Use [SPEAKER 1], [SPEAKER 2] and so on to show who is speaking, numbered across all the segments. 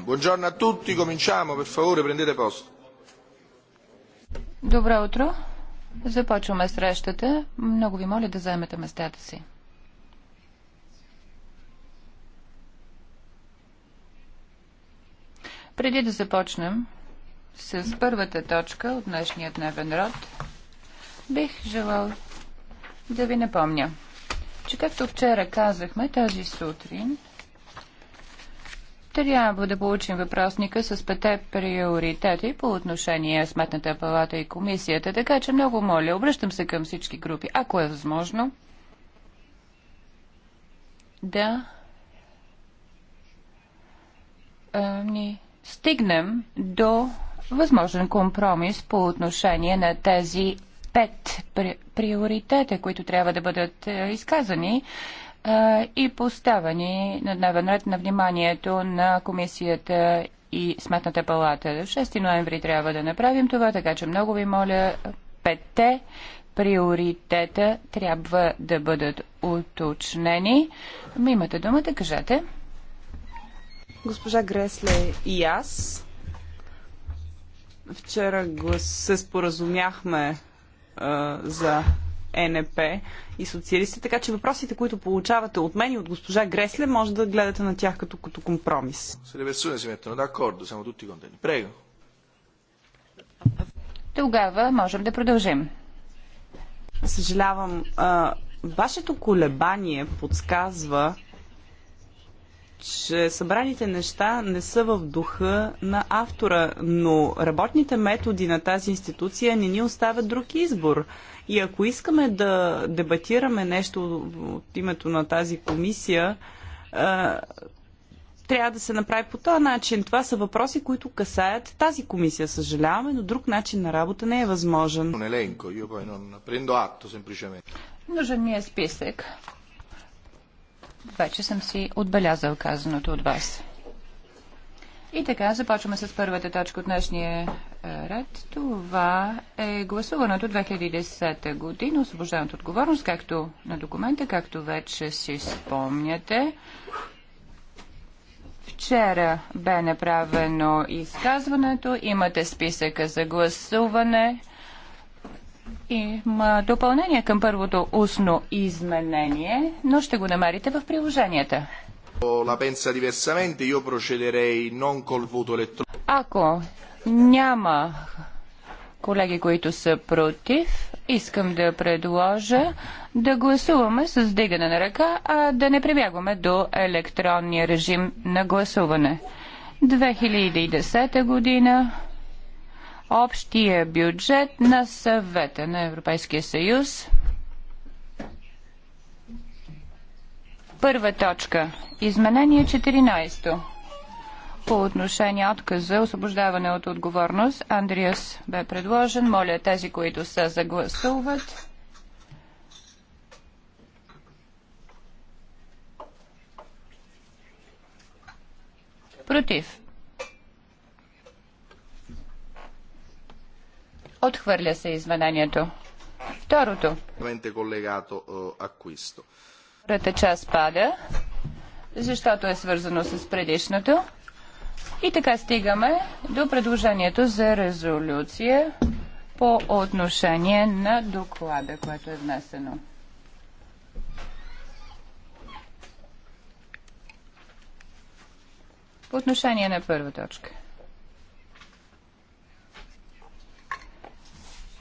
[SPEAKER 1] Buongiorno a tutti, cominciamo, per favore prendete posto.
[SPEAKER 2] Добро утро. Започваме срещата. Много ви моля да заемете местата си. Преди да започнем с първата точка от днешния дневен род, бих желал да ви напомня, че както вчера казахме, тази сутрин – трябва да получим въпросника с пете приоритети по отношение Сметната палата и комисията, така че много моля, обръщам се към всички групи, ако е възможно, да а, ни стигнем до възможен компромис по отношение на тези пет приоритета, които трябва да бъдат изказани и поставени на дневен ред на вниманието на комисията и Сметната палата. 6 ноември трябва да направим това, така че много ви моля, петте приоритета трябва да бъдат уточнени. Ами, имате думата, кажете.
[SPEAKER 3] Госпожа Гресле и аз вчера се споразумяхме а, за ЕНП и социалисти, така че въпросите, които получавате от мен и от госпожа Гресле, може да гледате на тях като, като компромис.
[SPEAKER 2] Тогава можем да продължим.
[SPEAKER 3] Съжалявам, а, вашето колебание подсказва, че събраните неща не са в духа на автора, но работните методи на тази институция не ни оставят друг избор. И ако искаме да дебатираме нещо от името на тази комисия, трябва да се направи по този начин. Това са въпроси, които касаят тази комисия. Съжаляваме, но друг начин на работа не е възможен.
[SPEAKER 2] Нужен ми е списък. Вече съм си отбелязал казаното от вас. И така, започваме с първата точка от днешния е, ред. Това е гласуването 2010 година, освобождаването отговорност, както на документа, както вече си спомняте. Вчера бе направено изказването, имате списъка за гласуване. Има допълнение към първото устно изменение, но ще го намерите в приложенията. Ако няма колеги, които са против, искам да предложа да гласуваме с дигане на ръка, а да не прибягваме до електронния режим на гласуване. 2010 година общия бюджет на съвета на Европейския съюз Първа точка. Изменение 14. По отношение отказ за освобождаване от отговорност, Андриас бе предложен. Моля тези, които са загласуват. Против. Отхвърля се изменението. Второто.
[SPEAKER 1] Колегато,
[SPEAKER 2] Втората част пада, защото е свързано с предишното. И така стигаме до предложението за резолюция по отношение на доклада, което е внесено. По отношение на първа точка.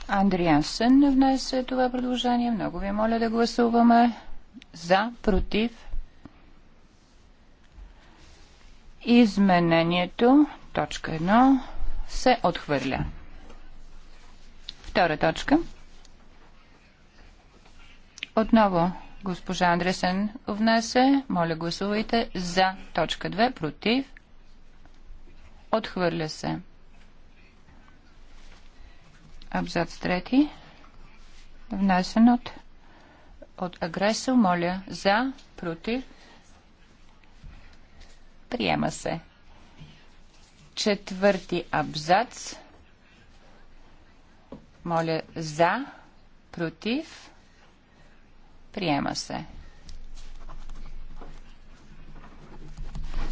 [SPEAKER 2] Андриансен внесе това предложение. Много ви моля да гласуваме за, против. Изменението, точка 1, се отхвърля. Втора точка. Отново госпожа Андресен внесе. Моля гласувайте за точка 2, против. Отхвърля се. Абзац трети. Внесен от от агресор. Моля за, против. Приема се. Четвърти абзац. Моля за, против. Приема се.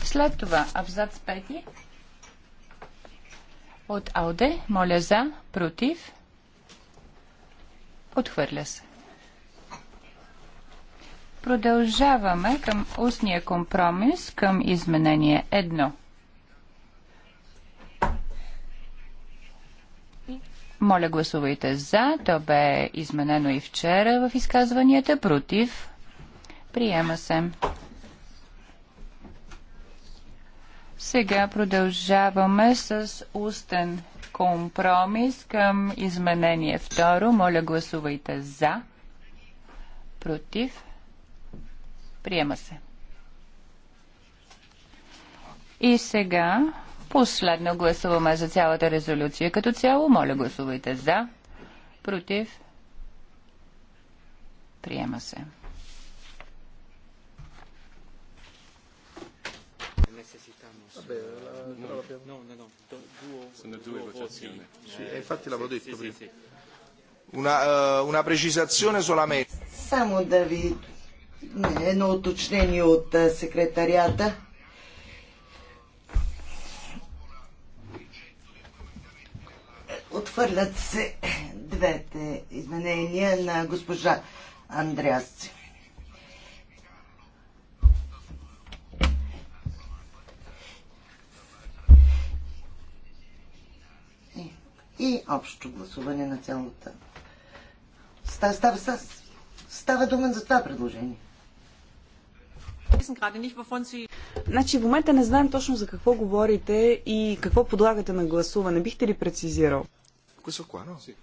[SPEAKER 2] След това абзац пети. от Ауде. Моля за, против. Отхвърля се. Продължаваме към устния компромис към изменение 1. Моля гласувайте за. То бе изменено и вчера в изказванията. Против. Приема се. Сега продължаваме с устен компромис към изменение второ. Моля гласувайте за. Против. Приема се. И сега последно гласуваме за цялата резолюция като цяло. Моля, гласувайте за. Против. Приема се.
[SPEAKER 1] Una, uh, una
[SPEAKER 4] precisazione solamente. Само да ви едно уточнение от секретарията. Отвърлят се двете изменения на госпожа Андреасци. и общо гласуване на цялата. Става, става, става, става дума за това предложение.
[SPEAKER 3] Значи в момента не знаем точно за какво говорите и какво подлагате на гласуване. Бихте ли прецизирал? Ми qua, no? Sì.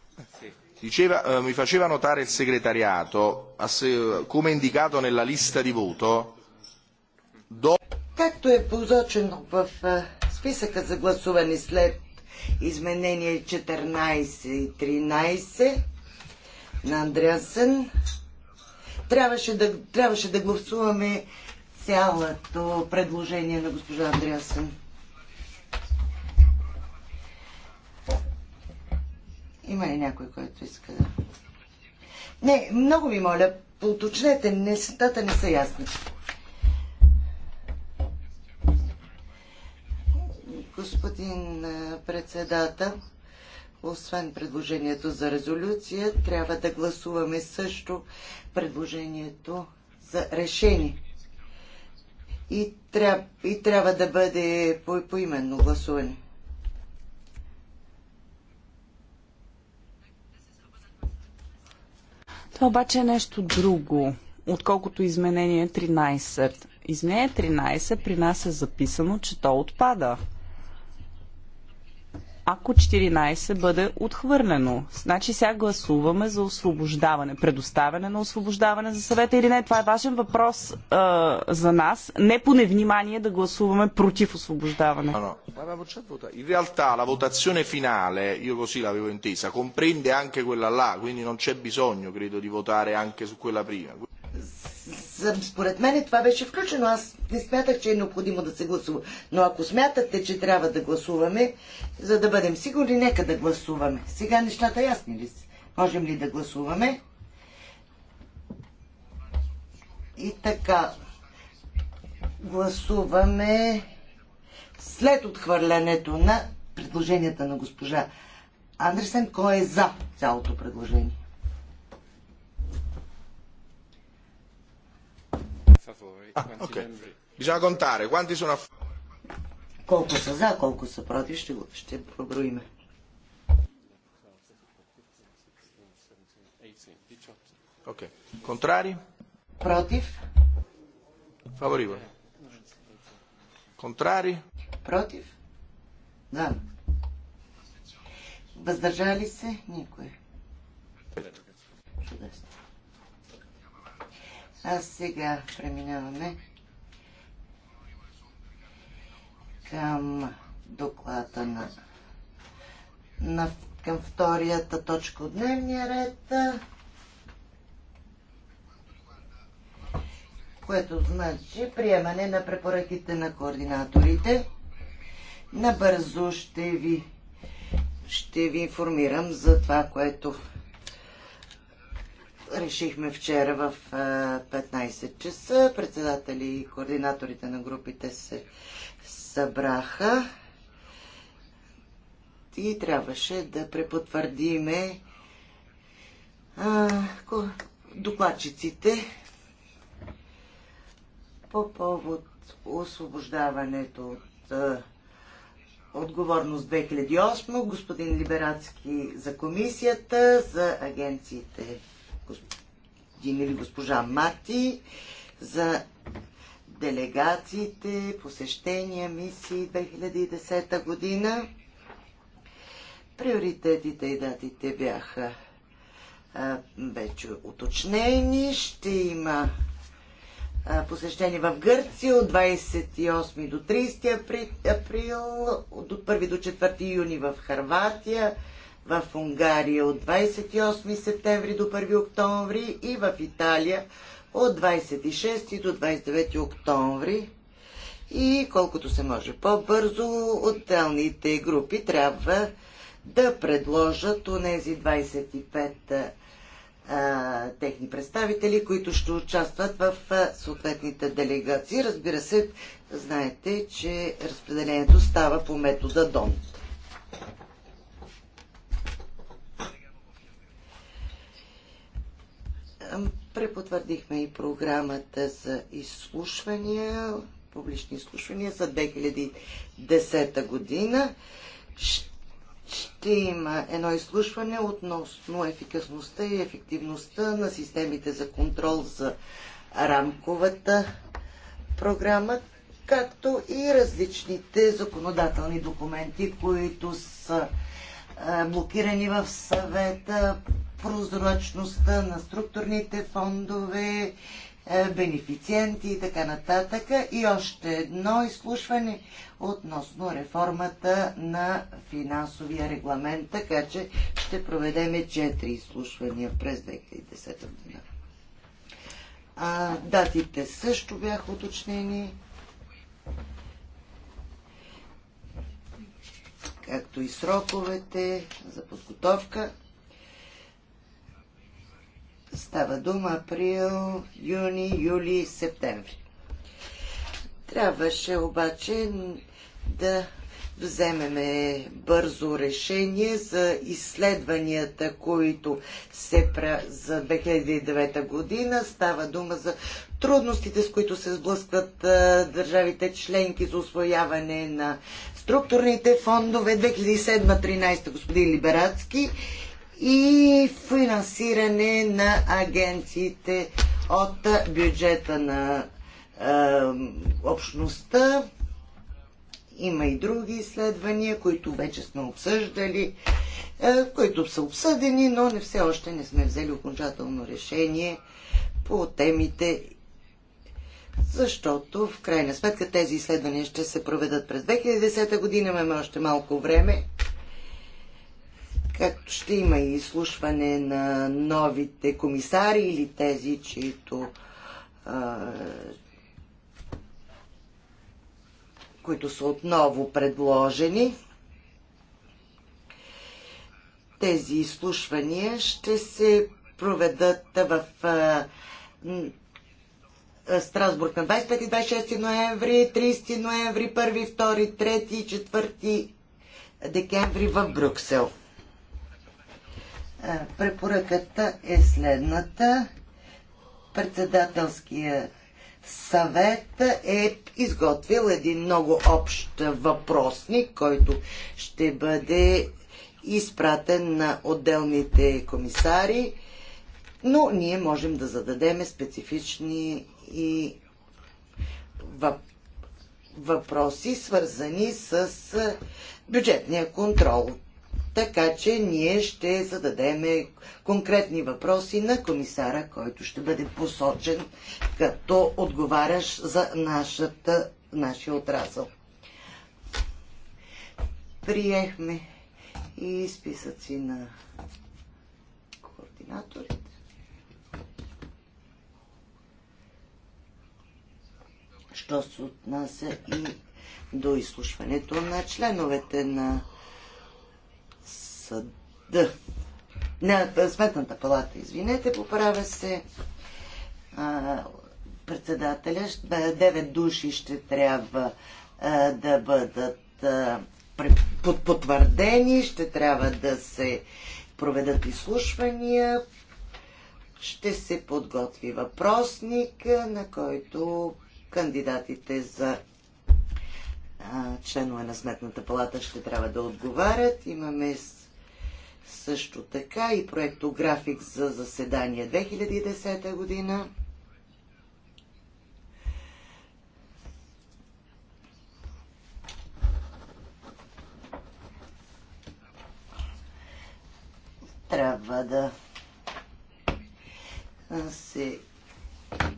[SPEAKER 1] Diceva, eh, mi faceva notare il segretariato, ass- eh, come indicato nella lista di voto,
[SPEAKER 4] do... Както е посочено в е, списъка за гласуване след изменение 14 и 13 на Андреасен, трябваше да, трябваше да гласуваме цялото предложение на госпожа Андреасен. Има ли някой, който иска да... Не, много ви моля, уточнете, нещата не са ясни. Господин председател, освен предложението за резолюция, трябва да гласуваме също предложението за решение и, тряб, и трябва да бъде по, поименно гласуване.
[SPEAKER 3] Това обаче е нещо друго, отколкото изменение 13. Изменение 13 при нас е записано, че то отпада ако 14 бъде отхвърлено. Значи сега гласуваме за освобождаване, предоставяне на освобождаване за съвета или не. Това е важен въпрос а, за нас. Не по невнимание да гласуваме против освобождаване.
[SPEAKER 1] In realtà la votazione finale, io così l'avevo intesa, comprende anche quella là, quindi non c'è bisogno, credo, di votare anche su quella prima
[SPEAKER 4] според мен това беше включено. Аз не смятах, че е необходимо да се гласува. Но ако смятате, че трябва да гласуваме, за да бъдем сигурни, нека да гласуваме. Сега нещата ясни ли са? Можем ли да гласуваме? И така. Гласуваме след отхвърлянето на предложенията на госпожа Андресен, кой е за цялото предложение? А, ah, okay. Bisogna contare quanti sono a Колко са за, колко са против, ще, ще проброиме.
[SPEAKER 1] Окей. Okay. Контрари? Против. Фаворива. Контрари? Против.
[SPEAKER 4] Да. Въздържали се? Никой. Чудесно. А сега преминаваме към доклада на, на към вторията точка от дневния ред, което значи приемане на препоръките на координаторите. Набързо ще ви, ще ви информирам за това, което решихме вчера в 15 часа. Председатели и координаторите на групите се събраха и трябваше да препотвърдиме докладчиците по повод освобождаването от отговорност 2008, господин Либерацки за комисията, за агенциите господин или госпожа Марти за делегациите, посещения, мисии 2010 година. Приоритетите и датите бяха а, вече уточнени. Ще има посещение в Гърция от 28 до 30 април, от 1 до 4 юни в Харватия, в Унгария от 28 септември до 1 октомври и в Италия от 26 до 29 октомври. И колкото се може по-бързо, отделните групи трябва да предложат у нези 25 а, техни представители, които ще участват в а, съответните делегации. Разбира се, знаете, че разпределението става по метода ДОНТ. Препотвърдихме и програмата за изслушвания, публични изслушвания за 2010 година. Ще има едно изслушване относно ефикасността и ефективността на системите за контрол за рамковата програма, както и различните законодателни документи, които са е, блокирани в съвета прозрачността на структурните фондове, е, бенефициенти и така нататък. И още едно изслушване относно реформата на финансовия регламент, така че ще проведеме 4 изслушвания през 2010 година. А, датите също бяха уточнени. както и сроковете за подготовка. Става дума април, юни, юли, септември. Трябваше обаче да вземеме бързо решение за изследванията, които се пра за 2009 година. Става дума за трудностите, с които се сблъскват а, държавите членки за освояване на структурните фондове 2007-13 господин Либерацки и финансиране на агенциите от бюджета на е, общността. Има и други изследвания, които вече сме обсъждали, е, които са обсъдени, но не все още не сме взели окончателно решение по темите защото в крайна сметка тези изследвания ще се проведат през 2010 година, имаме още малко време както ще има и изслушване на новите комисари или тези, чието а, които са отново предложени. Тези изслушвания ще се проведат в а, Страсбург на 25 и 26 ноември, 30 ноември, 1, 2, 3, 4 декември в Брюксел. Препоръката е следната. Председателския съвет е изготвил един много общ въпросник, който ще бъде изпратен на отделните комисари, но ние можем да зададеме специфични и въпроси, свързани с бюджетния контрол така че ние ще зададем конкретни въпроси на комисара, който ще бъде посочен като отговарящ за нашата, нашия отрасъл. Приехме и списъци на координаторите. Що се отнася и до изслушването на членовете на съда. На е, Сметната палата, извинете, поправя се а, председателя. 9 е, души ще трябва а, е, да бъдат а, потвърдени, ще трябва да се проведат изслушвания, ще се подготви въпросник, на който кандидатите за членове на Сметната палата ще трябва да отговарят. Имаме също така и проектографик за заседание 2010 година. Трябва да се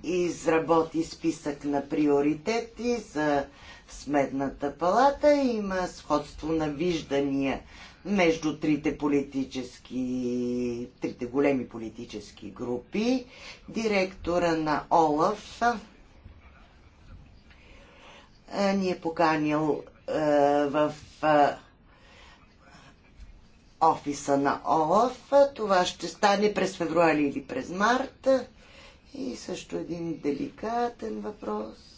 [SPEAKER 4] изработи списък на приоритети за Сметната палата. Има сходство на виждания между трите политически, трите големи политически групи. Директора на ОЛАФ ни е поканил в офиса на ОЛАФ. Това ще стане през февруари или през март. И също един деликатен въпрос.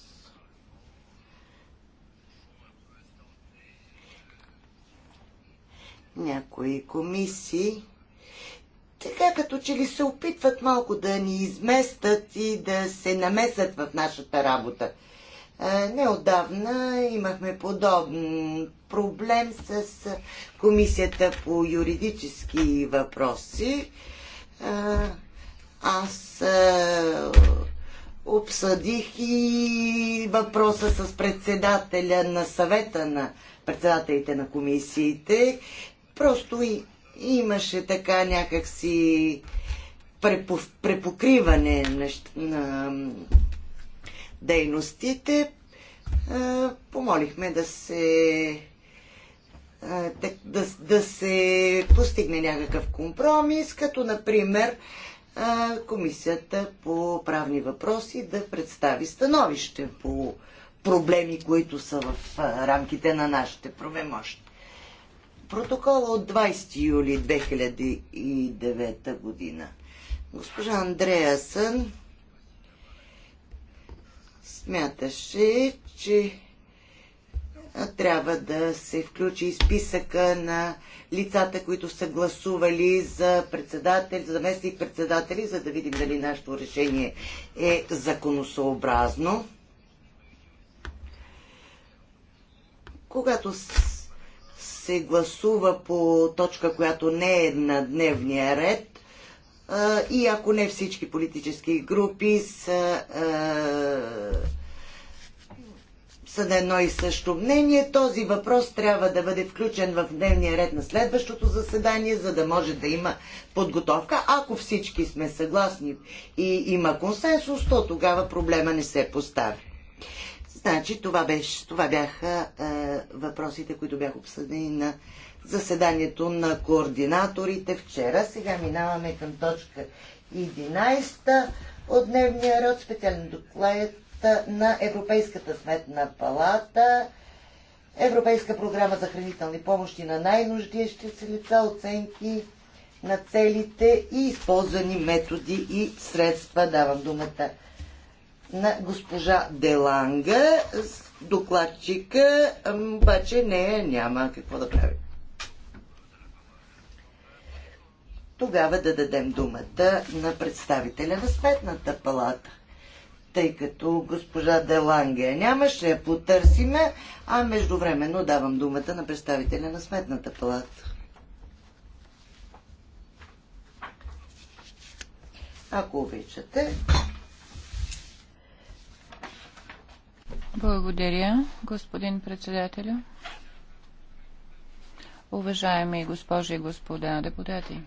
[SPEAKER 4] някои комисии така като че ли се опитват малко да ни изместят и да се намесят в нашата работа. Неодавна имахме подобен проблем с Комисията по юридически въпроси. Аз обсъдих и въпроса с председателя на съвета на председателите на комисиите Просто и, имаше така някакси препо, препокриване на, на дейностите. А, е, помолихме да се а, е, да, да се постигне някакъв компромис, като например а, е, комисията по правни въпроси да представи становище по проблеми, които са в рамките на нашите правомощи протокола от 20 юли 2009 година. Госпожа Андреасън смяташе, че трябва да се включи списъка на лицата, които са гласували за председател, за заместник председатели, за да видим дали нашето решение е законосообразно. Когато се гласува по точка, която не е на дневния ред, и ако не всички политически групи са, са на едно и също мнение, този въпрос трябва да бъде включен в дневния ред на следващото заседание, за да може да има подготовка. Ако всички сме съгласни и има консенсус, то тогава проблема не се постави. Значи това, беше, това бяха е, въпросите, които бяха обсъдени на заседанието на координаторите вчера. Сега минаваме към точка 11 от дневния род, специален доклад на Европейската сметна палата, Европейска програма за хранителни помощи на най-нуждиещи се лица, оценки на целите и използвани методи и средства. Давам думата на госпожа Деланга. Докладчика обаче не, няма какво да прави. Тогава да дадем думата на представителя на Сметната палата. Тъй като госпожа Деланге няма, ще я потърсиме, а междувременно давам думата на представителя на Сметната палата. Ако обичате,
[SPEAKER 2] Благодаря, господин председателю. Уважаеми госпожи и господа депутати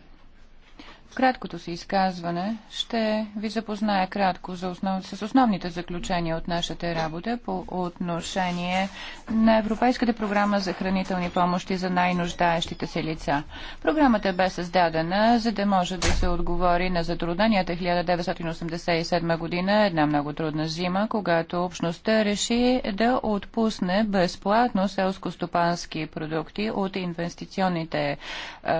[SPEAKER 2] краткото си изказване ще ви запозная кратко за основ... с основните заключения от нашата работа по отношение на Европейската програма за хранителни помощи за най-нуждаещите се лица. Програмата бе създадена, за да може да се отговори на затрудненията 1987 година, една много трудна зима, когато общността реши да отпусне безплатно селско-стопански продукти от инвестиционните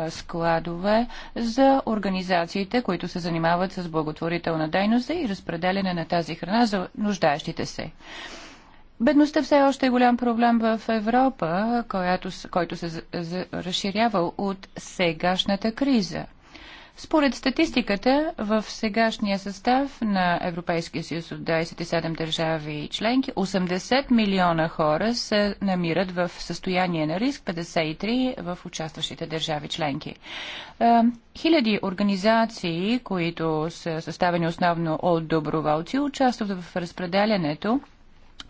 [SPEAKER 2] складове за организация организациите, които се занимават с благотворителна дейност и разпределяне на тази храна за нуждаещите се. Бедността все още е голям проблем в Европа, която, който се за, за, разширява от сегашната криза – според статистиката, в сегашния състав на Европейския съюз от 27 държави и членки, 80 милиона хора се намират в състояние на риск, 53 в участващите държави членки. Е, хиляди организации, които са съставени основно от доброволци, участват в разпределянето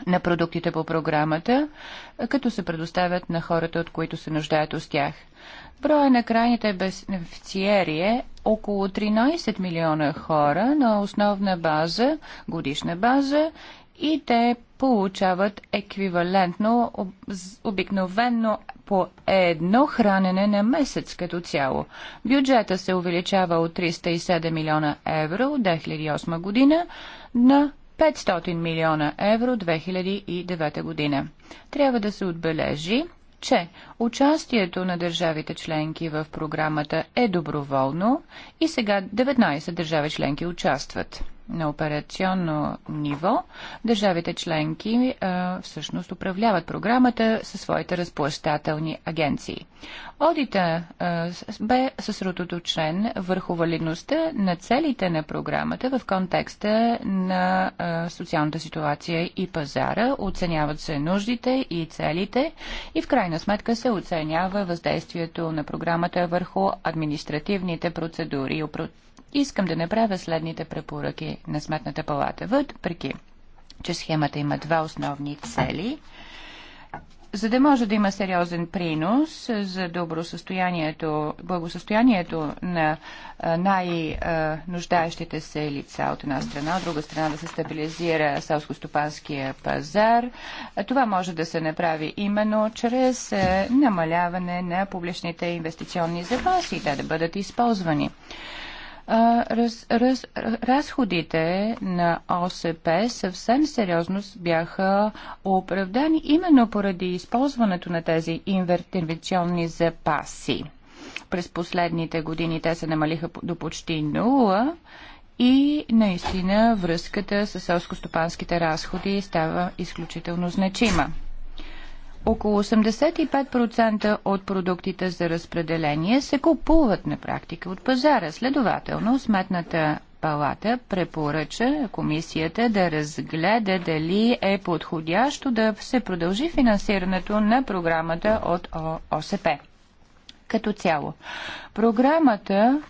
[SPEAKER 2] на продуктите по програмата, като се предоставят на хората, от които се нуждаят от тях. Броя на крайните бенефициери е около 13 милиона хора на основна база, годишна база и те получават еквивалентно обикновенно по едно хранене на месец като цяло. Бюджета се увеличава от 307 милиона евро 2008 година на 500 милиона евро 2009 година. Трябва да се отбележи, че участието на държавите членки в програмата е доброволно и сега 19 държави членки участват на операционно ниво, държавите членки а, е, всъщност управляват програмата със своите разплащателни агенции. Одита а, е, бе съсредоточен върху валидността на целите на програмата в контекста на а, е, социалната ситуация и пазара. Оценяват се нуждите и целите и в крайна сметка се оценява въздействието на програмата върху административните процедури и Искам да направя следните препоръки на Сметната палата. Въпреки, че схемата има два основни цели, за да може да има сериозен принос за добросъстоянието, благосостоянието на най-нуждаещите се лица от една страна, от друга страна да се стабилизира селско-стопанския пазар. Това може да се направи именно чрез намаляване на публичните инвестиционни запаси и те да бъдат използвани раз, раз, разходите на ОСП съвсем сериозно бяха оправдани именно поради използването на тези инвертивационни запаси. През последните години те се намалиха до почти нула и наистина връзката с селско-стопанските разходи става изключително значима около 85% от продуктите за разпределение се купуват на практика от пазара. Следователно, сметната палата препоръча комисията да разгледа дали е подходящо да се продължи финансирането на програмата от ОСП. Като цяло, програмата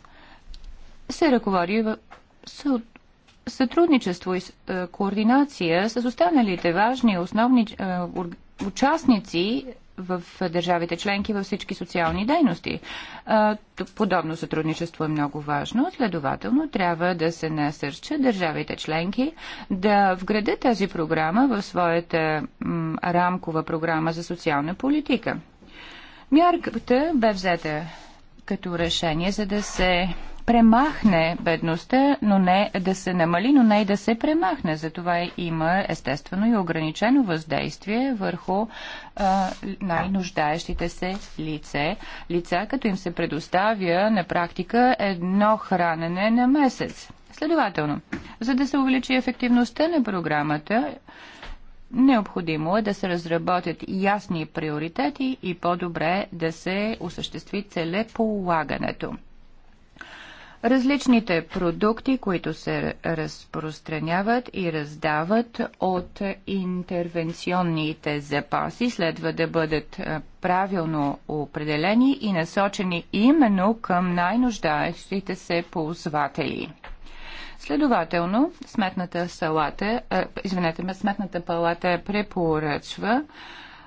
[SPEAKER 2] се ръководи в сътрудничество и е, координация с останалите важни основни е, участници в държавите членки във всички социални дейности. Подобно сътрудничество е много важно. Следователно, трябва да се насърчат държавите членки да вградят тази програма в своята рамкова програма за социална политика. Мярката бе взета като решение, за да се премахне бедността, но не да се намали, но не и да се премахне. Затова има естествено и ограничено въздействие върху най-нуждаещите се лице. Лица, като им се предоставя на практика едно хранене на месец. Следователно, за да се увеличи ефективността на програмата, Необходимо е да се разработят ясни приоритети и по-добре да се осъществи целеполагането. Различните продукти, които се разпространяват и раздават от интервенционните запаси, следва да бъдат правилно определени и насочени именно към най-нуждаещите се ползватели. Следователно, сметната, салата, е, извинете, сметната палата препоръчва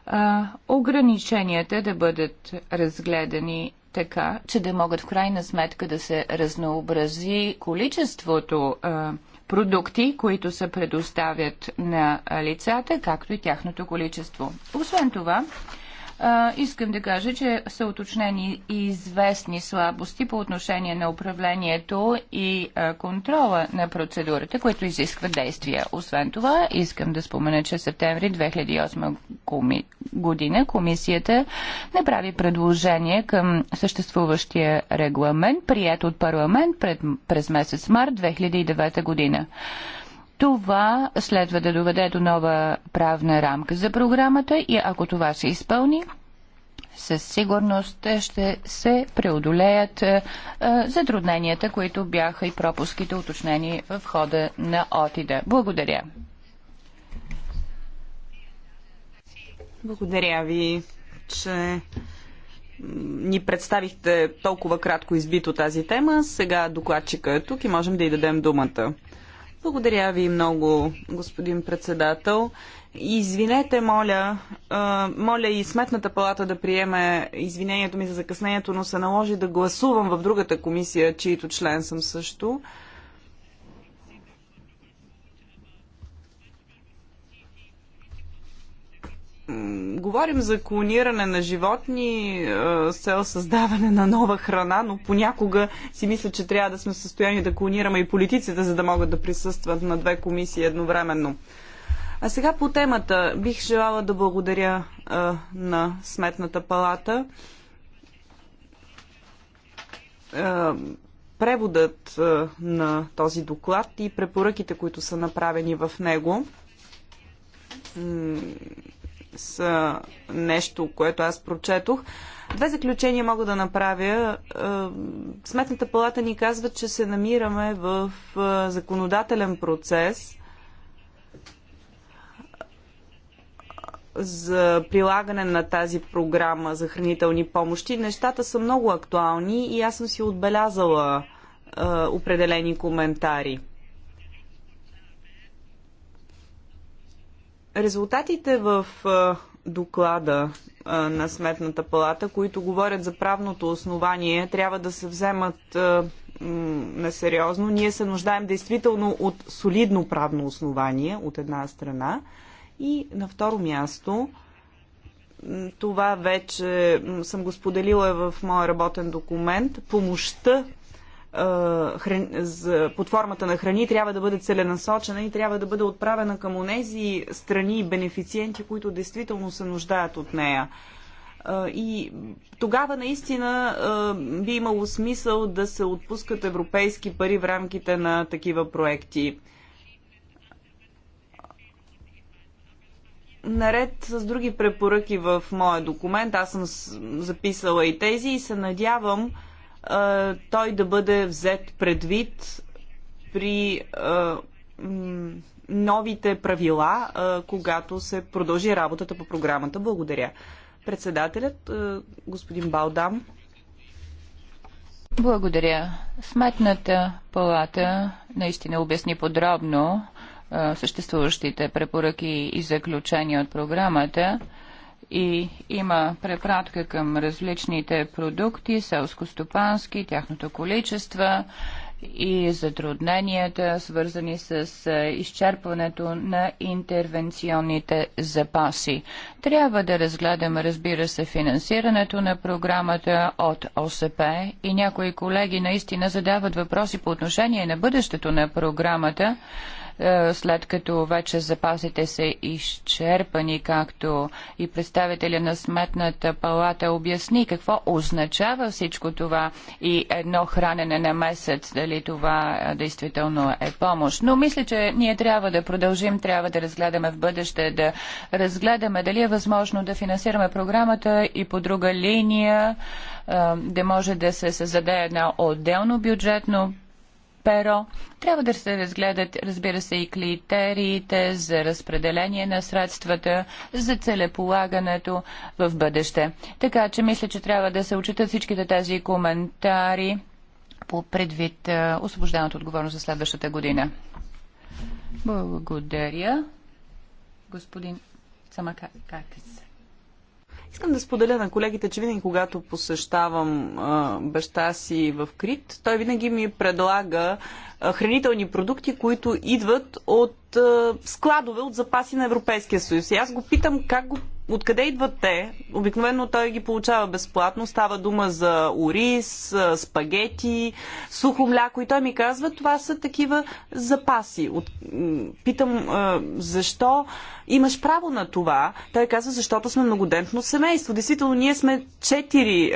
[SPEAKER 2] а, ограниченията да бъдат разгледани така, че да могат в крайна сметка да се разнообрази количеството а, продукти, които се предоставят на лицата, както и тяхното количество. Освен това, а, искам да кажа, че са уточнени и известни слабости по отношение на управлението и а, контрола на процедурата, които изискват действия. Освен това, искам да спомена, че септември 2008 коми... година комисията направи предложение към съществуващия регламент, прият от парламент пред... през месец март 2009 година. Това следва да доведе до нова правна рамка за програмата и ако това се изпълни, със сигурност ще се преодолеят е, е, затрудненията, които бяха и пропуските уточнени в хода на отида. Благодаря.
[SPEAKER 3] Благодаря ви, че ни представихте толкова кратко избито тази тема. Сега докладчика е тук и можем да й дадем думата. Благодаря ви много, господин председател. Извинете, моля, моля и Сметната палата да приеме извинението ми за закъснението, но се наложи да гласувам в другата комисия, чието член съм също. говорим за клониране на животни е, с цел създаване на нова храна, но понякога си мисля, че трябва да сме в състояние да клонираме и политиците, за да могат да присъстват на две комисии едновременно. А сега по темата бих желала да благодаря а, е, на Сметната палата. А, е, преводът а, на този доклад и препоръките, които са направени в него а, нещо, което аз прочетох. Две заключения мога да направя. Е, Сметната палата ни казва, че се намираме в е, законодателен процес за прилагане на тази програма за хранителни помощи. Нещата са много актуални и аз съм си отбелязала е, определени коментари. Резултатите в доклада на Сметната палата, които говорят за правното основание, трябва да се вземат несериозно. Ние се нуждаем действително от солидно правно основание, от една страна. И на второ място, това вече съм го споделила в моя работен документ, помощта хран... за... под формата на храни трябва да бъде целенасочена и трябва да бъде отправена към онези страни и бенефициенти, които действително се нуждаят от нея. И тогава наистина би имало смисъл да се отпускат европейски пари в рамките на такива проекти. наред с други препоръки в моя документ, аз съм записала и тези и се надявам той да бъде взет предвид при новите правила, когато се продължи работата по програмата. Благодаря. Председателят, господин Балдам.
[SPEAKER 2] Благодаря. Сметната палата наистина обясни подробно съществуващите препоръки и заключения от програмата и има препратка към различните продукти, селско-стопански, тяхното количество и затрудненията, свързани с изчерпването на интервенционните запаси. Трябва да разгледаме, разбира се, финансирането на програмата от ОСП и някои колеги наистина задават въпроси по отношение на бъдещето на програмата е, след като вече запасите са изчерпани, както и представителя на Сметната палата обясни какво означава всичко това и едно хранене на месец, дали това е, действително е помощ. Но мисля, че ние трябва да продължим, трябва да разгледаме в бъдеще, да разгледаме дали е възможно да финансираме програмата и по друга линия, е, да може да се създаде една отделно бюджетно перо. Трябва да се разгледат, разбира се, и критериите за разпределение на средствата, за целеполагането в бъдеще. Така че мисля, че трябва да се очитат всичките тези коментари по предвид е, освобождената отговорност за следващата година. Благодаря. Господин Самакакис.
[SPEAKER 3] Искам да споделя на колегите, че винаги когато посещавам а, баща си в Крит, той винаги ми предлага а, хранителни продукти, които идват от а, складове, от запаси на Европейския съюз. И аз го питам как го откъде идват те? Обикновено той ги получава безплатно. Става дума за ориз, спагети, сухо мляко. И той ми казва, това са такива запаси. От... Питам, защо имаш право на това? Той казва, защото сме многодентно семейство. Действително, ние сме четири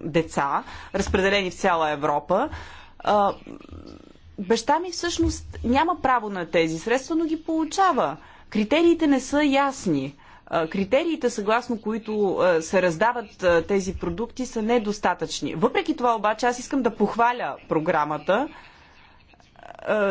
[SPEAKER 3] деца, разпределени в цяла Европа баща ми всъщност няма право на тези средства, но ги получава. Критериите не са ясни критериите, съгласно които се раздават тези продукти, са недостатъчни. Въпреки това обаче аз искам да похваля програмата,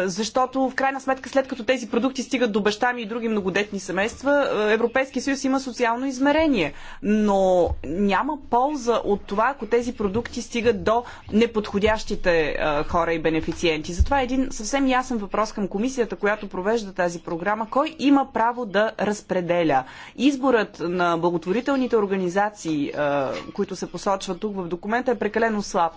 [SPEAKER 3] защото в крайна сметка след като тези продукти стигат до баща ми и други многодетни семейства, Европейския съюз има социално измерение. Но няма полза от това, ако тези продукти стигат до неподходящите хора и бенефициенти. Затова е един съвсем ясен въпрос към комисията, която провежда тази програма. Кой има право да разпределя? Изборът на благотворителните организации, които се посочват тук в документа, е прекалено слаб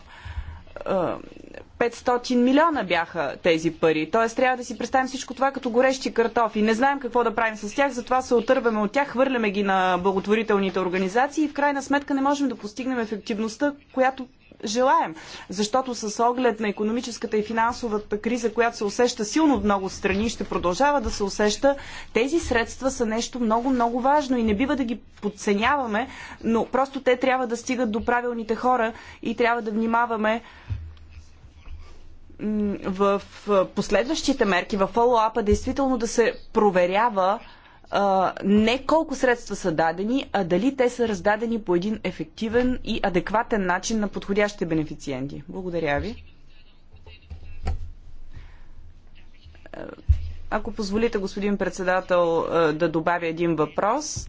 [SPEAKER 3] 500 милиона бяха тези пари. Тоест трябва да си представим всичко това като горещи картофи. Не знаем какво да правим с тях, затова се отърваме от тях, хвърляме ги на благотворителните организации и в крайна сметка не можем да постигнем ефективността, която желаем. Защото с оглед на економическата и финансовата криза, която се усеща силно в много страни, ще продължава да се усеща, тези средства са нещо много, много важно и не бива да ги подценяваме, но просто те трябва да стигат до правилните хора и трябва да внимаваме в последващите мерки, в фоллоапа, действително да се проверява а, не колко средства са дадени, а дали те са раздадени по един ефективен и адекватен начин на подходящите бенефициенти. Благодаря ви. Е, ако позволите, господин председател, е, да добавя един въпрос. Е,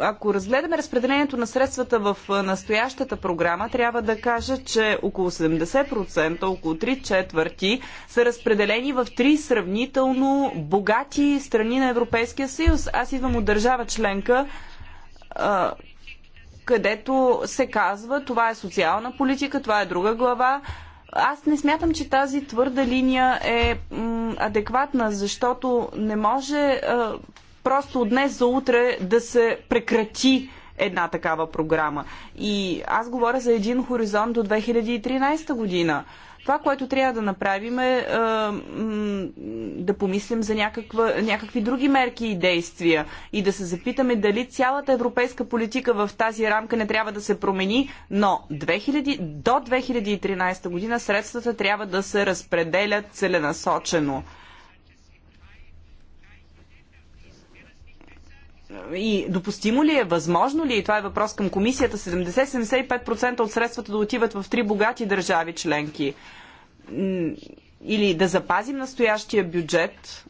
[SPEAKER 3] ако разгледаме разпределението на средствата в настоящата програма, трябва да кажа, че около 70%, около 3 четвърти са разпределени в три сравнително богати страни на Европейския съюз. Аз идвам от държава членка, където се казва, това е социална политика, това е друга глава. Аз не смятам, че тази твърда линия е адекватна, защото не може просто от днес за утре да се прекрати една такава програма. И аз говоря за един хоризонт до 2013 година. Това, което трябва да направим е, е да помислим за някаква, някакви други мерки и действия и да се запитаме дали цялата европейска политика в тази рамка не трябва да се промени, но 2000, до 2013 година средствата трябва да се разпределят целенасочено. и допустимо ли е, възможно ли е, и това е въпрос към комисията, 70-75% от средствата да отиват в три богати държави членки. Или да запазим настоящия бюджет,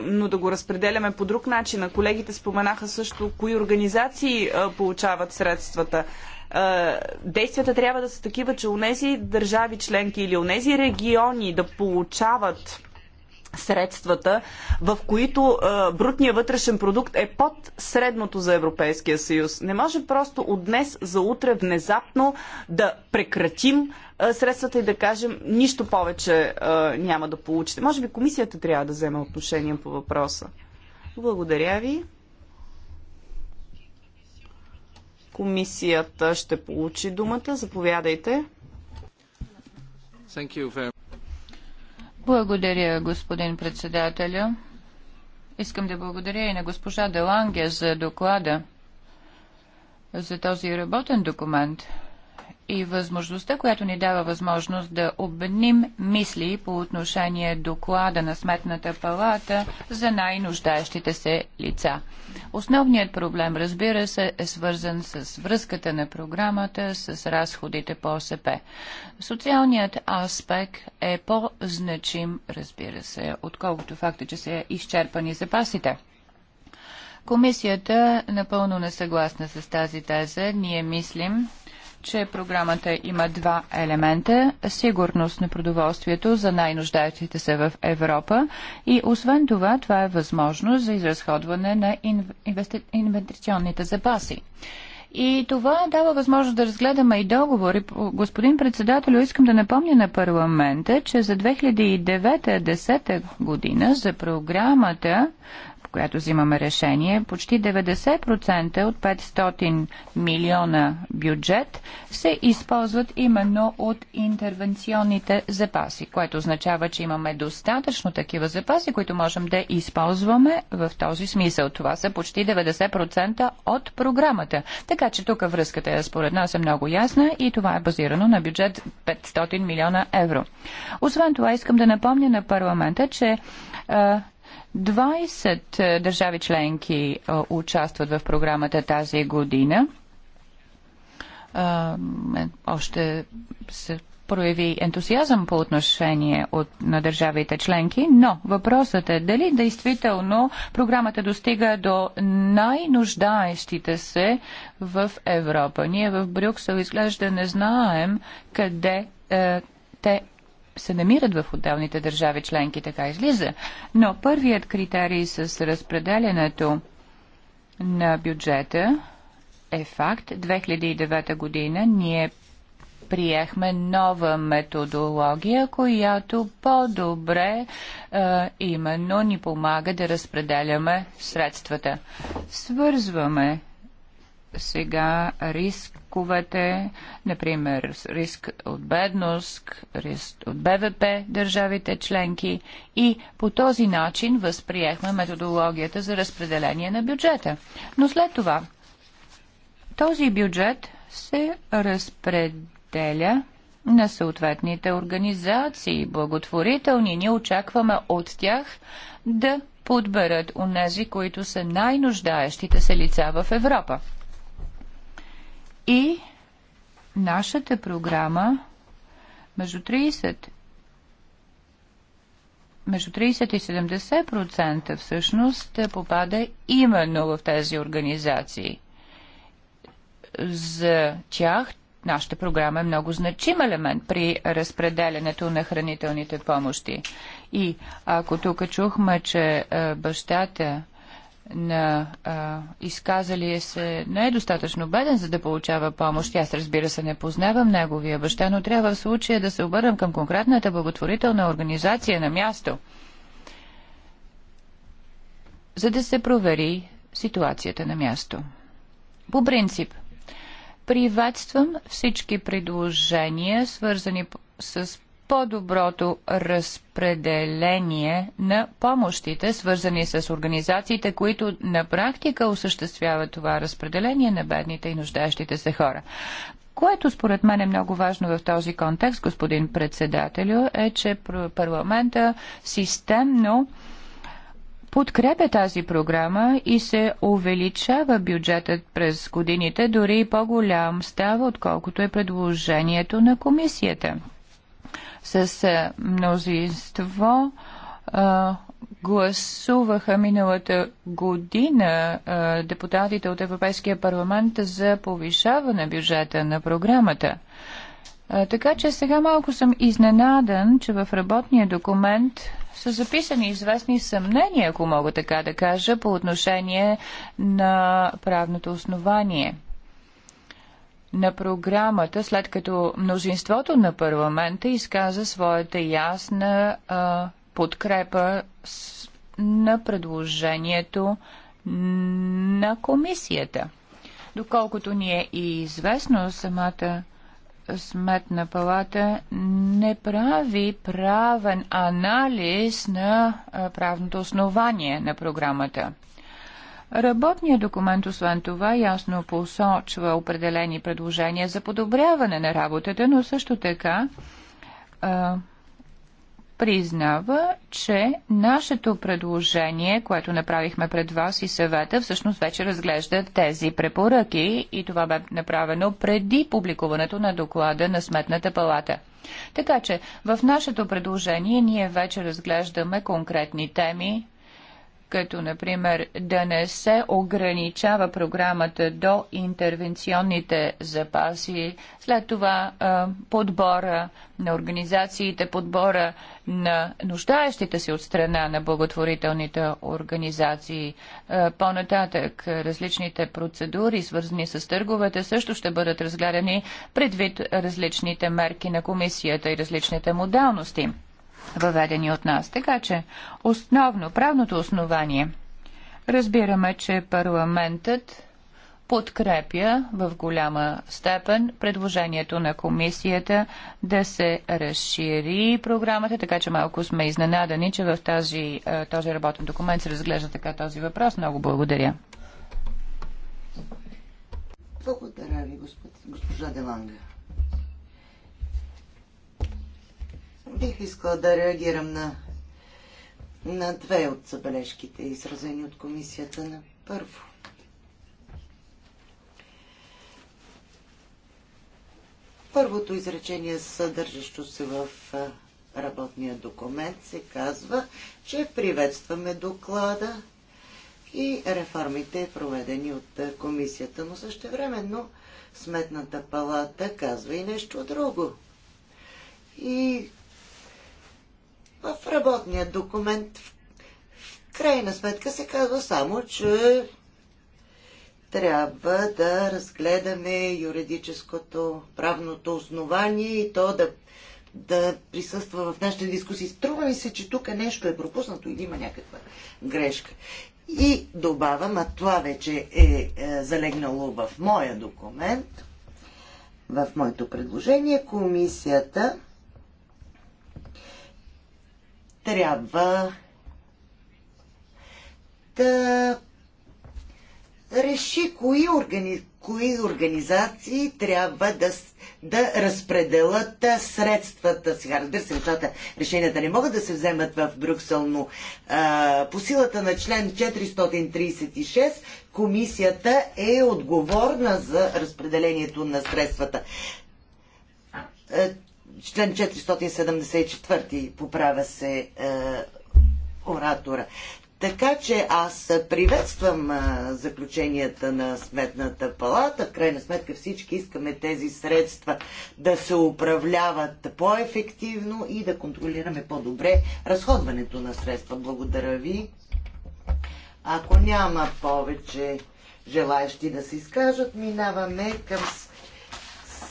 [SPEAKER 3] но да го разпределяме по друг начин. А колегите споменаха също кои организации получават средствата. Действията трябва да са такива, че унези държави членки или унези региони да получават средствата, в които а, брутният вътрешен продукт е под средното за Европейския съюз. Не може просто от днес за утре внезапно да прекратим а, средствата и да кажем нищо повече а, няма да получите. Може би комисията трябва да вземе отношение по въпроса. Благодаря ви. Комисията ще получи думата. Заповядайте. Благодаря,
[SPEAKER 2] господин председателю. Искам да благодаря и на госпожа Деланге за доклада, за този работен документ – и възможността, която ни дава възможност да обедним мисли по отношение доклада на Сметната палата за най-нуждаещите се лица. Основният проблем, разбира се, е свързан с връзката на програмата с разходите по ОСП. Социалният аспект е по-значим, разбира се, отколкото факта, че са изчерпани запасите. Комисията напълно не съгласна с тази теза. Ние мислим, че програмата има два елемента – сигурност на продоволствието за най-нуждаещите се в Европа и освен това, това е възможност за изразходване на инвестиционните запаси. И това дава възможност да разгледаме и договори. Господин председател, искам да напомня на парламента, че за 2009-2010 година за програмата която взимаме решение, почти 90% от 500 милиона бюджет се използват именно от интервенционните запаси, което означава, че имаме достатъчно такива запаси, които можем да използваме в този смисъл. Това са почти 90% от програмата. Така че тук връзката е, според нас е много ясна и това е базирано на бюджет 500 милиона евро. Освен това искам да напомня на парламента, че 20 е, държави членки е, участват в програмата тази година. Е, още се прояви ентусиазъм по отношение от, на държавите членки, но въпросът е дали действително програмата достига до най-нуждаещите се в Европа. Ние в Брюксел изглежда не знаем къде е, те се намират в отделните държави членки, така излиза. Но първият критерий с разпределянето на бюджета е факт. 2009 година ние приехме нова методология, която по-добре е, именно ни помага да разпределяме средствата. Свързваме сега риск рисковете, например риск от бедност, риск от БВП държавите членки и по този начин възприехме методологията за разпределение на бюджета. Но след това този бюджет се разпределя на съответните организации, благотворителни. Ние очакваме от тях да подберат унези, които са най-нуждаещите се лица в Европа. И нашата програма между 30 между 30 и 70% всъщност попада именно в тези организации. За тях нашата програма е много значим елемент при разпределянето на хранителните помощи. И ако тук чухме, че е, бащата на а, изказалия се не е достатъчно беден, за да получава помощ. Аз разбира се не познавам неговия баща, но трябва в случая да се обърнем към конкретната благотворителна организация на място, за да се провери ситуацията на място. По принцип, приветствам всички предложения, свързани с по-доброто разпределение на помощите, свързани с организациите, които на практика осъществяват това разпределение на бедните и нуждащите се хора. Което според мен е много важно в този контекст, господин председателю, е, че парламента системно подкрепя тази програма и се увеличава бюджетът през годините, дори и по-голям става, отколкото е предложението на комисията с е, мнозинство е, гласуваха миналата година е, депутатите от Европейския парламент за повишаване бюджета на програмата. Така че сега малко съм изненадан, че в работния документ са записани известни съмнения, ако мога така да кажа, по отношение на правното основание – на програмата, след като мнозинството на парламента изказа своята ясна а, подкрепа с, на предложението на комисията. Доколкото ни е и известно, самата Сметна палата не прави правен анализ на правното основание на програмата. Работният документ, освен това, ясно посочва определени предложения за подобряване на работата, но също така а, признава, че нашето предложение, което направихме пред вас и съвета, всъщност вече разглежда тези препоръки и това бе направено преди публикуването на доклада на Сметната палата. Така че в нашето предложение ние вече разглеждаме конкретни теми, като например да не се ограничава програмата до интервенционните запаси, след това подбора на организациите, подбора на нуждаещите се от страна на благотворителните организации. По-нататък различните процедури, свързани с търговете, също ще бъдат разгледани предвид различните мерки на комисията и различните модалности въведени от нас. Така че основно, правното основание, разбираме, че парламентът подкрепя в голяма степен предложението на комисията да се разшири програмата, така че малко сме изненадани, че в тази, е, този работен документ се разглежда така този въпрос. Много благодаря.
[SPEAKER 4] Благодаря ви, госпожа Деланга. Бих искала да реагирам на, на две от забележките, изразени от комисията на първо. Първото изречение, съдържащо се в работния документ, се казва, че приветстваме доклада и реформите, проведени от комисията, но същевременно Сметната палата казва и нещо друго. И в работния документ в крайна сметка се казва само, че трябва да разгледаме юридическото, правното основание и то да, да присъства в нашите дискусии. Струва ми се, че тук нещо е пропуснато или има някаква грешка. И добавам, а това вече е, е залегнало в моя документ, в моето предложение, комисията трябва да реши кои, органи... кои организации трябва да, да разпределят средствата. Сега, разбира се, нещата, решенията не могат да се вземат в Брюксел, но а, по силата на член 436 комисията е отговорна за разпределението на средствата член 474 поправя се е, оратора. Така че аз приветствам е, заключенията на Сметната палата. В крайна сметка всички искаме тези средства да се управляват по-ефективно и да контролираме по-добре разходването на средства. Благодаря ви. Ако няма повече желаящи да се изкажат, минаваме към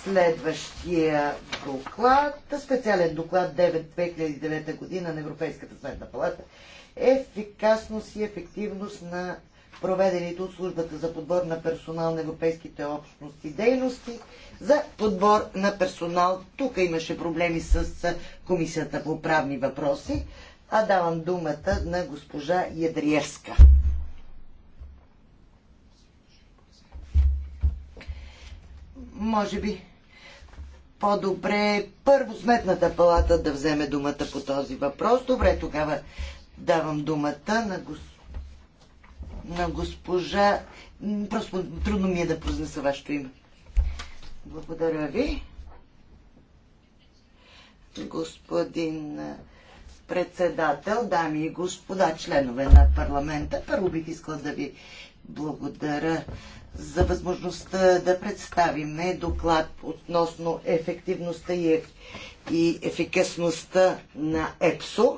[SPEAKER 4] следващия доклад, специален доклад 9-2009 година на Европейската съветна палата, ефикасност и ефективност на проведените от службата за подбор на персонал на европейските общности дейности за подбор на персонал. Тук имаше проблеми с Комисията по правни въпроси, а давам думата на госпожа Ядриевска. Може би по-добре първо сметната палата да вземе думата по този въпрос. Добре, тогава давам думата на, гос... на госпожа. Просто трудно ми е да произнеса вашето име. Благодаря ви. Господин председател, дами и господа, членове на парламента, първо бих искал да ви благодаря за възможността да представим доклад относно ефективността и, и ефикасността на ЕПСО.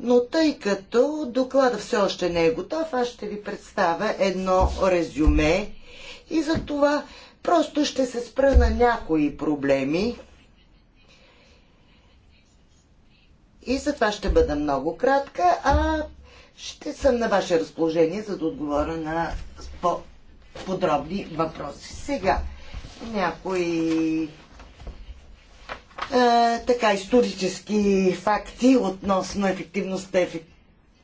[SPEAKER 4] Но тъй като доклада все още не е готов, аз ще ви представя едно резюме и за това просто ще се спра на някои проблеми. И за това ще бъда много кратка, а ще съм на ваше разположение, за да отговоря на подробни въпроси. Сега някои е, така исторически факти относно ефективността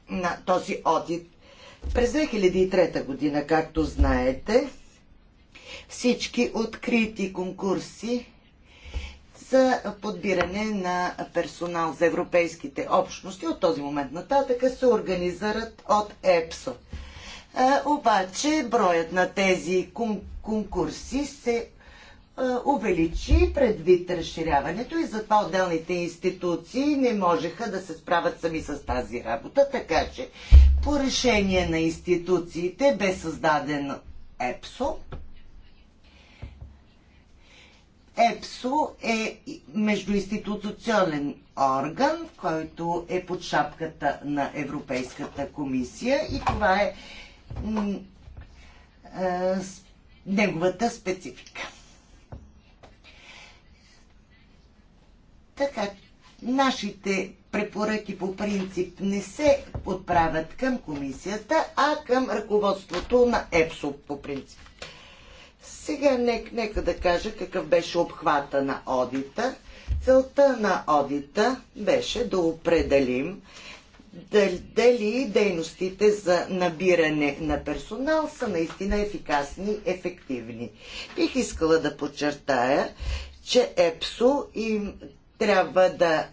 [SPEAKER 4] на този одит. През 2003 година, както знаете, всички открити конкурси за подбиране на персонал за европейските общности от този момент нататък се организират от ЕПСО. Е, обаче броят на тези конкурси се е, увеличи предвид разширяването и затова отделните институции не можеха да се справят сами с тази работа. Така че по решение на институциите бе създаден ЕПСО. ЕПСО е междуинституционен орган, който е под шапката на Европейската комисия и това е неговата специфика. Така, нашите препоръки по принцип не се отправят към комисията, а към ръководството на ЕПСО по принцип. Сега нека, нека да кажа какъв беше обхвата на одита. Целта на одита беше да определим дали дейностите за набиране на персонал са наистина ефикасни, ефективни. Бих искала да подчертая, че ЕПСО им трябва да,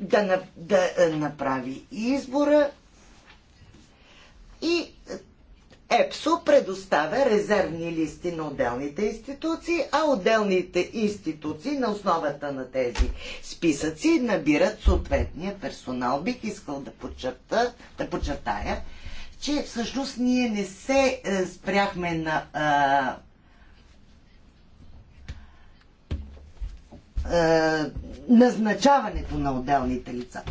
[SPEAKER 4] да, да, да направи избора и ЕПСО предоставя резервни листи на отделните институции, а отделните институции на основата на тези списъци набират съответния персонал. Бих искал да, подчерта, да подчертая, че всъщност ние не се е, спряхме на а, а, назначаването на отделните лица.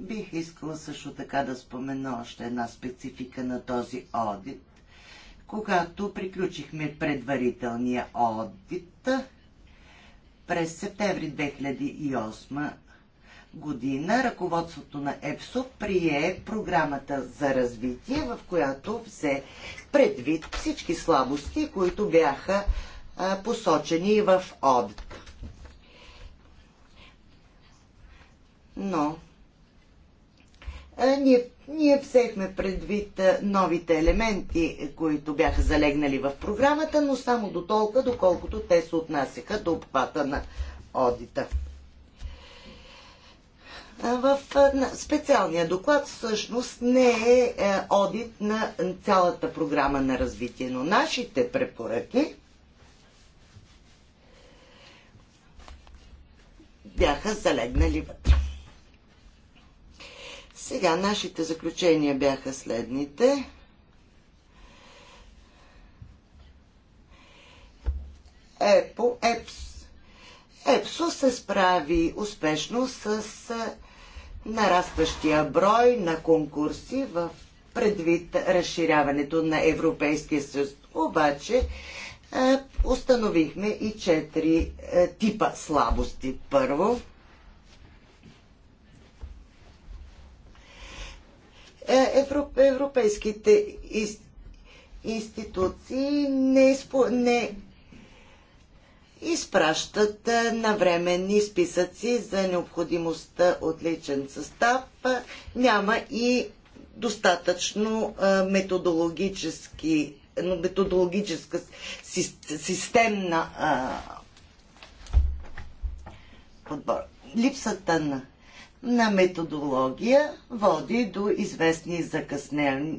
[SPEAKER 4] Бих искала също така да спомена още една специфика на този одит. Когато приключихме предварителния одит през септември 2008 година, ръководството на ЕПСО прие програмата за развитие, в която взе предвид всички слабости, които бяха посочени в одит. Но ние, ние взехме предвид новите елементи, които бяха залегнали в програмата, но само до толкова, доколкото те се отнасяха до обхвата на одита. В специалния доклад всъщност не е, е одит на цялата програма на развитие, но нашите препоръки бяха залегнали вътре. Сега, нашите заключения бяха следните. ЕПО, ЕПС, ЕПСО се справи успешно с нарастващия брой на конкурси в предвид разширяването на Европейския съюз. Обаче установихме и четири типа слабости. Първо, Е, европейските институции не, изпо... не изпращат е, навременни списъци за необходимостта от личен състав. Няма и достатъчно е, методологически, методологическа системна подбор. Липсата на на методология води до известни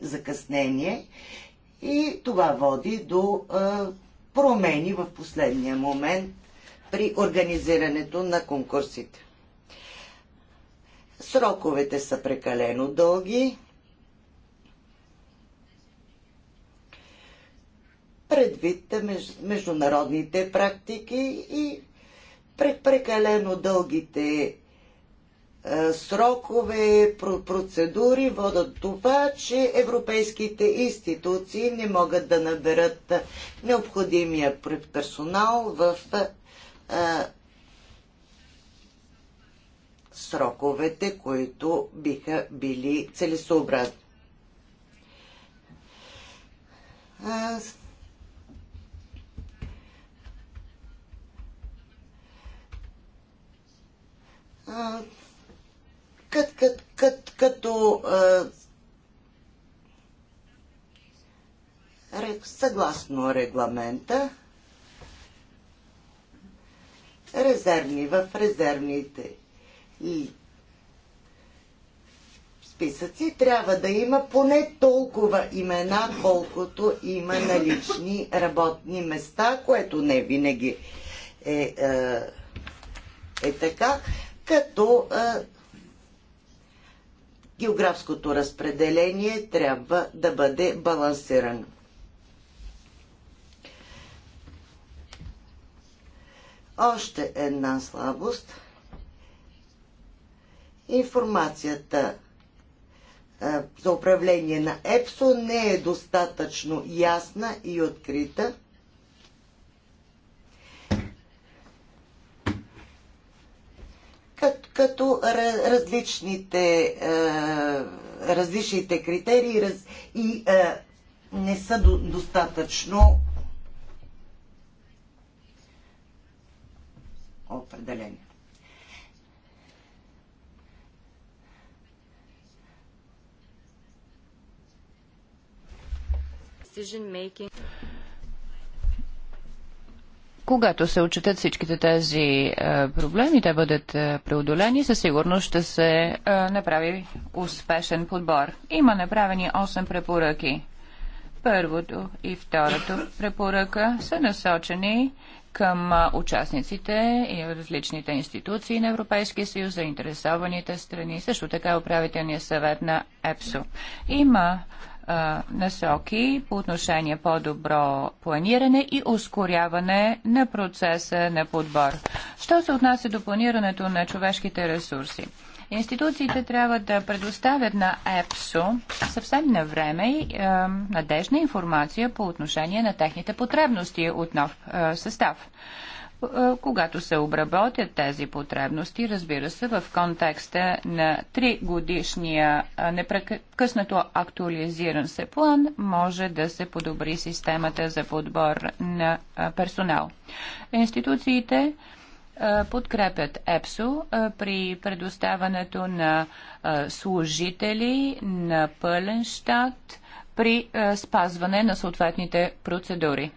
[SPEAKER 4] закъснения и това води до промени в последния момент при организирането на конкурсите. Сроковете са прекалено дълги. Предвид международните практики и прекалено дългите е, срокове, процедури водат това, че европейските институции не могат да наберат необходимия персонал в е, сроковете, които биха били целесообразни. Uh, кът, кът, кът, като е, съгласно регламента резервни в резервните и списъци трябва да има поне толкова имена, колкото има налични работни места, което не винаги е, е, е така, като е, географското разпределение трябва да бъде балансирано. Още една слабост. Информацията за управление на ЕПСО не е достатъчно ясна и открита. като, като различните, е, различните критерии раз, и е, не са достатъчно определени.
[SPEAKER 2] decision making. Когато се отчитат всичките тези е, проблеми, те бъдат е, преодолени, със сигурност ще се е, направи успешен подбор. Има направени 8 препоръки. Първото и второто препоръка са насочени към участниците и различните институции на Европейския съюз, заинтересованите страни, също така управителния съвет на ЕПСО. Има насоки по отношение по-добро планиране и ускоряване на процеса на подбор. Що се отнася до планирането на човешките ресурси? Институциите трябва да предоставят на ЕПСО съвсем на време и е, надежна информация по отношение на техните потребности от нов е, състав. Е, когато се обработят тези потребности, разбира се, в контекста на 3 годишния е, непрекъснато актуализиран се план, може да се подобри системата за подбор на е, персонал. Институциите подкрепят ЕПСО при предоставането на служители на пълен щат при спазване на съответните процедури.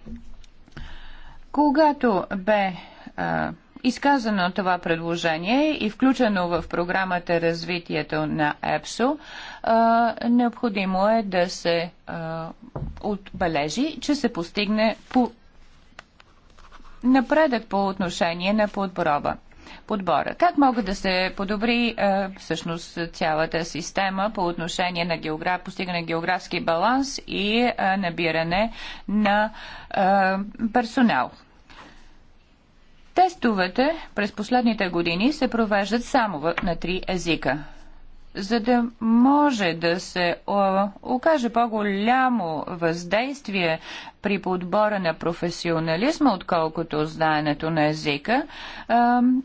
[SPEAKER 2] Когато бе а, изказано това предложение и включено в програмата развитието на ЕПСО, а, необходимо е да се а, отбележи, че се постигне по напредък по отношение на подборова. Подбора. Как мога да се подобри е, всъщност цялата система по отношение на географ, постигане на географски баланс и е, набиране на е, персонал? Тестовете през последните години се провеждат само на три езика за да може да се окаже по-голямо въздействие при подбора на професионализма, отколкото знаенето на езика,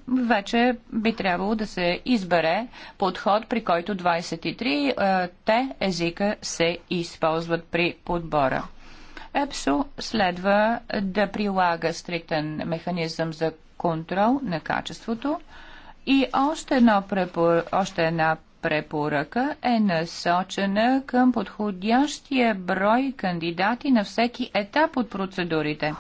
[SPEAKER 2] вече би трябвало да се избере подход, при който 23 те езика се използват при подбора. ЕПСО следва да прилага стриктен механизъм за контрол на качеството. И още, едно препор... още една препоръка е насочена към подходящия брой кандидати на всеки етап от процедурите,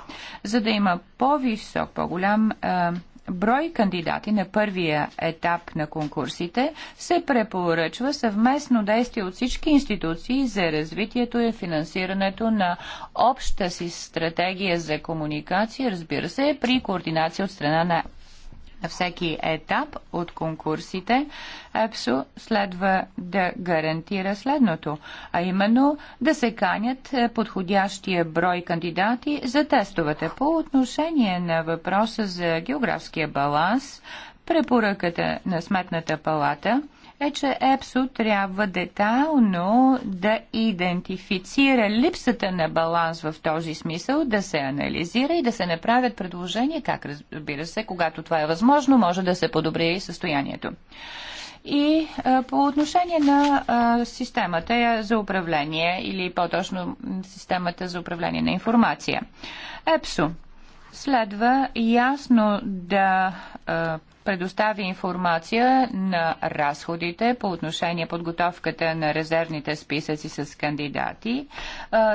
[SPEAKER 2] за да има по-висок, по-голям. Е брой кандидати на първия етап на конкурсите се препоръчва съвместно действие от всички институции за развитието и финансирането на обща си стратегия за комуникация, разбира се, при координация от страна на на всеки етап от конкурсите, ЕПСО следва да гарантира следното, а именно да се канят е, подходящия брой кандидати за тестовете. По отношение на въпроса за географския баланс, препоръката на Сметната палата – е, че ЕПСО трябва детайлно да идентифицира липсата на баланс в този смисъл, да се анализира и да се направят предложения, как разбира се, когато това е възможно, може да се подобри състоянието. И а, по отношение на а, системата за управление или по-точно системата за управление на информация. ЕПСО следва ясно да а, предостави информация на разходите по отношение подготовката на резервните списъци с кандидати.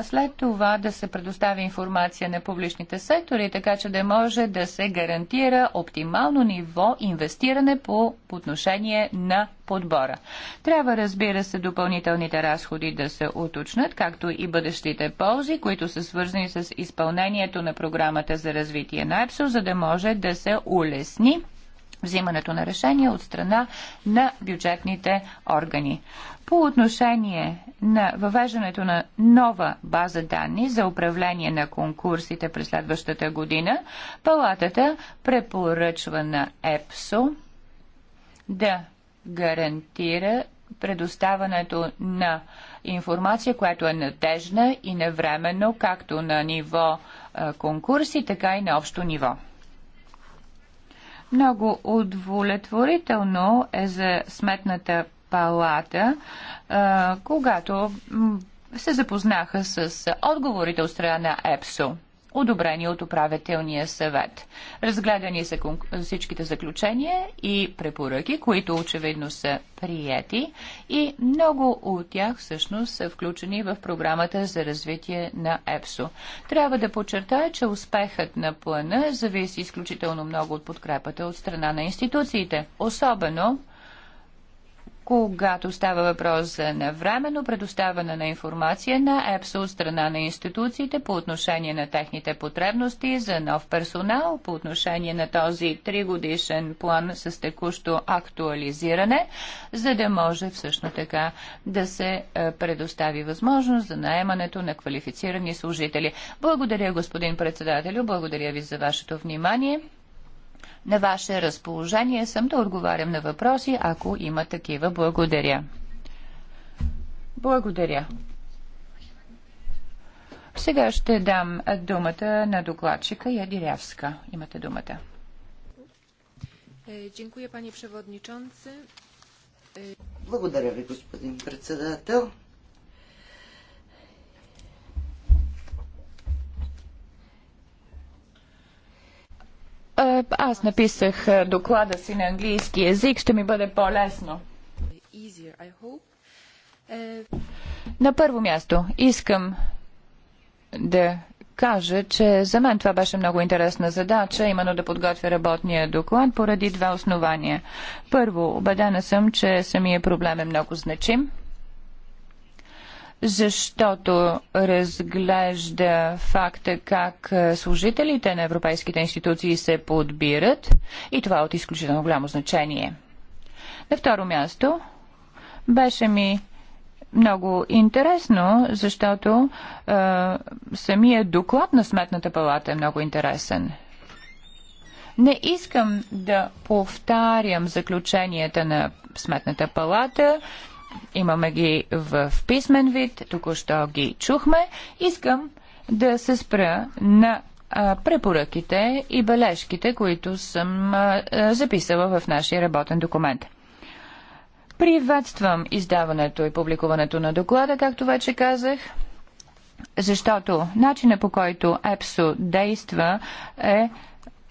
[SPEAKER 2] След това да се предостави информация на публичните сектори, така че да може да се гарантира оптимално ниво инвестиране по отношение на подбора. Трябва, разбира се, допълнителните разходи да се уточнат, както и бъдещите ползи, които са свързани с изпълнението на програмата за развитие на ЕПСО, за да може да се улесни взимането на решения от страна на бюджетните органи. По отношение на въвеждането на нова база данни за управление на конкурсите през следващата година, палатата препоръчва на ЕПСО да гарантира предоставането на информация, която е надежна и навременно, както на ниво конкурси, така и на общо ниво. Много удовлетворително е за сметната палата, когато се запознаха с отговорите от страна на ЕПСО одобрени от управителния съвет. Разгледани са всичките заключения и препоръки, които очевидно са приети и много от тях всъщност са включени в програмата за развитие на ЕПСО. Трябва да подчертая, че успехът на плана зависи изключително много от подкрепата от страна на институциите, особено когато става въпрос за навременно предоставяне на информация на ЕПСО от страна на институциите по отношение на техните потребности за нов персонал, по отношение на този тригодишен план с текущо актуализиране, за да може всъщно така да се е, предостави възможност за наемането на квалифицирани служители. Благодаря, господин председателю, благодаря ви за вашето внимание. На ваше разположение съм да отговарям на въпроси, ако има такива. Благодаря. Благодаря. Сега ще дам думата на докладчика Ядирявска. Имате думата. Е, е,
[SPEAKER 4] Благодаря ви, господин председател.
[SPEAKER 2] Аз написах доклада си на английски язик, ще ми бъде по-лесно. Е, на първо място искам да кажа, че за мен това беше много интересна задача, именно да подготвя работния доклад поради два основания. Първо, убедена съм, че самия проблем е много значим – защото разглежда факта как е, служителите на европейските институции се подбират и това е от изключително голямо значение. На второ място беше ми много интересно, защото е, самия доклад на Сметната палата е много интересен. Не искам да повтарям заключенията на Сметната палата. Имаме ги в писмен вид, току-що ги чухме. Искам да се спра на препоръките и бележките, които съм записала в нашия работен документ. Приветствам издаването и публикуването на доклада, както вече казах, защото начинът по който ЕПСО действа е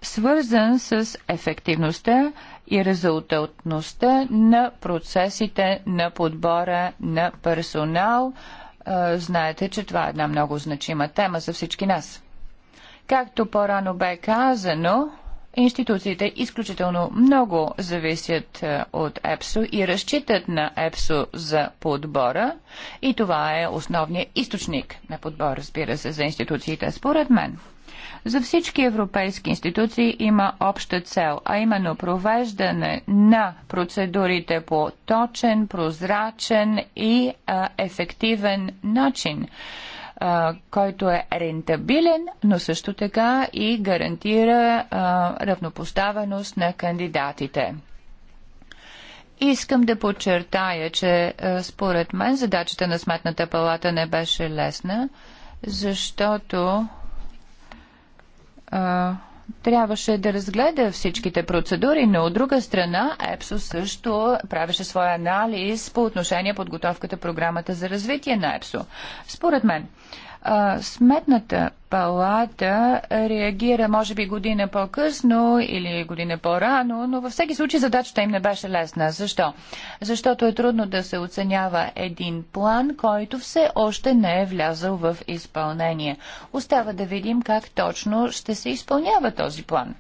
[SPEAKER 2] свързан с ефективността и резултатността на процесите на подбора на персонал. Е, знаете, че това е една много значима тема за всички нас. Както по-рано бе казано, институциите изключително много зависят е, от ЕПСО и разчитат на ЕПСО за подбора и това е основният източник на подбор, разбира се, за институциите, според мен. За всички европейски институции има обща цел, а именно провеждане на процедурите по точен, прозрачен и а, ефективен начин който е рентабилен, но също така и гарантира а, равнопоставеност на кандидатите. Искам да подчертая, че а, според мен задачата на Сметната палата не беше лесна, защото а, трябваше да разгледа всичките процедури, но от друга страна ЕПСО също правеше своя анализ по отношение подготовката програмата за развитие на ЕПСО. Според мен, сметната палата реагира, може би, година по-късно или година по-рано, но във всеки случай задачата им не беше лесна. Защо? Защото е трудно да се оценява един план, който все още не е влязъл в изпълнение. Остава да видим как точно ще се изпълнява този план.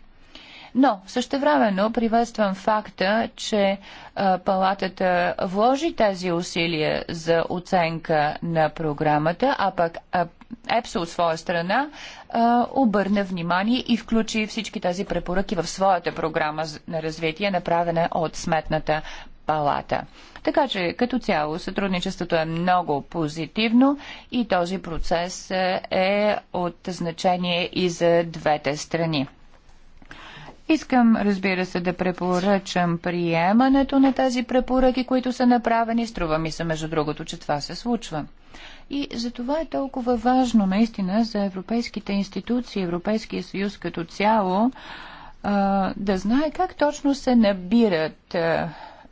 [SPEAKER 2] Но също времено приветствам факта, че а, палатата вложи тези усилия за оценка на програмата, а пък а, ЕПСО от своя страна а, обърна внимание и включи всички тези препоръки в своята програма на развитие, направена от Сметната палата. Така че като цяло сътрудничеството е много позитивно и този процес е, е от значение и за двете страни. Искам, разбира се, да препоръчам приемането на тези препоръки, които са направени. Струва ми се, между другото, че това се случва. И за това е толкова важно, наистина, за европейските институции, Европейския съюз като цяло, да знае как точно се набират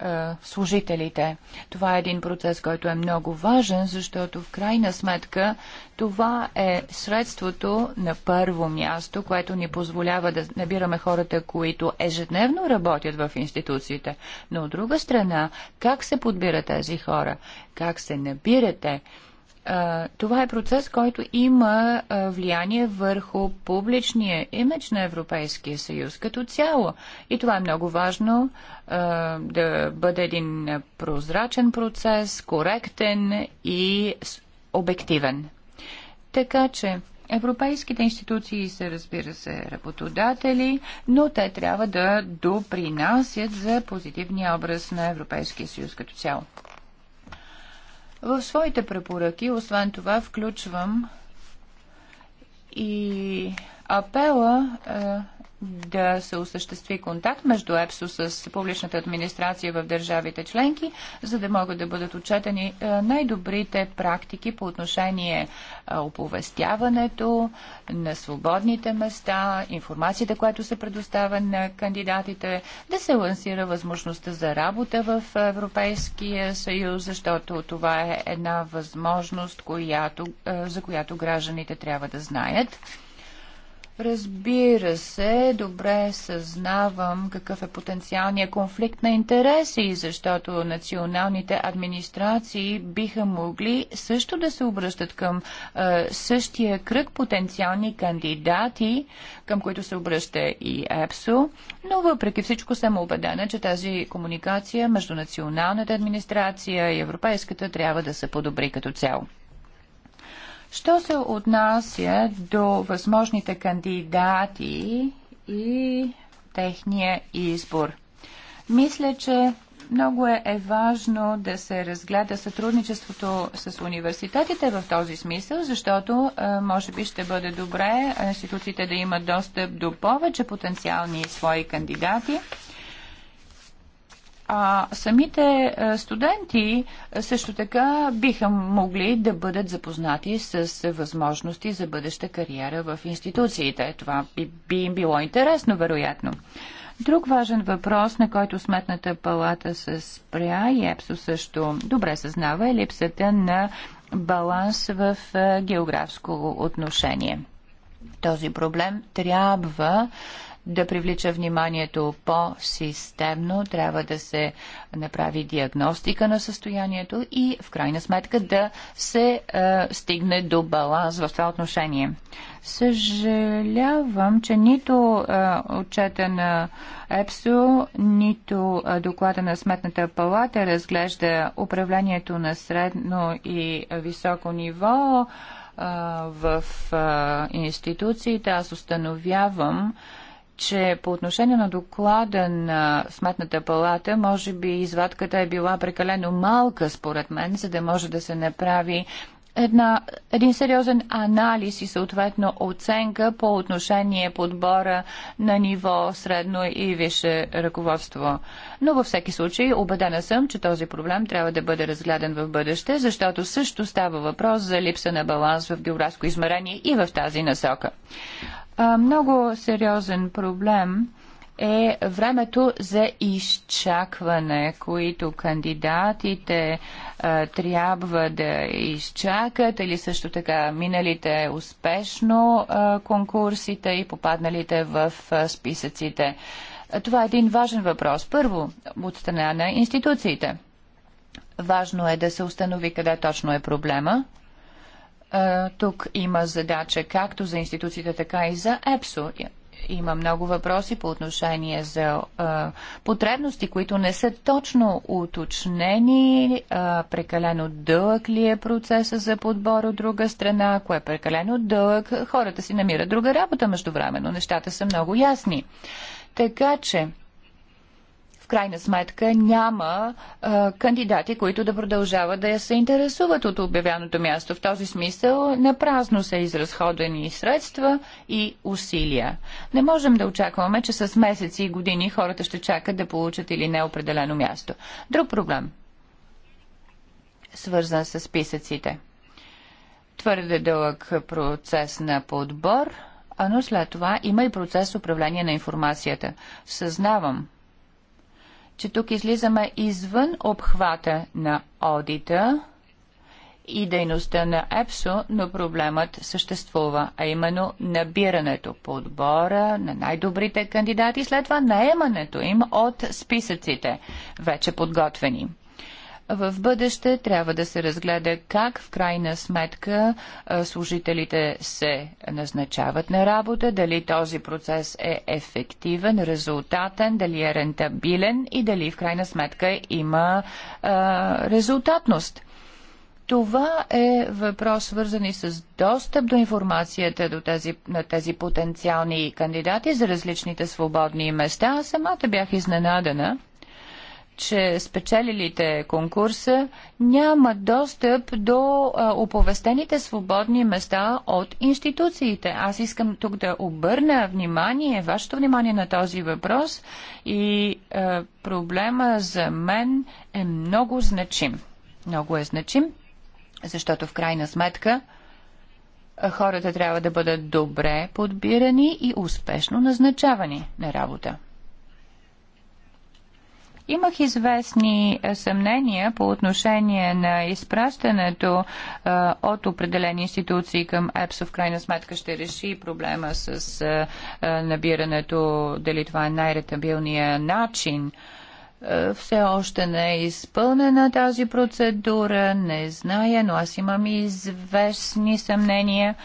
[SPEAKER 2] е, служителите. Това е един процес, който е много важен, защото в крайна сметка това е средството на първо място, което ни позволява да набираме хората, които ежедневно работят в институциите. Но от друга страна, как се подбират тези хора? Как се набирате? това е процес, който има влияние върху публичния имидж на Европейския съюз като цяло. И това е много важно да бъде един прозрачен процес, коректен и обективен. Така че европейските институции са, разбира се, работодатели, но те трябва да допринасят за позитивния образ на Европейския съюз като цяло. В своите препоръки, освен това, включвам и апела е, да се осъществи контакт между ЕПСО с публичната администрация в държавите членки, за да могат да бъдат отчетени е, най-добрите практики по отношение е, оповестяването на свободните места, информацията, която се предоставя на кандидатите, да се лансира възможността за работа в Европейския съюз, защото това е една възможност, която, е, за която гражданите трябва да знаят Разбира се, добре съзнавам какъв е потенциалният конфликт на интереси, защото националните администрации биха могли също да се обръщат към е, същия кръг потенциални кандидати, към които се обръща и ЕПСО, но въпреки всичко съм убедена, че тази комуникация между националната администрация и европейската трябва да се подобри като цяло. Що се отнася до възможните кандидати и техния избор? Мисля, че много е, е важно да се разгледа сътрудничеството с университетите в този смисъл, защото е, може би ще бъде добре институциите да имат достъп до повече потенциални свои кандидати а самите е, студенти е, също така биха могли да бъдат запознати с е, възможности за бъдеща кариера в институциите. Това би, би им било интересно, вероятно. Друг важен въпрос, на който сметната палата се спря и ЕПСО също добре съзнава е липсата на баланс в географско отношение. Този проблем трябва да привлича вниманието по-системно, трябва да се направи диагностика на състоянието и в крайна сметка да се е, стигне до баланс в това отношение. Съжалявам, че нито е, отчета на ЕПСО, нито е, доклада на Сметната палата разглежда управлението на средно и високо ниво е, в е, институциите, аз установявам, че по отношение на доклада на Сметната палата, може би извадката е била прекалено малка, според мен, за да може да се направи една, един сериозен анализ и съответно оценка по отношение подбора на ниво средно и висше ръководство. Но във всеки случай, убедена съм, че този проблем трябва да бъде разгледан в бъдеще, защото също става въпрос за липса на баланс в географско измерение и в тази насока. Много сериозен проблем е времето за изчакване, които кандидатите трябва да изчакат или също така миналите успешно конкурсите и попадналите в списъците. Това е един важен въпрос. Първо, от страна на институциите. Важно е да се установи къде точно е проблема, тук има задача както за институциите, така и за ЕПСО има много въпроси по отношение за а, потребности, които не са точно уточнени. А, прекалено дълъг ли е процеса за подбор от друга страна? Ако е прекалено дълъг, хората си намират друга работа междувременно. Нещата са много ясни. Така че крайна сметка няма а, кандидати, които да продължават да я се интересуват от обявяното място. В този смисъл напразно са изразходени средства и усилия. Не можем да очакваме, че с месеци и години хората ще чакат да получат или неопределено място. Друг проблем, свързан с списъците. Твърде дълъг процес на подбор – но след това има и процес управление на информацията. Съзнавам, че тук излизаме извън обхвата на одита и дейността на ЕПСО, но проблемът съществува, а именно набирането, подбора на най-добрите кандидати, след това наемането им от списъците, вече подготвени в бъдеще трябва да се разгледа как в крайна сметка служителите се назначават на работа, дали този процес е ефективен, резултатен, дали е рентабилен и дали в крайна сметка има а, резултатност. Това е въпрос, свързан и с достъп до информацията до тези, на тези потенциални кандидати за различните свободни места. Аз самата бях изненадана че спечелилите конкурса няма достъп до а, оповестените свободни места от институциите. Аз искам тук да обърна внимание, вашето внимание на този въпрос и а, проблема за мен е много значим. Много е значим, защото в крайна сметка хората трябва да бъдат добре подбирани и успешно назначавани на работа. Имах известни е, съмнения по отношение на изпращането е, от определени институции към ЕПСО. В крайна сметка ще реши проблема с е, набирането, дали това е най-ретабилният начин. Е, все още не е изпълнена тази процедура, не зная, но аз имам известни съмнения.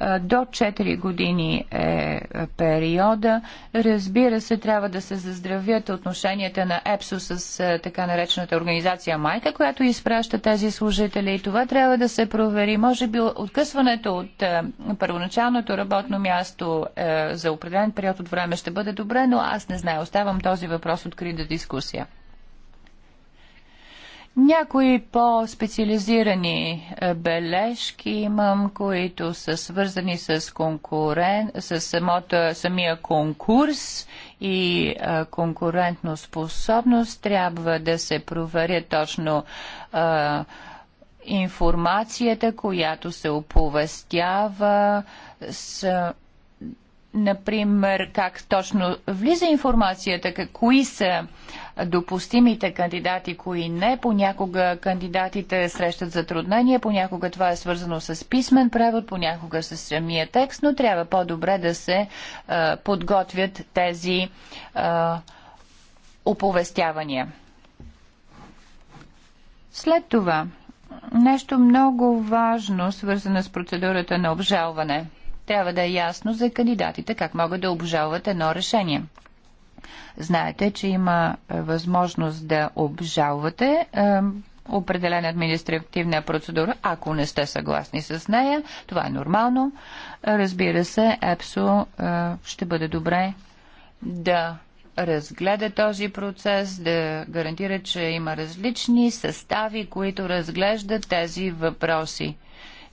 [SPEAKER 2] Е, до 4 години е периода. Разбира се, трябва да се заздравят отношенията на ЕПСО с е, така наречената организация Майка, която изпраща тези служители. И това трябва да се провери. Може би откъсването от първоначалното работно място за определен период от време ще бъде добре, но аз не знаю. Оставам този въпрос открит да дискусия. Някои по-специализирани е, бележки имам, които са свързани с, конкурен... с самото, самия конкурс и е, конкурентно способност. Трябва да се проверя точно а, е, информацията, която се оповестява с например, как точно влиза информацията, кои са допустимите кандидати, кои не. Понякога кандидатите срещат затруднения, понякога това е свързано с писмен превод, понякога с самия текст, но трябва по-добре да се а, подготвят тези а, оповестявания. След това, нещо много важно, свързано с процедурата на обжалване. Трябва да е ясно за кандидатите как могат да обжалват едно решение. Знаете, че има е, възможност да обжалвате е, определена административна процедура, ако не сте съгласни с нея. Това е нормално. Разбира се, ЕПСО е, ще бъде добре да разгледа този процес, да гарантира, че има различни състави, които разглеждат тези въпроси.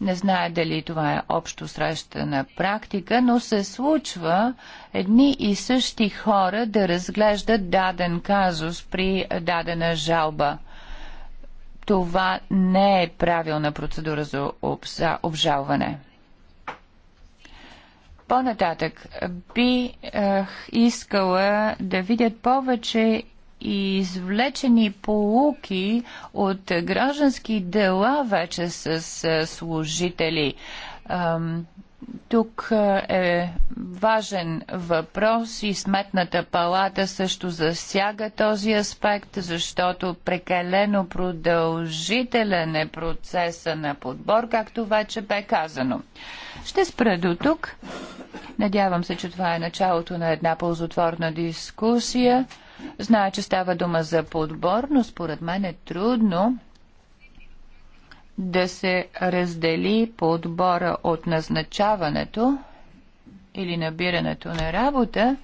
[SPEAKER 2] Не знае дали това е общо срещана практика, но се случва едни и същи хора да разглеждат даден казус при дадена жалба. Това не е правилна процедура за обжалване. По-нататък бих искала да видят повече и извлечени полуки от граждански дела вече с е, служители. Тук е важен въпрос и Сметната палата също засяга този аспект, защото прекалено продължителен е процеса на подбор, както вече бе казано. Ще спра до тук. Надявам се, че това е началото на една ползотворна дискусия. Зная, че става дума за подбор, но според мен е трудно да се раздели подбора от назначаването или набирането на работа.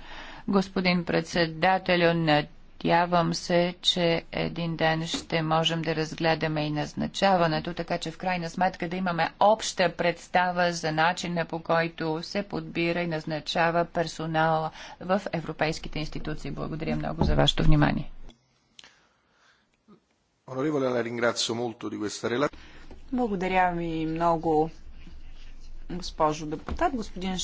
[SPEAKER 2] Господин председателю, на Надявам се, че един ден ще можем да разгледаме и назначаването, така че в крайна сметка да имаме обща представа за начина по който се подбира и назначава персонал в европейските институции. Благодаря много за вашето внимание.
[SPEAKER 3] Благодаря ви много, госпожо депутат. Господин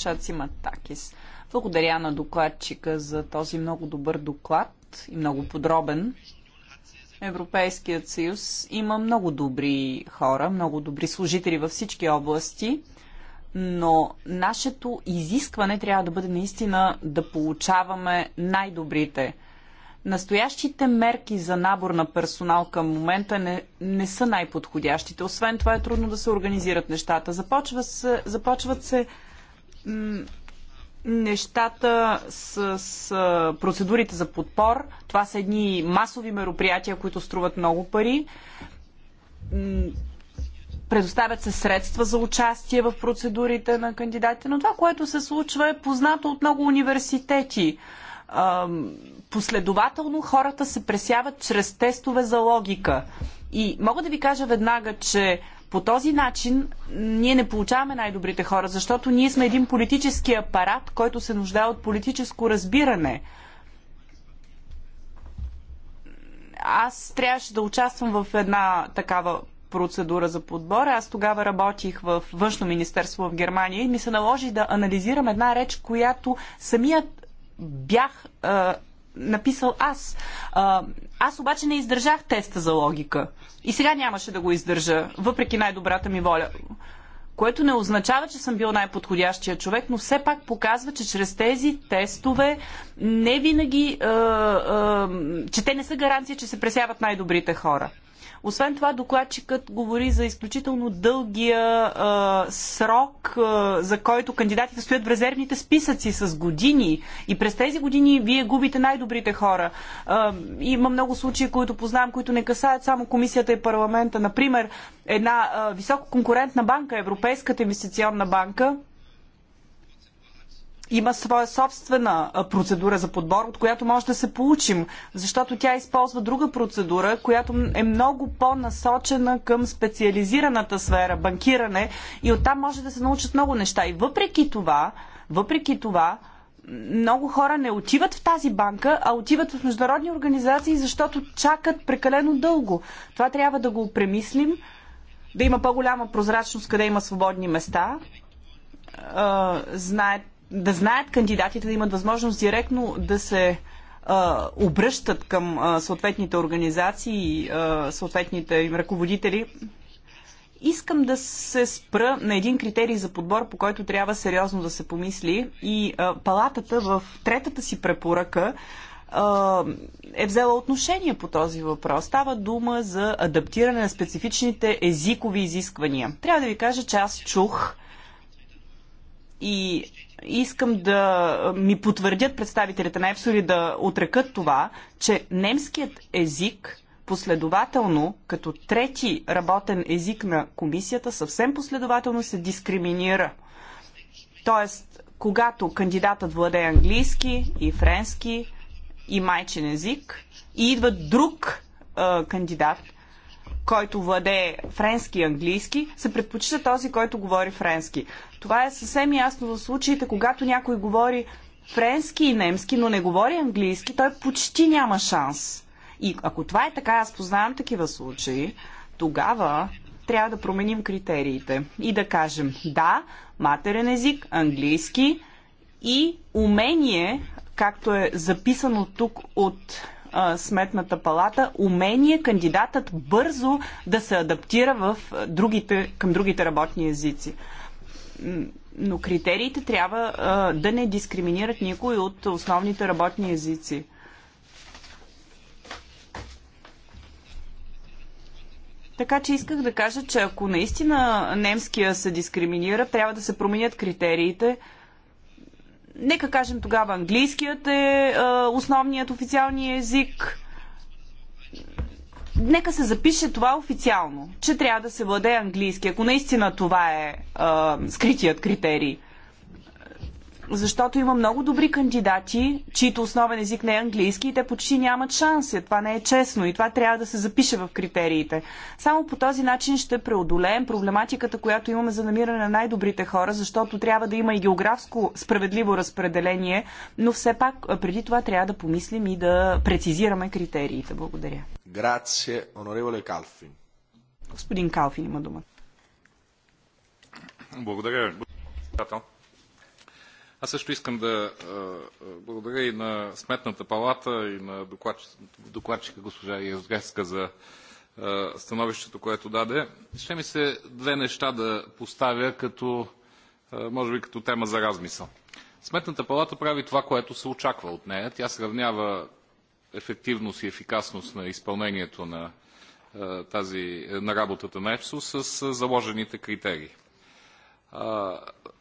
[SPEAKER 3] Такис, благодаря на докладчика за този много добър доклад и много подробен. Европейският съюз има много добри хора, много добри служители във всички области, но нашето изискване трябва да бъде наистина да получаваме най-добрите. Настоящите мерки за набор на персонал към момента не, не са най-подходящите. Освен това е трудно да се организират нещата. Започва се, започват се нещата с, с процедурите за подпор. Това са едни масови мероприятия, които струват много пари. Предоставят се средства за участие в процедурите на кандидатите, но това, което се случва, е познато от много университети. Последователно хората се пресяват чрез тестове за логика. И мога да ви кажа веднага, че по този начин ние не получаваме най-добрите хора, защото ние сме един политически апарат, който се нуждае от политическо разбиране. Аз трябваше да участвам в една такава процедура за подбор. Аз тогава работих в Външно министерство в Германия и ми се наложи да анализирам една реч, която самият бях написал аз. А, аз обаче не издържах теста за логика. И сега нямаше да го издържа, въпреки най-добрата ми воля. Което не означава, че съм бил най-подходящия човек, но все пак показва, че чрез тези тестове не винаги. А, а, че те не са гаранция, че се пресяват най-добрите хора. Освен това, докладчикът говори за изключително дългия а, срок, а, за който кандидатите стоят в резервните списъци с години. И през тези години вие губите най-добрите хора. А, има много случаи, които познавам, които не касаят само комисията и парламента. Например, една а, висококонкурентна банка, Европейската инвестиционна банка, има своя собствена процедура за подбор, от която може да се получим, защото тя използва друга процедура, която е много по-насочена към специализираната сфера банкиране и оттам може да се научат много неща. И въпреки това, въпреки това, много хора не отиват в тази банка, а отиват в международни организации, защото чакат прекалено дълго. Това трябва да го премислим, да има по-голяма прозрачност, къде има свободни места. Знаете, да знаят кандидатите, да имат възможност директно да се а, обръщат към а, съответните организации и съответните им ръководители. Искам да се спра на един критерий за подбор, по който трябва сериозно да се помисли. И а, палатата в третата си препоръка а, е взела отношение по този въпрос. Става дума за адаптиране на специфичните езикови изисквания. Трябва да ви кажа, че аз чух и искам да ми потвърдят представителите на ЕПСО да отрекат това, че немският език последователно, като трети работен език на комисията, съвсем последователно се дискриминира. Тоест, когато кандидатът владее английски и френски и майчен език и идва друг а, кандидат, който владее френски и английски, се предпочита този, който говори френски. Това е съвсем ясно в случаите, когато някой говори френски и немски, но не говори английски, той почти няма шанс. И ако това е така, аз познавам такива случаи, тогава трябва да променим критериите и да кажем да, матерен език, английски и умение, както е записано тук от Сметната палата умение кандидатът бързо да се адаптира в другите, към другите работни езици. Но критериите трябва а, да не дискриминират никой от основните работни езици. Така че исках да кажа, че ако наистина немския се дискриминира, трябва да се променят критериите, Нека кажем тогава английският е основният официалния език. Нека се запише това официално, че трябва да се владее английски, ако наистина това е а, скритият критерий защото има много добри кандидати, чието основен език не е английски и те почти нямат шанси. Това не е честно и това трябва да се запише в критериите. Само по този начин ще преодолеем проблематиката, която имаме за намиране на най-добрите хора, защото трябва да има и географско справедливо разпределение, но все пак преди това трябва да помислим и да прецизираме критериите. Благодаря.
[SPEAKER 1] Грация, онореволе Калфин.
[SPEAKER 3] Господин Калфин има думата.
[SPEAKER 5] Благодаря, аз също искам да благодаря и на Сметната палата и на докладчика госпожа Язгреска за становището, което даде. Ще ми се две неща да поставя като, може би като тема за размисъл. Сметната палата прави това, което се очаква от нея. Тя сравнява ефективност и ефикасност на изпълнението на, тази, на работата на ЕПСО с заложените критерии.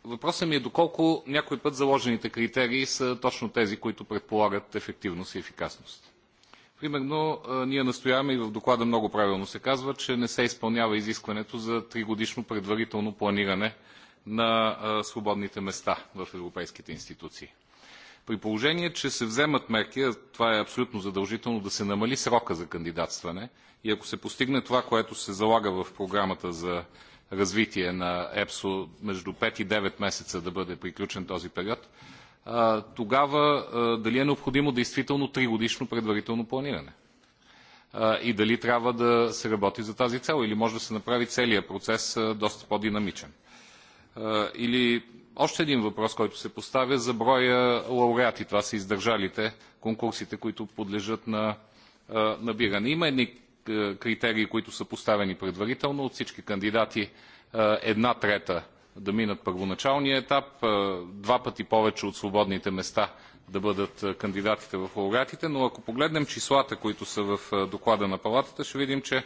[SPEAKER 5] Въпросът ми е доколко някой път заложените критерии са точно тези, които предполагат ефективност и ефикасност. Примерно, ние настояваме и в доклада много правилно се казва, че не се изпълнява изискването за тригодишно предварително планиране на свободните места в европейските институции. При положение, че се вземат мерки, а това е абсолютно задължително да се намали срока за кандидатстване и ако се постигне това, което се залага в програмата за развитие на ЕПСО между 5 и 9 месеца да бъде приключен този период, тогава дали е необходимо действително тригодишно предварително планиране? И дали трябва да се работи за тази цел или може да се направи целият процес доста по-динамичен? Или още един въпрос, който се поставя за броя лауреати. Това са издържалите конкурсите, които подлежат на набиране. Има едни е, критерии, които са поставени предварително от всички кандидати, е, една трета да минат първоначалния етап, е, два пъти повече от свободните места да бъдат кандидатите в лауреатите, но ако погледнем числата, които са в доклада на палатата, ще видим, че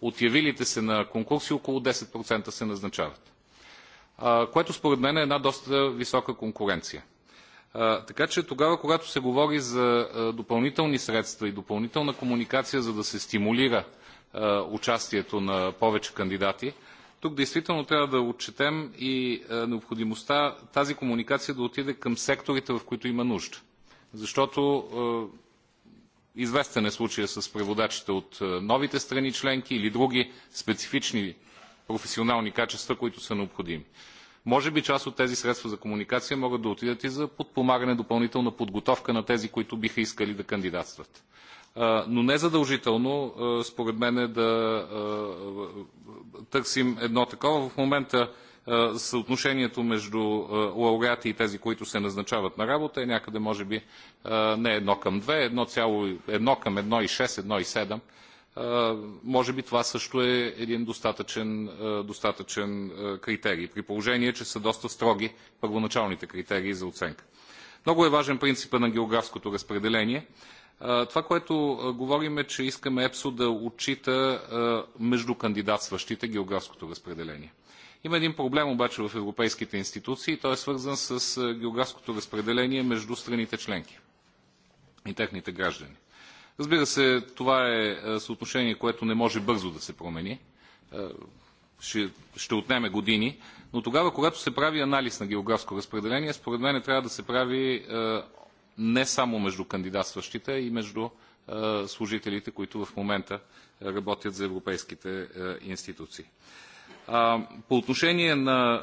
[SPEAKER 5] от явилите се на конкурси около 10% се назначават. Което според мен е една доста висока конкуренция така че тогава, когато се говори за допълнителни средства и допълнителна комуникация, за да се стимулира участието на повече кандидати, тук действително трябва да отчетем и необходимостта тази комуникация да отиде към секторите, в които има нужда. Защото известен е случая с преводачите от новите страни членки или други специфични професионални качества, които са необходими. Може би част от тези средства за комуникация могат да отидат и за подпомагане допълнителна подготовка на тези, които биха искали да кандидатстват. Но не задължително, според мен, е да търсим едно такова. В момента съотношението между лауреати и тези, които се назначават на работа е някъде, може би, не едно към две, едно цяло, едно към едно и шест, едно и седем може би това също е един достатъчен, достатъчен критерий, при положение, че са доста строги първоначалните критерии за оценка. Много е важен принципът на географското разпределение. Това, което говорим е, че искаме ЕПСО да отчита между кандидатстващите географското разпределение. Има един проблем обаче в европейските институции и той е свързан с географското разпределение между страните членки и техните граждани. Разбира се, това е, е съотношение, което не може бързо да се промени. Е, ще, ще отнеме години, но тогава, когато се прави анализ на географско разпределение, според мен трябва да се прави е, не само между кандидатстващите, а и между служителите, които в момента работят за европейските институции. По отношение на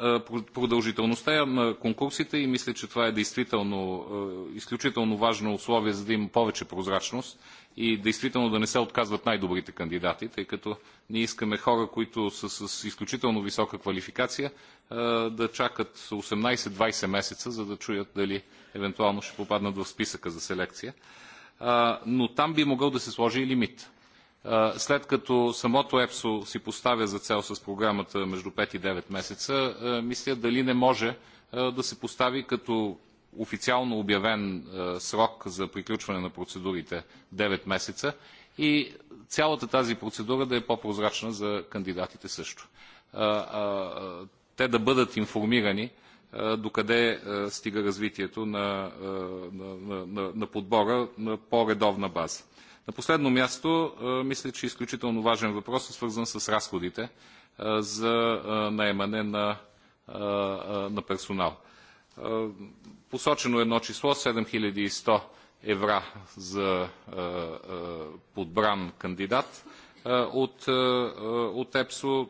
[SPEAKER 5] продължителността на конкурсите и мисля, че това е действително изключително важно условие, за да има повече прозрачност и действително да не се отказват най-добрите кандидати, тъй като ние искаме хора, които са с изключително висока квалификация, да чакат 18-20 месеца, за да чуят дали евентуално ще попаднат в списъка за селекция. Но там би могъл да се сложи и лимит. След като самото ЕПСО си поставя за цел с програмата между 5 и 9 месеца, мисля дали не може да се постави като официално обявен е, срок за приключване на процедурите 9 месеца и цялата тази процедура да е по-прозрачна за кандидатите също. Е, е, те да бъдат информирани докъде стига развитието на, на, на, на подбора на по-редовна база. На последно място, мисля, че изключително важен въпрос е свързан с разходите за наемане на, на персонал. Посочено едно число 7100 евра за е, е, подбран кандидат е, от, от ЕПСО.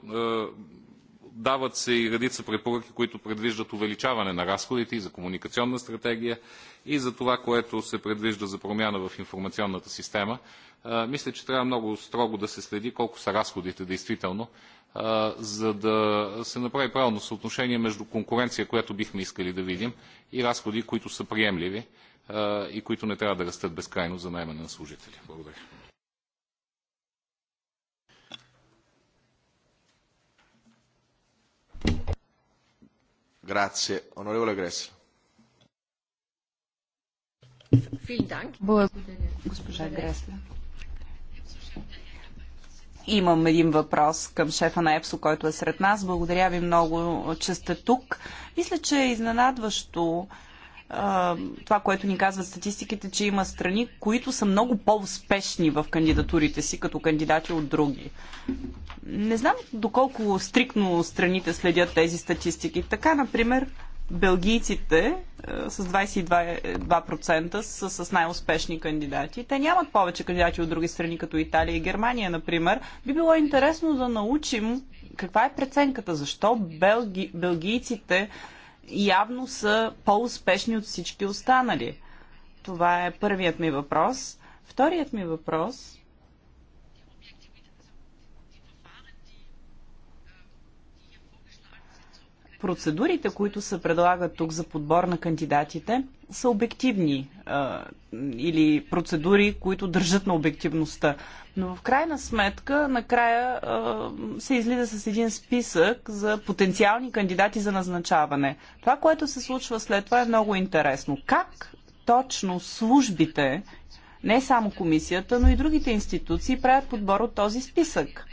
[SPEAKER 5] Дават се и редица препоръки, които предвиждат увеличаване на разходите и за комуникационна стратегия, и за това, което се предвижда за промяна в информационната система. Мисля, че трябва много строго да се следи колко са разходите действително, за да се направи правилно съотношение между конкуренция, която бихме искали да видим, и разходи, които са приемливи и които не трябва да растат безкрайно за найемане на служители. Благодаря.
[SPEAKER 1] Grazie. Onorevole
[SPEAKER 3] Гресер. Имам един въпрос към шефа на ЕПСО, който е сред нас. Благодаря ви много, че сте тук. Мисля, че е изненадващо, това, което ни казват статистиките, че има страни, които са много по-успешни в кандидатурите си като кандидати от други. Не знам доколко стриктно страните следят тези статистики. Така, например, белгийците е, с 22% са с най-успешни кандидати. Те нямат повече кандидати от други страни, като Италия и Германия, например. Би било интересно да научим каква е преценката, защо белги... белгийците явно са по-успешни от всички останали? Това е първият ми въпрос. Вторият ми въпрос процедурите, които се предлагат тук за подбор на кандидатите, са обективни а, или процедури, които държат на обективността. Но в крайна сметка, накрая а, се излиза с един списък за потенциални кандидати за назначаване. Това, което се случва след това е много интересно. Как точно службите, не само комисията, но и другите институции правят подбор от този списък?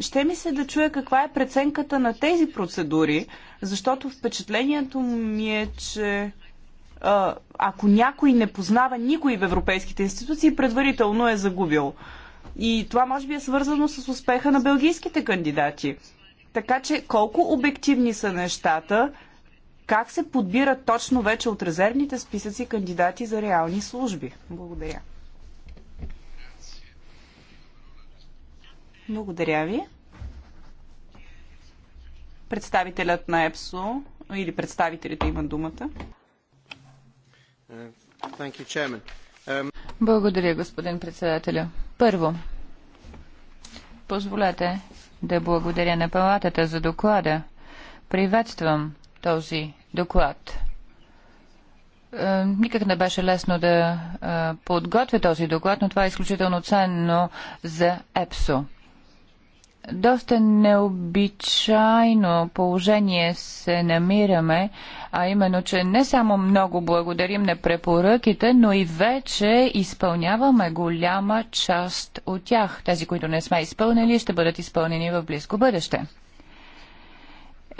[SPEAKER 3] ще ми се да чуя каква е преценката на тези процедури, защото впечатлението ми е, че ако някой не познава никой в европейските институции, предварително е загубил. И това може би е свързано с успеха на белгийските кандидати. Така че колко обективни са нещата, как се подбират точно вече от резервните списъци кандидати за реални служби? Благодаря. Благодаря ви. Представителят на ЕПСО или представителите имат думата. Um,
[SPEAKER 2] благодаря, господин председателю. Първо, позволете да благодаря на палатата за доклада. Приветствам този доклад. Е, никак не беше лесно да е, подготвя този доклад, но това е изключително ценно за ЕПСО доста необичайно положение се намираме, а именно, че не само много благодарим на препоръките, но и вече изпълняваме голяма част от тях. Тези, които не сме изпълнили, ще бъдат изпълнени в близко бъдеще.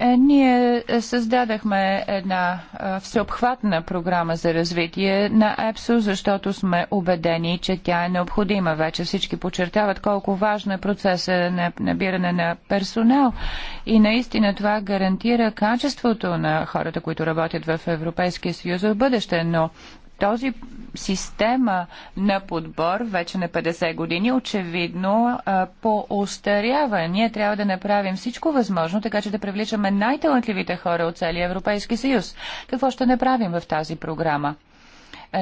[SPEAKER 2] Е, ние е, създадахме една е, всеобхватна програма за развитие на ЕПСО, защото сме убедени, че тя е необходима. Вече всички подчертават колко важно е процеса на набиране на персонал и наистина това гарантира качеството на хората, които работят в Европейския съюз в бъдеще, но този система на подбор вече на 50 години очевидно по Ние трябва да направим всичко възможно, така че да привличаме най-талантливите хора от целия Европейски съюз. Какво ще направим в тази програма?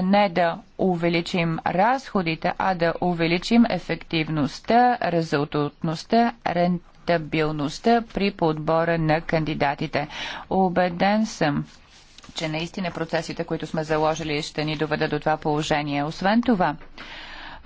[SPEAKER 2] не да увеличим разходите, а да увеличим ефективността, резултатността, рентабилността при подбора на кандидатите. Обеден съм, че наистина процесите, които сме заложили, ще ни доведат до това положение. Освен това,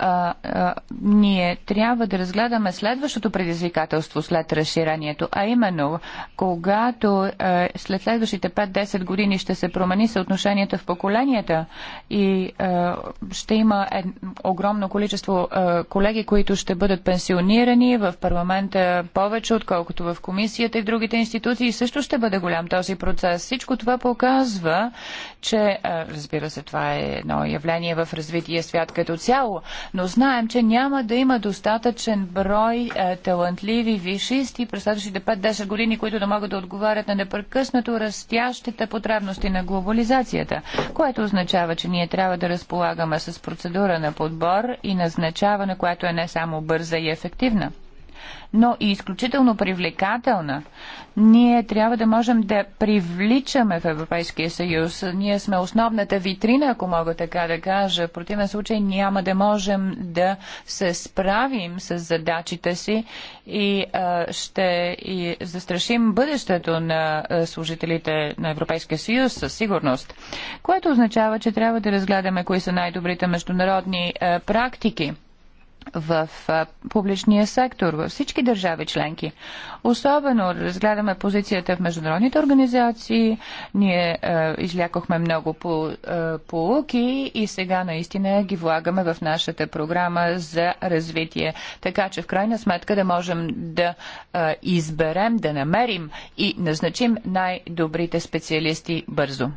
[SPEAKER 2] а, а, ние трябва да разгледаме следващото предизвикателство след разширението, а именно, когато а, след следващите 5-10 години ще се промени съотношението в поколенията и а, ще има е, огромно количество а, колеги, които ще бъдат пенсионирани в парламента повече, отколкото в комисията и в другите институции, и също ще бъде голям този процес. Всичко това показва, че, а, разбира се, това е едно явление в развитие свят като цяло, но знаем, че няма да има достатъчен брой е, талантливи вишисти през следващите 5-10 години, които да могат да отговарят на непрекъснато растящите потребности на глобализацията, което означава, че ние трябва да разполагаме с процедура на подбор и назначаване, което е не само бърза и ефективна но и изключително привлекателна. Ние трябва да можем да привличаме в Европейския съюз. Ние сме основната витрина, ако мога така да кажа. В противен случай няма да можем да се справим с задачите си и а, ще и застрашим бъдещето на служителите на Европейския съюз със сигурност. Което означава, че трябва да разгледаме кои са най-добрите международни а, практики в публичния сектор, във всички държави членки. Особено разгледаме позицията в международните организации, ние е, излякохме много по, е, полуки и сега наистина ги влагаме в нашата програма за развитие. Така че в крайна сметка да можем да е, изберем, да намерим и назначим най-добрите специалисти бързо.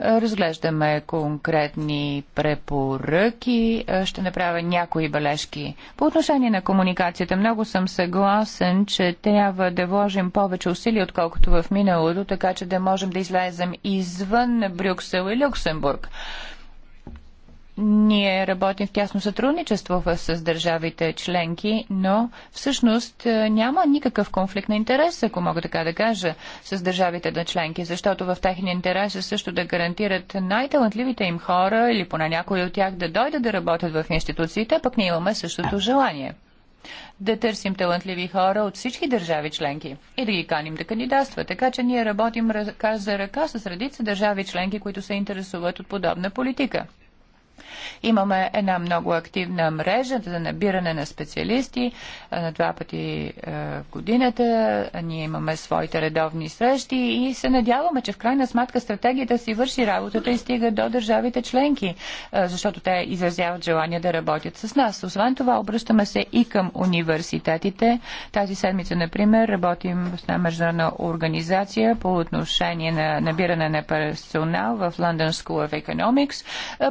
[SPEAKER 2] Разглеждаме конкретни препоръки. Е, ще направя някои бележки. По отношение на комуникацията, много съм съгласен, че трябва да вложим повече усилия, отколкото в миналото, така че да можем да излезем извън Брюксел и Люксембург. Ние работим в тясно сътрудничество с държавите членки, но всъщност е, няма никакъв конфликт на интерес, ако мога така да кажа, с държавите на членки, защото в техния интерес е също да гарантират най-талантливите им хора или поне някои от тях да дойдат да работят в институциите, пък ние имаме същото желание да търсим талантливи хора от всички държави членки и да ги каним да кандидатстват. Така че ние работим ръка за ръка с редица държави членки, които се интересуват от подобна политика. Имаме една много активна мрежа за набиране на специалисти е, на два пъти е, в годината. Ние имаме своите редовни срещи и се надяваме, че в крайна сметка стратегията си върши работата и стига до държавите членки, е, защото те изразяват желание да работят с нас. Освен това, обръщаме се и към университетите. Тази седмица, например, работим с една международна организация по отношение на набиране на персонал в London School of Economics.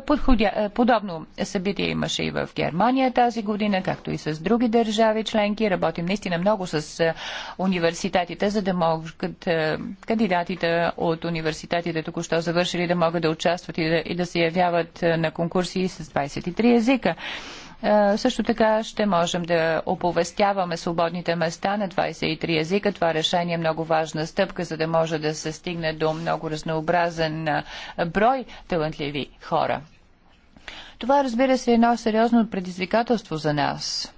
[SPEAKER 2] Подходя е, подобно събитие имаше и в Германия тази година, както и с други държави членки. Работим наистина много с е, университетите, за да могат е, кандидатите от университетите току-що завършили да могат да участват и да, и да се явяват на конкурси с 23 езика. Също така ще можем да оповестяваме свободните места на 23 езика. Това решение е много важна стъпка, за да може да се стигне до много разнообразен брой талантливи хора. Това, разбира се, е едно сериозно предизвикателство за нас.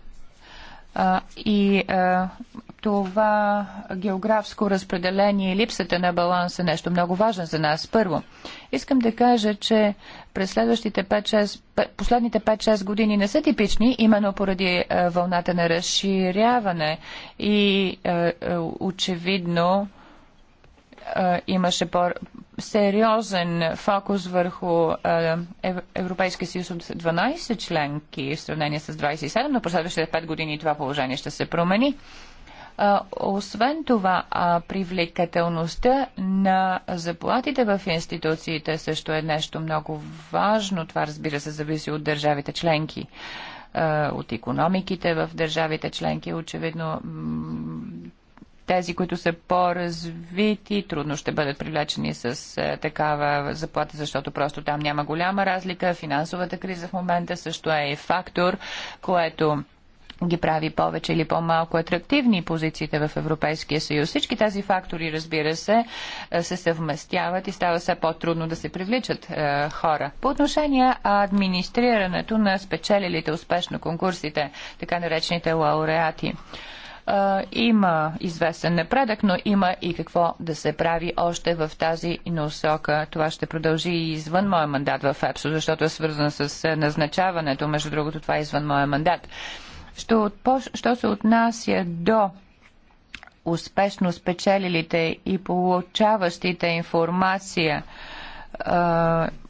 [SPEAKER 2] А, и а, това географско разпределение и липсата на баланс е нещо много важно за нас. Първо, искам да кажа, че през следващите 5-6, последните 5-6 години не са типични, именно поради а, вълната на разширяване и е, очевидно имаше по-сериозен фокус върху Европейския съюз от 12 членки в сравнение с 27, но последващите 5 години това положение ще се промени. Освен това, привлекателността на заплатите в институциите също е нещо много важно. Това, разбира се, зависи от държавите членки от економиките в държавите членки. Очевидно тези, които са по-развити, трудно ще бъдат привлечени с е, такава заплата, защото просто там няма голяма разлика. Финансовата криза в момента също е фактор, което ги прави повече или по-малко атрактивни позициите в Европейския съюз. Всички тези фактори, разбира се, е, се съвместяват и става все по-трудно да се привличат е, хора. По отношение администрирането на спечелилите успешно конкурсите, така наречените лауреати има известен напредък, но има и какво да се прави още в тази насока. Това ще продължи и извън моя мандат в ЕПСО, защото е свързано с е, назначаването. Между другото, това е извън моя мандат. Що, що се отнася до успешно спечелилите и получаващите информация,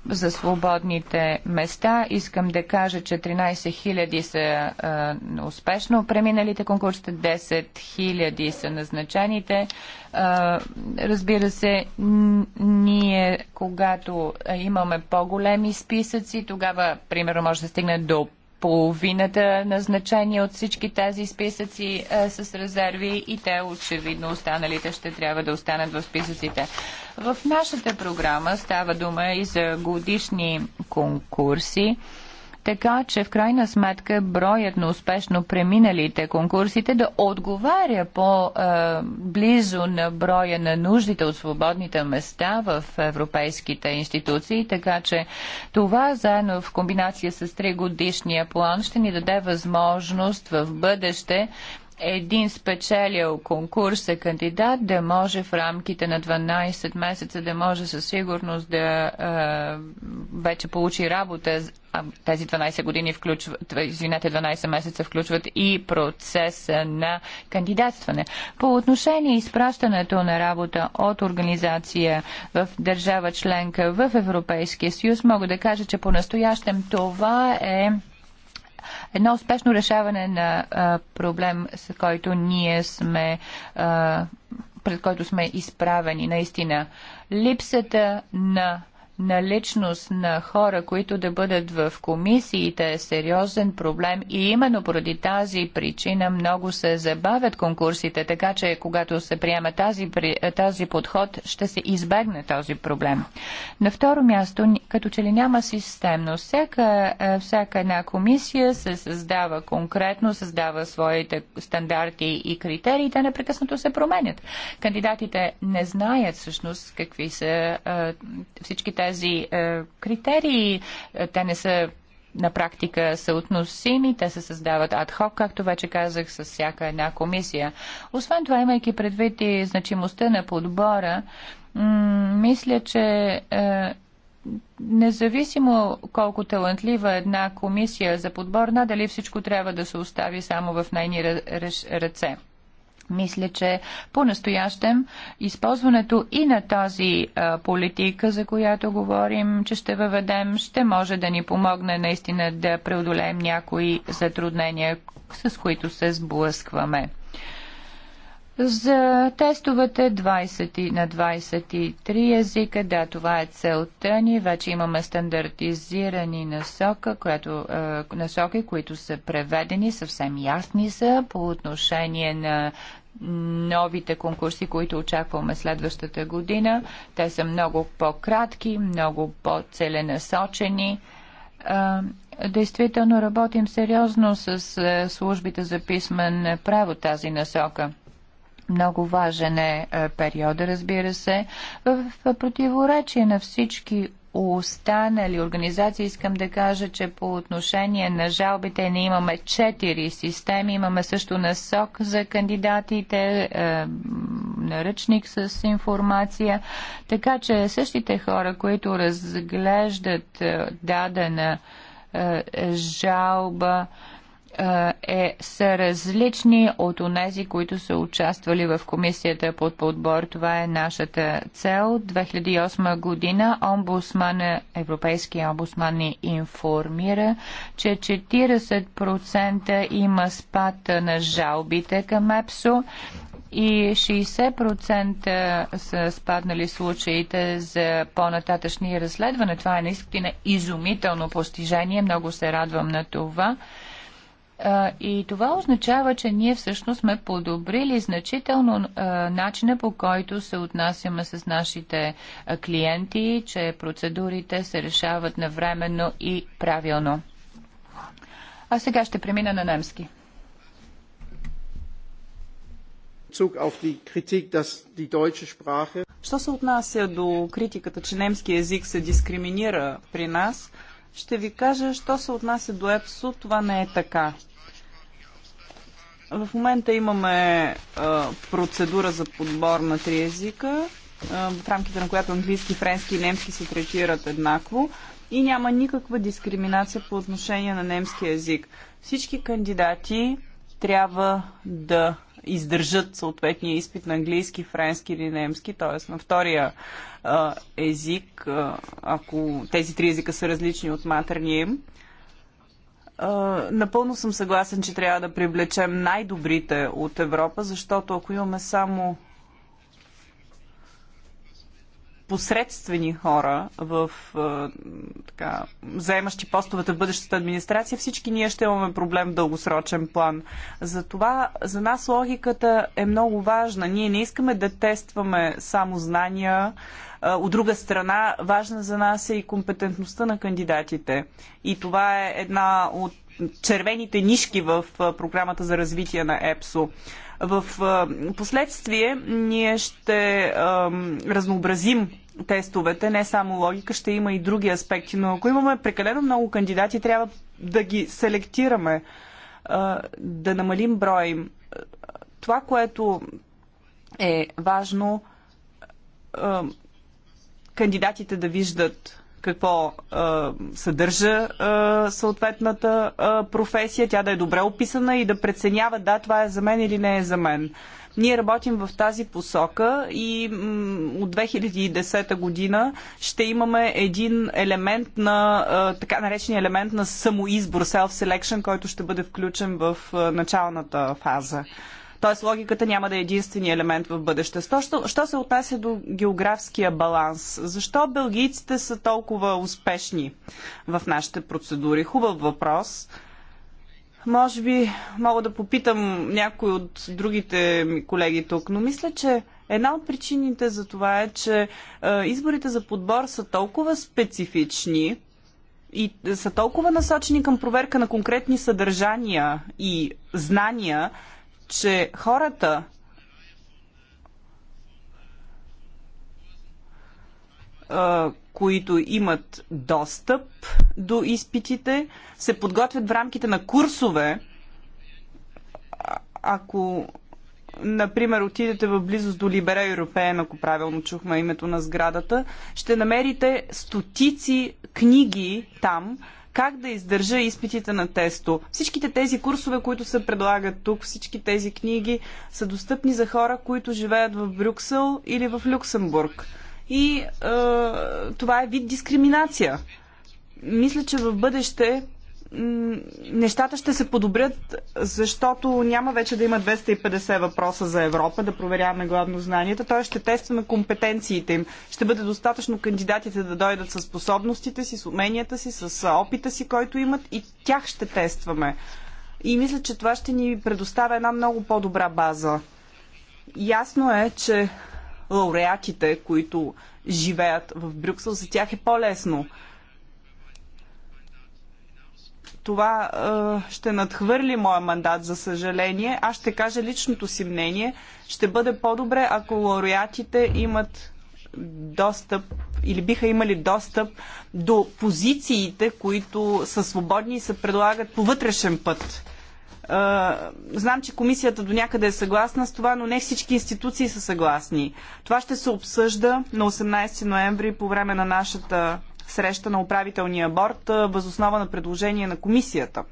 [SPEAKER 2] за свободните места. Искам да кажа, че 13 000 са а, успешно преминалите конкурсите, 10 000 са назначените. А, разбира се, ние, когато имаме по-големи списъци, тогава, примерно, може да стигне до половината назначени от всички тези списъци а, е, с резерви и те очевидно останалите ще трябва да останат в списъците. В нашата програма става дума и за годишни конкурси. А, така че в крайна сметка броят на успешно преминалите конкурсите да отговаря по-близо е, на броя на нуждите от свободните места в европейските институции, така че това заедно в комбинация с 3 годишния план ще ни даде възможност в бъдеще един спечелил конкурс е кандидат да може в рамките на 12 месеца да може със сигурност да а, вече получи работа. А тези 12 години включват, извинете, 12 месеца включват и процеса на кандидатстване. По отношение изпращането на работа от организация в държава членка в Европейския съюз, мога да кажа, че по-настоящем това е едно успешно решаване на а, проблем, с който ние сме, а, пред който сме изправени наистина. Липсата на наличност на хора, които да бъдат в комисиите е сериозен проблем и именно поради тази причина много се забавят конкурсите, така че когато се приема тази, тази подход, ще се избегне този проблем. На второ място, като че ли няма системно, всяка, е, всяка една комисия се създава конкретно, създава своите стандарти и критерии, те непрекъснато се променят. Кандидатите не знаят всъщност какви са е, всички тези тези е, критерии. Е, те не са на практика са относими, те се създават адхок, както вече казах, с всяка една комисия. Освен това, имайки предвид и значимостта на подбора, мисля, че е, независимо колко талантлива една комисия за подбор, надали всичко трябва да се остави само в нейни ръце. Мисля, че по-настоящем използването и на тази а, политика, за която говорим, че ще въведем, ще може да ни помогне наистина да преодолеем някои затруднения, с които се сблъскваме. За тестовете 20 на 23 езика, да, това е целта ни. Вече имаме стандартизирани насока, което, е, насоки, които са преведени, съвсем ясни са по отношение на новите конкурси, които очакваме следващата година. Те са много по-кратки, много по-целенасочени. Действително работим сериозно с службите за писмен право тази насока. Много важен е периода, разбира се, в противоречие на всички останали организации, искам да кажа, че по отношение на жалбите ние имаме четири системи. Имаме също насок за кандидатите, е, наръчник с информация. Така че същите хора, които разглеждат е, дадена е, жалба, е, е, са различни от онези, които са участвали в комисията под подбор. Това е нашата цел. 2008 година омбусман, Европейския омбусман ни информира, че 40% има спад на жалбите към ЕПСО и 60% са спаднали случаите за по-нататъчни разследвания. Това е наистина изумително постижение. Много се радвам на това. И това означава, че ние всъщност сме подобрили значително начина по който се отнасяме с нашите клиенти, че процедурите се решават навременно и правилно. А сега ще премина на немски.
[SPEAKER 3] Що се отнася до критиката, че немски език се дискриминира при нас – ще ви кажа, що се отнася до ЕПСО, това не е така. В момента имаме а, процедура за подбор на три езика, а, в рамките на която английски, френски и немски се третират еднакво и няма никаква дискриминация по отношение на немски език. Всички кандидати трябва да издържат съответния изпит на английски, френски или немски, т.е. на втория а, език, а, ако тези три езика са различни от матерния им. напълно съм съгласен, че трябва да привлечем най-добрите от Европа, защото ако имаме само посредствени хора в е, така, заемащи постовете в бъдещата администрация, всички ние ще имаме проблем в дългосрочен план. Затова за нас логиката е много важна. Ние не искаме да тестваме само знания. Е, от друга страна, важна за нас е и компетентността на кандидатите. И това е една от червените нишки в програмата за развитие на ЕПСО. В последствие ние ще разнообразим тестовете, не само логика, ще има и други аспекти, но ако имаме прекалено много кандидати, трябва да ги селектираме, да намалим броя им. Това, което е важно, кандидатите да виждат какво а, съдържа а, съответната а, професия, тя да е добре описана и да преценява да, това е за мен или не е за мен. Ние работим в тази посока и от 2010 година ще имаме един елемент на, така наречен елемент на самоизбор, self-selection, който ще бъде включен в началната фаза. Тоест логиката няма да е единствения елемент в бъдеще. Що, що се отнася до географския баланс? Защо белгийците са толкова успешни в нашите процедури? Хубав въпрос. Може би мога да попитам някой от другите ми колеги тук, но мисля, че една от причините за това е, че е, изборите за подбор са толкова специфични и са толкова насочени към проверка на конкретни съдържания и знания, че хората които имат достъп до изпитите, се подготвят в рамките на курсове. Ако, например, отидете в близост до Либера Европеен, ако правилно чухме името на сградата, ще намерите стотици книги там, как да издържа изпитите на тесто. Всичките тези курсове, които се предлагат тук, всички тези книги са достъпни за хора, които живеят в Брюксел или в Люксембург. И е, това е вид дискриминация. Мисля, че в бъдеще нещата ще се подобрят, защото няма вече да има 250 въпроса за Европа, да проверяваме главно знанията, т.е. ще тестваме компетенциите им. Ще бъде достатъчно кандидатите да дойдат с способностите си, с уменията си, с опита си, който имат и тях ще тестваме. И мисля, че това ще ни предоставя една много по-добра база. Ясно е, че лауреатите, които живеят в Брюксел, за тях е по-лесно това ще надхвърли моя мандат, за съжаление. Аз ще кажа личното си мнение. Ще бъде по-добре, ако лауреатите имат достъп или биха имали достъп до позициите, които са свободни и се предлагат по вътрешен път. знам, че комисията до някъде е съгласна с това, но не всички институции са съгласни. Това ще се обсъжда на 18 ноември по време на нашата среща на управителния борт възоснова на предложение на комисията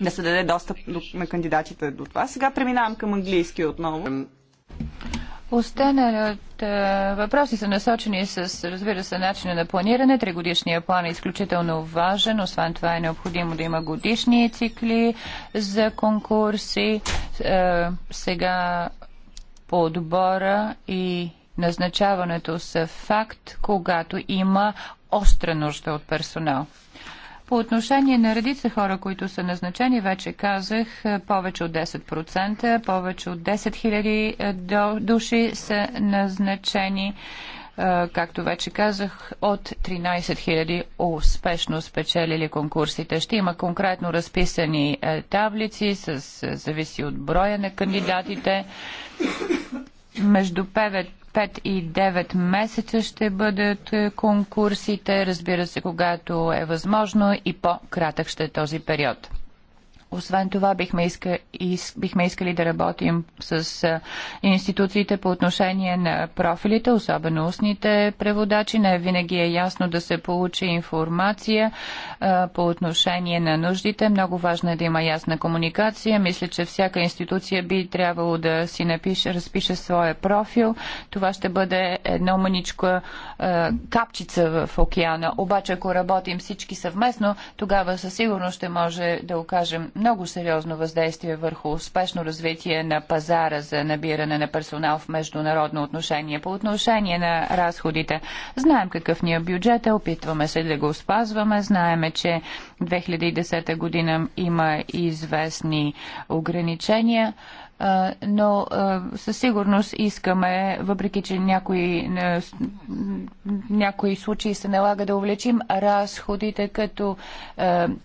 [SPEAKER 3] да се даде достъп на кандидатите до това. Сега преминавам към английски отново.
[SPEAKER 2] от въпроси са насочени с, разбира се, начина на планиране. Тригодишния план е изключително важен. Освен това е необходимо да има годишни цикли за конкурси. Сега подбора и назначаването са факт, когато има остра нужда от персонал. По отношение на редица хора, които са назначени, вече казах, е, повече от 10%, повече от 10 000 е, души са назначени е, както вече казах, от 13 000 успешно спечелили конкурсите. Ще има конкретно разписани таблици, с, зависи от броя на кандидатите. Между 5 и 9 месеца ще бъдат е, конкурсите, разбира се, когато е възможно и по-кратък ще е този период. Освен това, бихме, иска, бихме искали да работим с а, институциите по отношение на профилите, особено устните преводачи. Не винаги е ясно да се получи информация а, по отношение на нуждите. Много важно е да има ясна комуникация. Мисля, че всяка институция би трябвало да си напише, разпише своя профил. Това ще бъде едно мъничко а, капчица в океана. Обаче, ако работим всички съвместно, тогава със сигурност ще може да окажем много сериозно въздействие върху успешно развитие на пазара за набиране на персонал в международно отношение. По отношение на разходите, знаем какъв ни е бюджет, опитваме се да го спазваме, знаеме, че 2010 година има известни ограничения но със сигурност искаме, въпреки че някои, някои случаи се налага да увлечим разходите като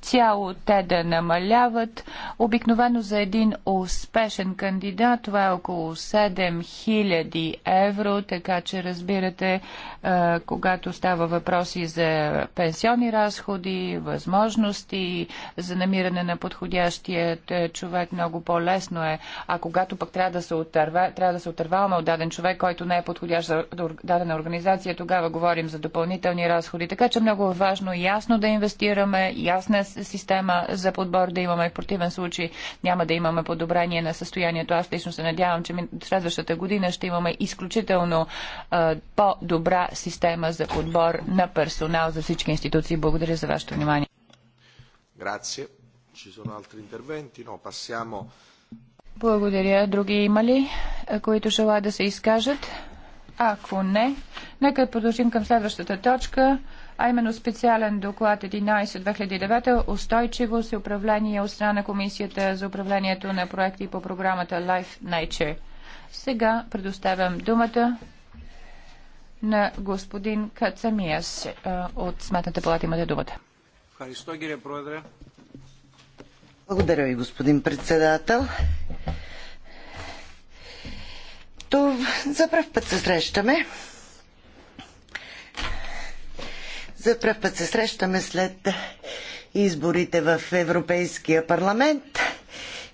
[SPEAKER 2] цяло те да намаляват дават обикновено за един успешен кандидат. Това е около 7000 евро, така че разбирате, е, когато става въпроси за пенсионни разходи, възможности за намиране на подходящият е, човек, много по-лесно е. А когато пък трябва да се, отърва, трябва да се отърваме от даден човек, който не е подходящ за дадена организация, тогава говорим за допълнителни разходи. Така че много е важно ясно да инвестираме, ясна система за подбор да имаме в противен случай няма да имаме подобрение на състоянието. Аз лично се надявам, че следващата година ще имаме изключително по-добра система за подбор на персонал за всички институции. Благодаря за вашето внимание.
[SPEAKER 1] Grazie. Ci sono altri interventi? No, passiamo...
[SPEAKER 2] Благодаря. Други има ли, които желаят да се изкажат? Ако не, нека продължим към следващата точка а именно специален доклад 11 от 2009 устойчивост и управление от страна на Комисията за управлението на проекти по програмата Life Nature. Сега предоставям думата на господин Кацамиас е, от Сметната палата. Имате думата.
[SPEAKER 4] Благодаря ви, господин председател. То за първ път се срещаме. За пръв път се срещаме след изборите в Европейския парламент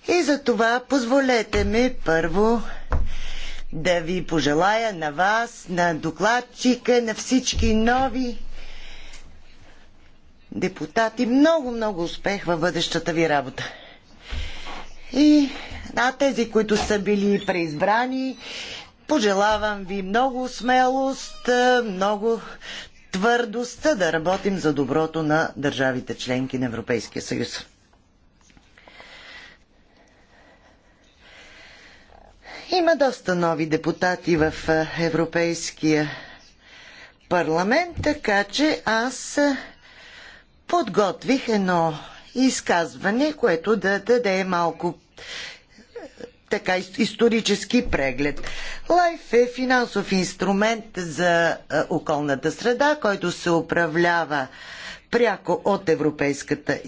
[SPEAKER 4] и за това позволете ми първо да ви пожелая на вас, на докладчика, на всички нови депутати много, много успех във бъдещата ви работа. И на тези, които са били преизбрани, пожелавам ви много смелост, много твърдостта да работим за доброто на държавите членки на Европейския съюз. Има доста нови депутати в Европейския парламент, така че аз подготвих едно изказване, което да даде малко така исторически преглед. Лайф е финансов инструмент за околната среда, който се управлява пряко от Европейската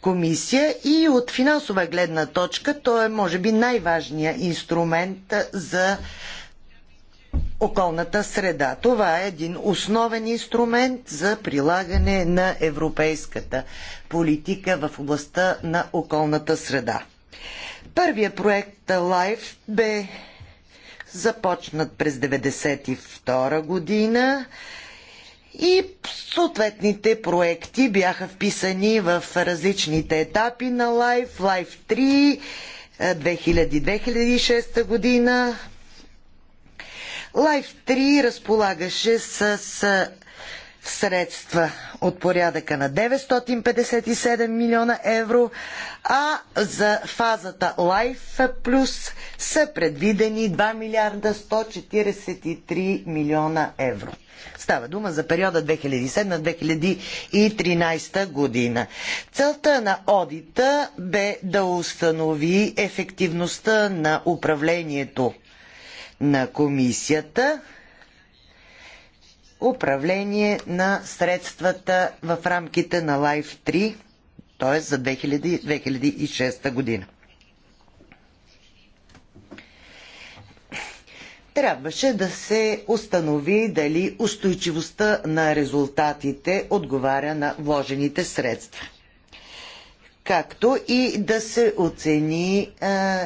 [SPEAKER 4] комисия и от финансова гледна точка той е може би най-важният инструмент за околната среда. Това е един основен инструмент за прилагане на европейската политика в областта на околната среда. Първия проект Life бе започнат през 1992 година и съответните проекти бяха вписани в различните етапи на Life, Life 3, 2000-2006 година. Life 3 разполагаше с средства от порядъка на 957 милиона евро, а за фазата Life Plus са предвидени 2 милиарда 143 милиона евро. Става дума за периода 2007-2013 година. Целта на одита бе да установи ефективността на управлението на комисията – управление на средствата в рамките на Life 3, т.е. за 2006 година. трябваше да се установи дали устойчивостта на резултатите отговаря на вложените средства. Както и да се оцени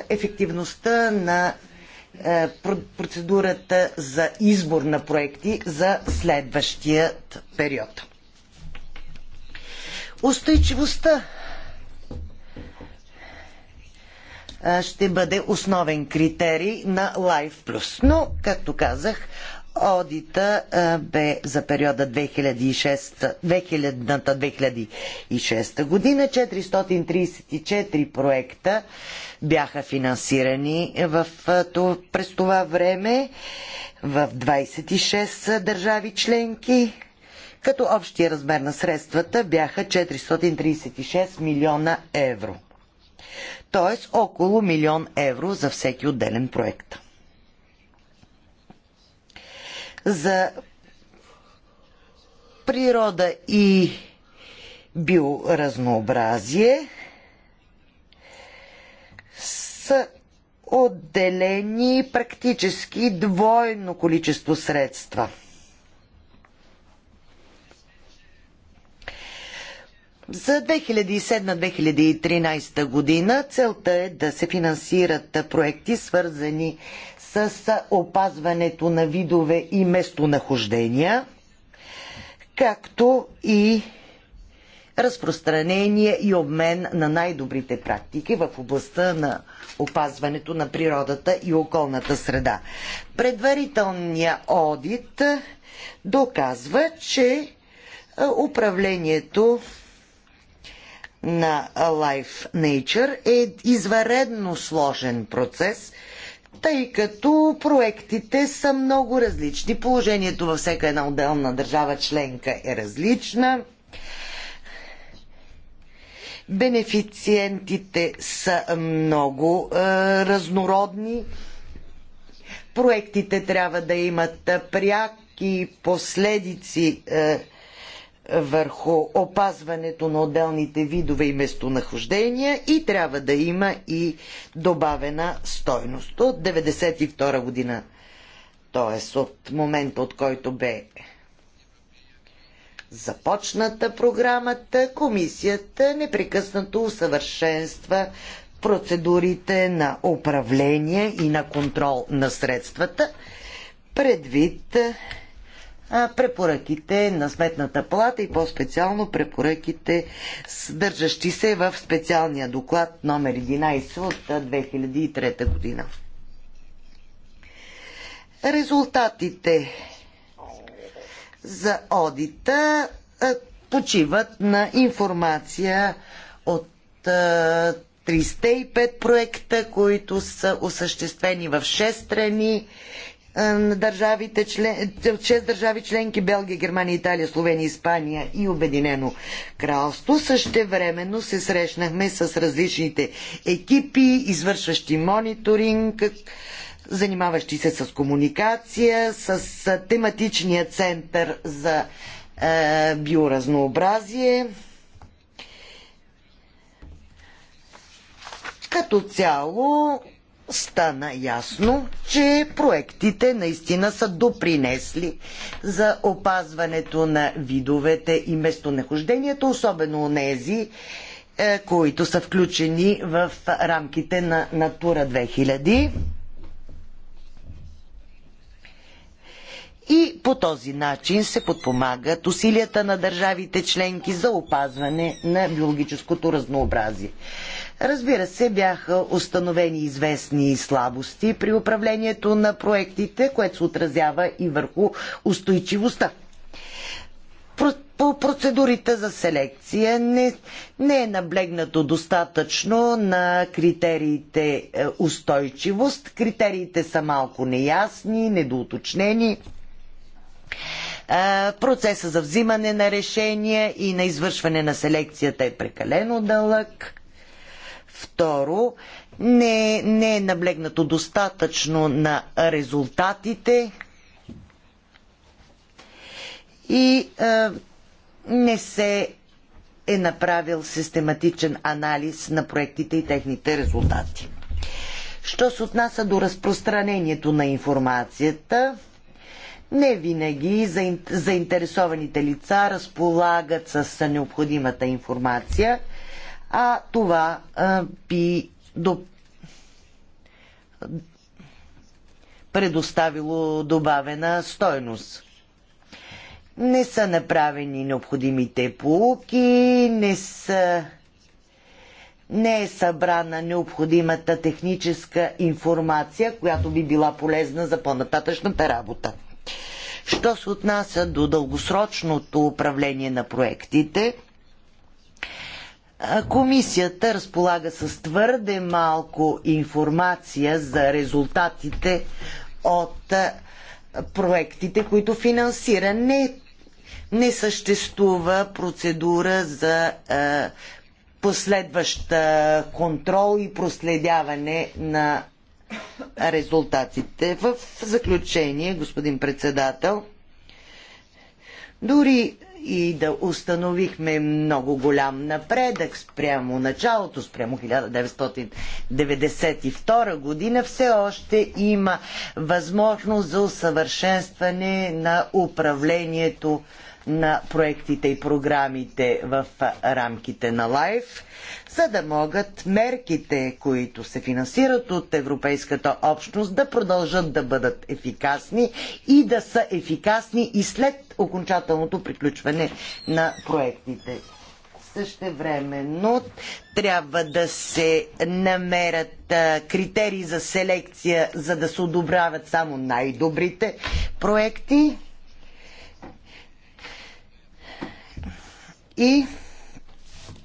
[SPEAKER 4] ефективността на е, процедурата за избор на проекти за следващият период. Устойчивостта е, ще бъде основен критерий на Life Plus. Но, както казах, Одита бе за периода 2006-2006 година. 434 проекта бяха финансирани в, през това време в 26 държави членки, като общия размер на средствата бяха 436 милиона евро. Тоест около милион евро за всеки отделен проект за природа и биоразнообразие са отделени практически двойно количество средства. За 2007-2013 година целта е да се финансират проекти, свързани с опазването на видове и местонахождения, както и разпространение и обмен на най-добрите практики в областта на опазването на природата и околната среда. Предварителният одит доказва, че е, управлението на Life Nature е изваредно сложен процес – тъй като проектите са много различни. Положението във всяка една отделна държава членка е различна. Бенефициентите са много е, разнородни. Проектите трябва да имат пряки последици е, върху опазването на отделните видове и местонахождения и трябва да има и добавена стойност. От 1992 година, т.е. от момента, от който бе започната програмата, комисията непрекъснато усъвършенства процедурите на управление и на контрол на средствата предвид препоръките на Сметната палата и по-специално препоръките, съдържащи се в специалния доклад номер 11 от 2003 година. Резултатите за одита почиват на информация от 305 проекта, които са осъществени в 6 страни на държавите член, 6 държави членки Белгия, Германия, Италия, Словения, Испания и Обединено кралство. също времено се срещнахме с различните екипи, извършващи мониторинг, занимаващи се с комуникация, с тематичния център за е, биоразнообразие. Като цяло стана ясно, че проектите наистина са допринесли за опазването на видовете и местонахождението, особено онези, е, които са включени в рамките на Натура 2000. И по този начин се подпомагат усилията на държавите членки за опазване на биологическото разнообразие. Разбира се, бяха установени известни слабости при управлението на проектите, което се отразява и върху устойчивостта. По процедурите за селекция не, не е наблегнато достатъчно на критериите е, устойчивост. Критериите са малко неясни, недоуточнени е, процеса за взимане на решения и на извършване на селекцията е прекалено дълъг. Второ, не, не е наблегнато достатъчно на резултатите и е, не се е направил систематичен анализ на проектите и техните резултати. Що се отнася до разпространението на информацията, не винаги заинтересованите лица разполагат с необходимата информация – а това а, би до... предоставило добавена стойност. Не са направени необходимите полуки, не са не е събрана необходимата техническа информация, която би била полезна за по-нататъчната работа. Що се отнася до дългосрочното управление на проектите, Комисията разполага с твърде малко информация за резултатите от проектите, които финансира. Не, не съществува процедура за а, последващ контрол и проследяване на резултатите. В заключение, господин председател, дори и да установихме много голям напредък спрямо началото, спрямо 1992 година, все още има възможност за усъвършенстване на управлението на проектите и програмите в рамките на ЛАЙФ за да могат мерките, които се финансират от Европейската общност, да продължат да бъдат ефикасни и да са ефикасни и след окончателното приключване на проектите. Същевременно трябва да се намерят критерии за селекция, за да се одобряват само най-добрите проекти. И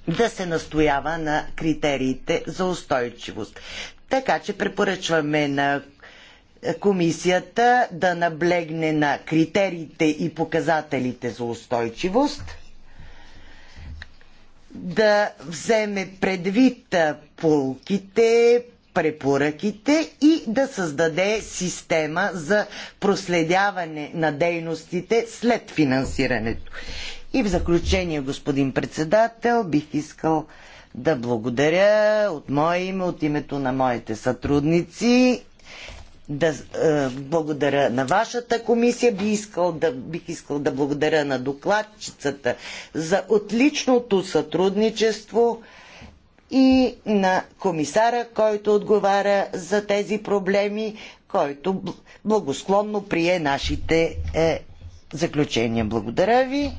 [SPEAKER 4] да се настоява на критериите за устойчивост. Така че препоръчваме на комисията да наблегне на критериите и показателите за устойчивост, да вземе предвид полките, препоръките и да създаде система за проследяване на дейностите след финансирането. И в заключение, господин председател, бих искал да благодаря от мое име, от името на моите сътрудници, да е, благодаря на вашата комисия, бих искал да, бих искал да благодаря на докладчицата за отличното сътрудничество и на комисара, който отговаря за тези проблеми, който благосклонно прие нашите е, заключения. Благодаря ви.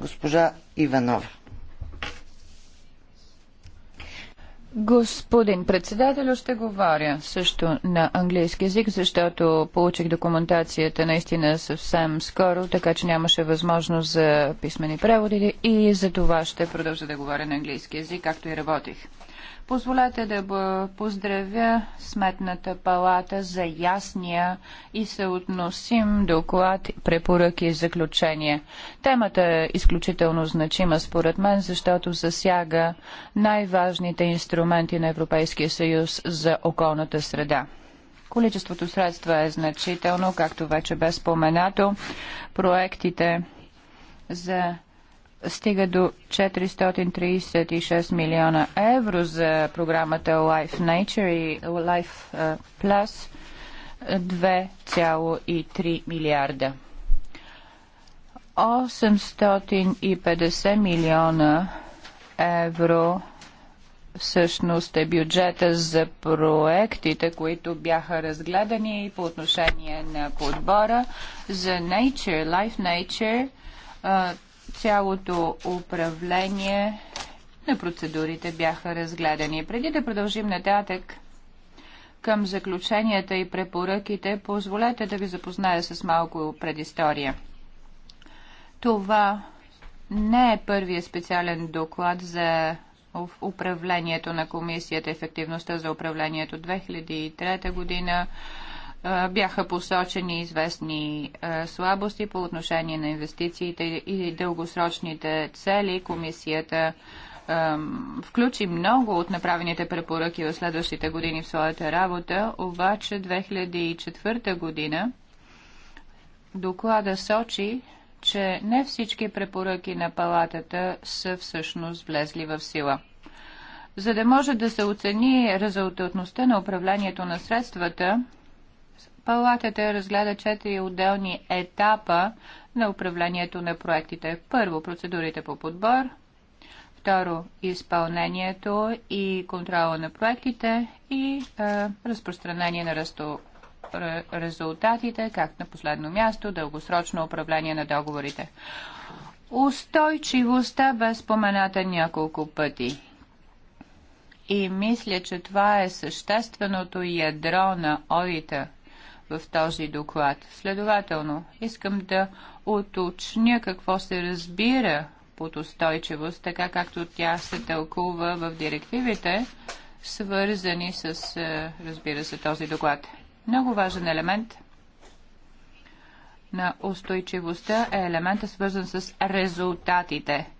[SPEAKER 4] Госпожа Иванова.
[SPEAKER 2] Господин председател, ще говоря също на английски язик, защото получих документацията наистина съвсем скоро, така че нямаше възможност за писмени преводи и за това ще продължа да говоря на английски язик, както и работих. Позволете да поздравя Сметната палата за ясния и съотносим доклад, препоръки и заключения. Темата е изключително значима според мен, защото засяга най-важните инструменти на Европейския съюз за околната среда. Количеството средства е значително, както вече бе споменато. Проектите за стига до 436 милиона евро за програмата Life Nature и Life Plus 2,3 милиарда. 850 милиона евро всъщност е бюджета за проектите, които бяха разгледани и по отношение на подбора за Nature, Life Nature цялото управление на процедурите бяха разгледани. Преди да продължим нататък към заключенията и препоръките, позволете да ви запозная с малко предистория. Това не е първият специален доклад за управлението на комисията, ефективността за управлението 2003 година бяха посочени известни слабости по отношение на инвестициите и дългосрочните цели. Комисията включи много от направените препоръки в следващите години в своята работа, обаче 2004 година доклада сочи, че не всички препоръки на палатата са всъщност влезли в сила. За да може да се оцени резултатността на управлението на средствата, Палатата разгледа четири отделни етапа на управлението на проектите. Първо, процедурите по подбор. Второ, изпълнението и контрола на проектите и е, разпространение на ресто, резултатите, както на последно място, дългосрочно управление на договорите. Устойчивостта бе спомената няколко пъти. И мисля, че това е същественото ядро на одита – в този доклад. Следователно, искам да уточня какво се разбира под устойчивост, така както тя се тълкува в директивите, свързани с, е, разбира се, този доклад. Много важен елемент на устойчивостта е елемента свързан с резултатите –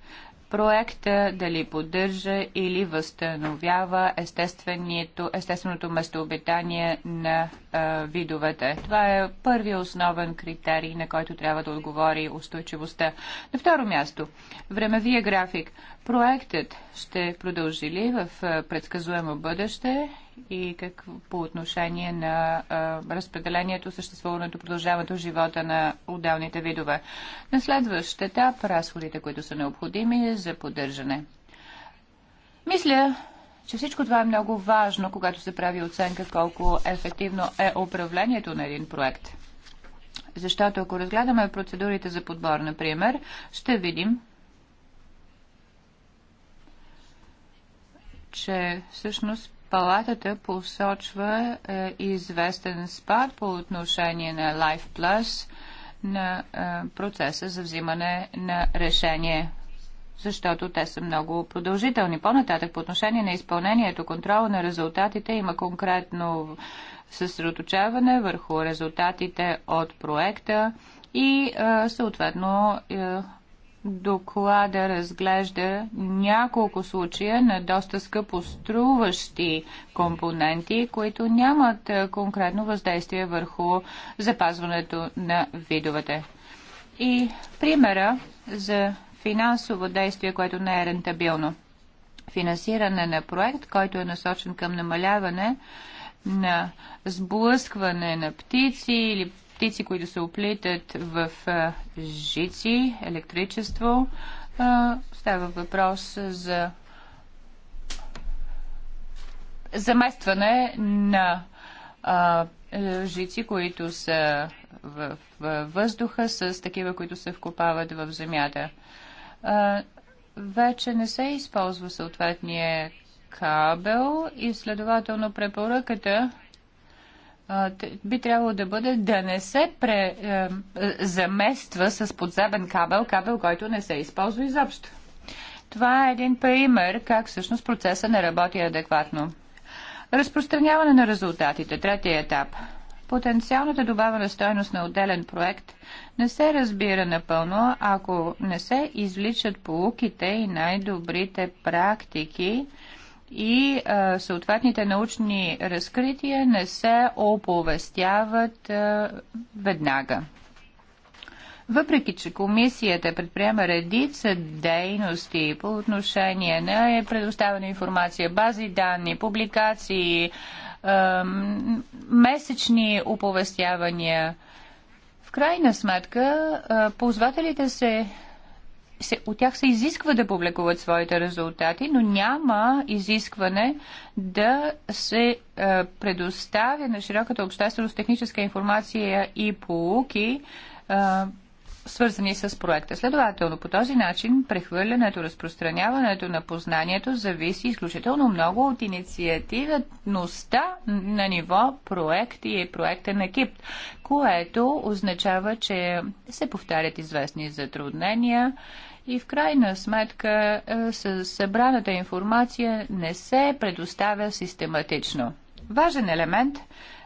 [SPEAKER 2] проекта дали поддържа или възстановява естественото, естественото местообитание на а, видовете. Това е първият основен критерий, на който трябва да отговори устойчивостта. На второ място, времевия график. Проектът ще продължи ли в предсказуемо бъдеще и как по отношение на а, разпределението, съществуването, продължаването живота на отделните видове? На следващ етап разходите, които са необходими за поддържане. Мисля, че всичко това е много важно, когато се прави оценка колко ефективно е управлението на един проект. Защото ако разгледаме процедурите за подбор, например, ще видим, че всъщност палатата посочва е, известен спад по отношение на Life Plus на е, процеса за взимане на решение защото те са много продължителни. По-нататък, по отношение на изпълнението, контрола на резултатите, има конкретно съсредоточаване върху резултатите от проекта и е, съответно е, доклада разглежда няколко случая на доста скъпо струващи компоненти, които нямат е, конкретно въздействие върху запазването на видовете. И примера за финансово действие, което не е рентабилно. Финансиране на проект, който е насочен към намаляване на сблъскване на птици или птици, които се оплитат в жици, електричество. Става въпрос за заместване на жици, които са в въздуха, с такива, които се вкопават в земята. Вече не се използва съответния кабел и следователно препоръката би трябвало да бъде да не се пре, е, е замества с подземен кабел, кабел, който не се използва изобщо. Това е един пример как всъщност процеса не работи адекватно. Разпространяване на резултатите. Третия етап. Потенциалната добавена стойност на отделен проект не се разбира напълно, ако не се извличат полуките и най-добрите практики, и а, съответните научни разкрития не се оповестяват а, веднага. Въпреки, че комисията предприема редица дейности по отношение на е, предоставена информация, бази данни, публикации, месечни оповестявания, в крайна сметка ползвателите се се, от тях се изисква да публикуват своите резултати, но няма изискване да се е, предоставя на широката общественост техническа информация и полуки, е, свързани с проекта. Следователно, по този начин прехвърлянето, разпространяването на познанието зависи изключително много от инициативността на ниво проект и проектен екип, което означава, че се повтарят известни затруднения, и в крайна сметка е, с събраната информация не се предоставя систематично. Важен елемент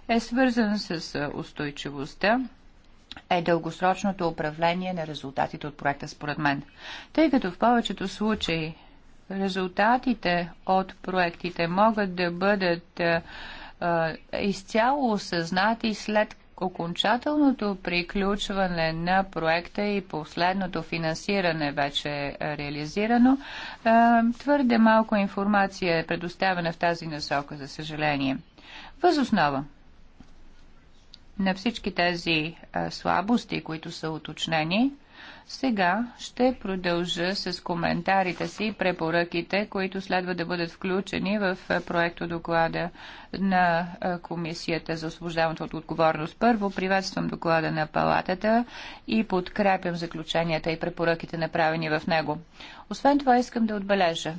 [SPEAKER 2] е свързан с е, устойчивостта е дългосрочното управление на резултатите от проекта според мен. Тъй като в повечето случаи резултатите от проектите могат да бъдат а, е, изцяло осъзнати след окончателното приключване на проекта и последното финансиране вече е реализирано, е, твърде малко информация е предоставена в тази насока, за съжаление. Възоснова на всички тези е, слабости, които са уточнени, сега ще продължа с коментарите си и препоръките, които следва да бъдат включени в проекто доклада на Комисията за освобождаването от отговорност. Първо, приветствам доклада на палатата и подкрепям заключенията и препоръките направени в него. Освен това, искам да отбележа,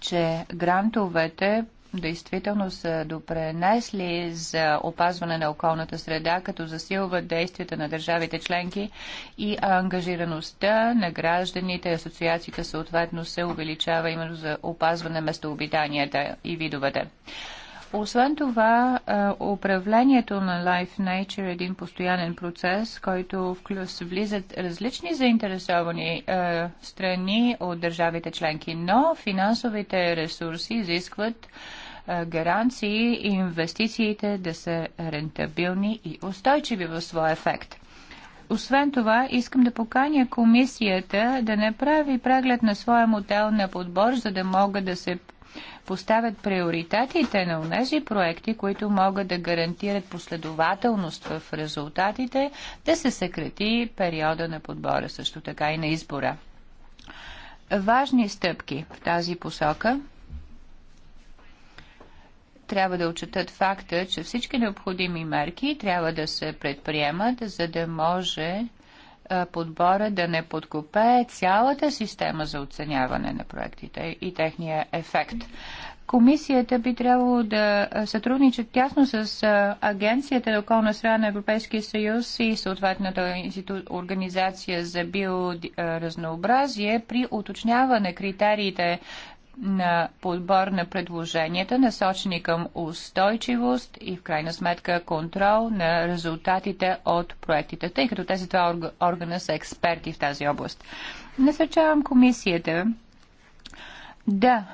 [SPEAKER 2] че грантовете действително са допренесли за опазване на околната среда, като засилват действията на държавите членки и ангажираността на гражданите, асоциациите съответно се увеличава именно за опазване местообитанията и видовете. Освен това, е, управлението на Life Nature е един постоянен процес, който влизат различни заинтересовани е, страни от държавите членки, но финансовите ресурси изискват е, гаранции и инвестициите да са рентабилни и устойчиви в своя ефект. Освен това, искам да поканя комисията да направи преглед на своя модел на подбор, за да могат да се поставят приоритетите на тези проекти, които могат да гарантират последователност в резултатите, да се съкрати периода на подбора, също така и на избора. Важни стъпки в тази посока трябва да отчетат факта, че всички необходими мерки трябва да се предприемат, за да може подбора да не подкопее цялата система за оценяване на проектите и техния ефект. Комисията би трябвало да сътрудничи тясно с Агенцията на околна среда на Европейския съюз и съответната организация за биоразнообразие при уточняване критериите на подбор на предложенията, насочени към устойчивост и в крайна сметка контрол на резултатите от проектите, тъй като тези два органа са експерти в тази област. Насърчавам комисията да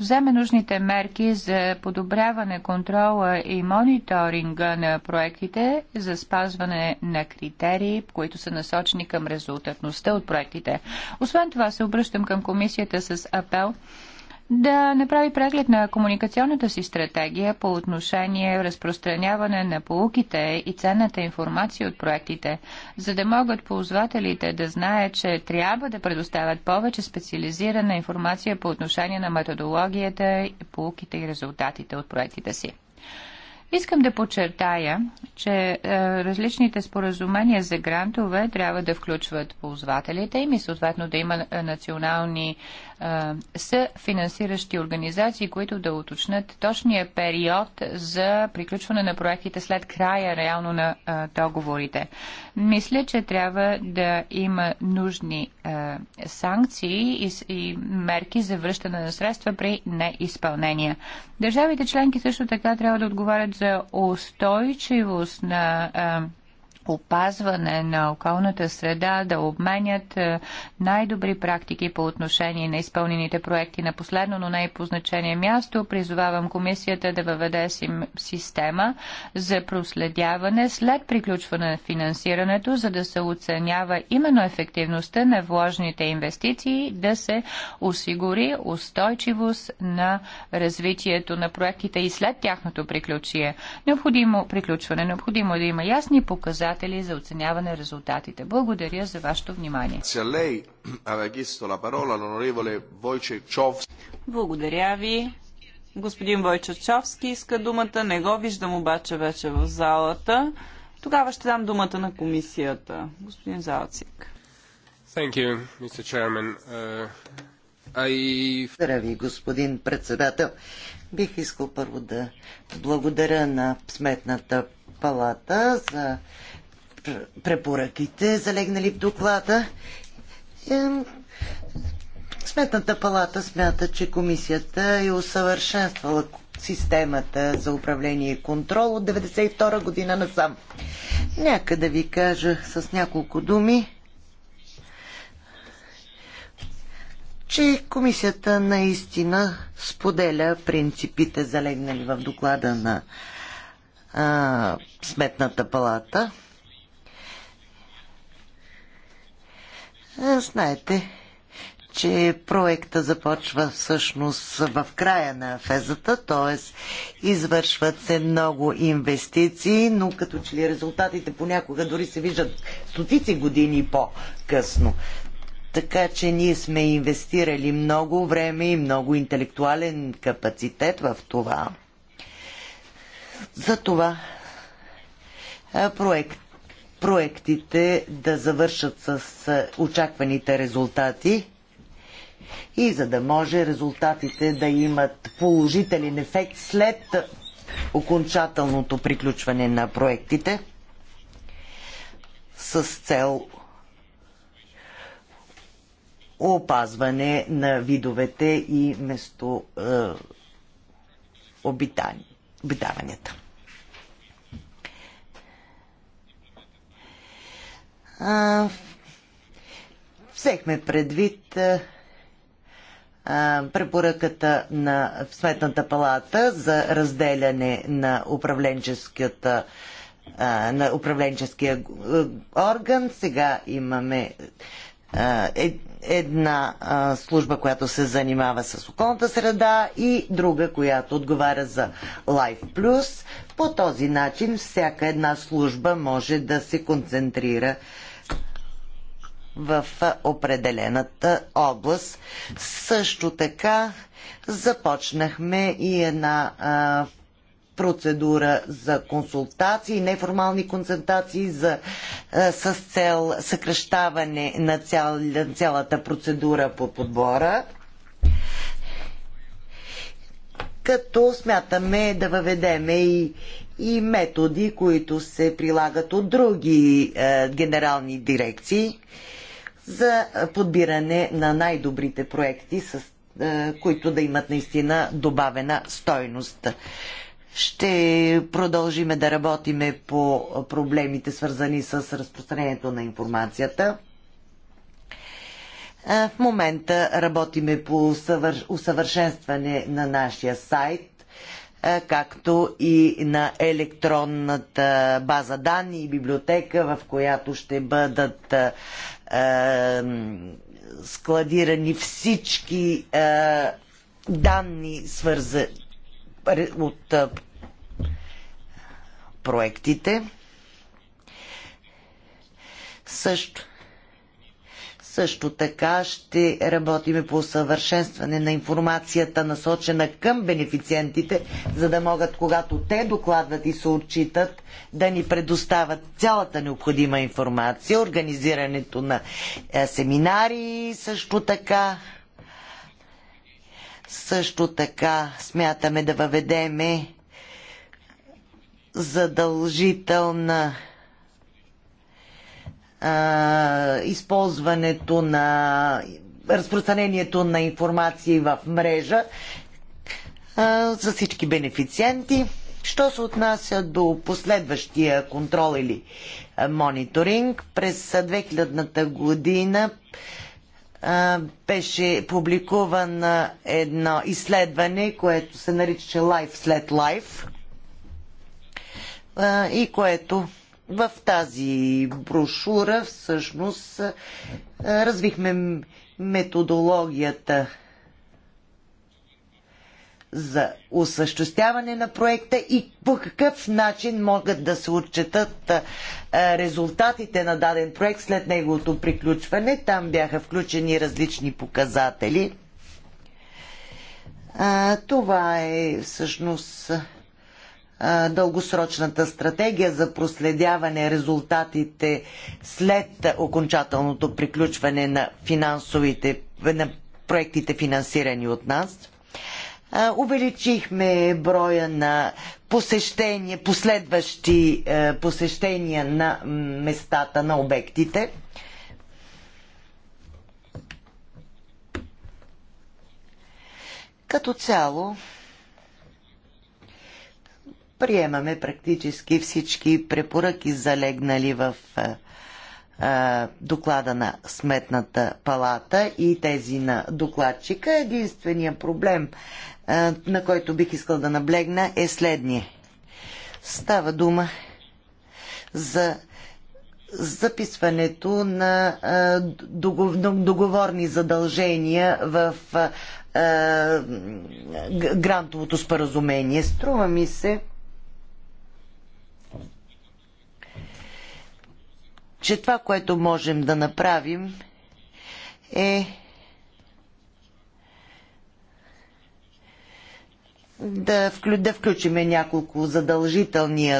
[SPEAKER 2] вземе нужните мерки за подобряване контрола и мониторинга на проектите за спазване на критерии, които са насочени към резултатността от проектите. Освен това се обръщам към комисията с апел да направи преглед на комуникационната си стратегия по отношение разпространяване на полуките и ценната информация от проектите, за да могат ползвателите да знаят, че трябва да предоставят повече специализирана информация по отношение на методологията, полуките и резултатите от проектите си. Искам да подчертая, че е, различните споразумения за грантове трябва да включват ползвателите им и съответно да има е, национални са финансиращи организации, които да уточнят точния период за приключване на проектите след края реално на договорите. Мисля, че трябва да има нужни санкции и мерки за връщане на средства при неизпълнение. Държавите членки също така трябва да отговарят за устойчивост на опазване на околната среда, да обменят е, най-добри практики по отношение на изпълнените проекти на последно, но не и по значение място. Призовавам комисията да въведе система за проследяване след приключване на финансирането, за да се оценява именно ефективността на вложните инвестиции, да се осигури устойчивост на развитието на проектите и след тяхното приключие. Необходимо приключване, необходимо е да има ясни показатели показатели за оценяване резултатите. Благодаря за вашето внимание.
[SPEAKER 3] Благодаря ви. Господин Войчачовски иска думата. Не го виждам обаче вече в залата. Тогава ще дам думата на комисията.
[SPEAKER 4] Господин Залцик.
[SPEAKER 5] You, uh,
[SPEAKER 4] I... Благодаря ви, господин председател. Бих искал първо да благодаря на Сметната палата за препоръките, залегнали в доклада. Сметната палата смята, че комисията е усъвършенствала системата за управление и контрол от 1992 година насам. Нека да ви кажа с няколко думи, че комисията наистина споделя принципите, залегнали в доклада на а, Сметната палата – Е, знаете, че проекта започва всъщност в края на фезата, т.е. извършват се много инвестиции, но като че ли резултатите понякога дори се виждат стотици години по-късно. Така че ние сме инвестирали много време и много интелектуален капацитет в това. За това е, проект проектите да завършат с очакваните резултати и за да може резултатите да имат положителен ефект след окончателното приключване на проектите с цел опазване на видовете и местообитаванията. Е, а, взехме предвид а, препоръката на Сметната палата за разделяне на управленческата на управленческия орган. Сега имаме е, една служба, която се занимава с околната среда и друга, която отговаря за Life Plus. По този начин всяка една служба може да се концентрира в определената област. Също така започнахме и една а, процедура за консултации, неформални консултации за, а, с цел съкръщаване на цял, цялата процедура по подбора като смятаме да въведеме и, и методи, които се прилагат от други е, генерални дирекции. Е, за подбиране на най-добрите проекти, с, е, които да имат наистина добавена стойност. Ще продължиме да работиме по проблемите, свързани с разпространението на информацията. Е, в момента работиме по усъвършенстване на нашия сайт, е, както и на електронната база данни и библиотека, в която ще бъдат складирани всички данни свързани от проектите. Също също така ще работиме по усъвършенстване на информацията, насочена към бенефициентите, за да могат, когато те докладват и се отчитат, да ни предоставят цялата необходима информация, организирането на е, семинари, също така. Също така смятаме да въведеме задължителна а, използването на разпространението на информации в мрежа а, за всички бенефициенти. Що се отнася до последващия контрол или мониторинг, през 2000-та година беше публикувано едно изследване, което се нарича Life след Life и което в тази брошура всъщност е, развихме методологията за осъществяване на проекта и по какъв начин могат да се отчетат е, резултатите на даден проект след неговото приключване. Там бяха включени различни показатели. Е, това е всъщност дългосрочната стратегия за проследяване резултатите след окончателното приключване на финансовите на проектите финансирани от нас. Увеличихме броя на посещения, последващи посещения на местата на обектите. Като цяло приемаме практически всички препоръки, залегнали в доклада на Сметната палата и тези на докладчика. Единственият проблем, на който бих искал да наблегна, е следния. Става дума за записването на договорни задължения в грантовото споразумение. Струва ми се, че това, което можем да направим е да, вклю, да включим няколко задължителни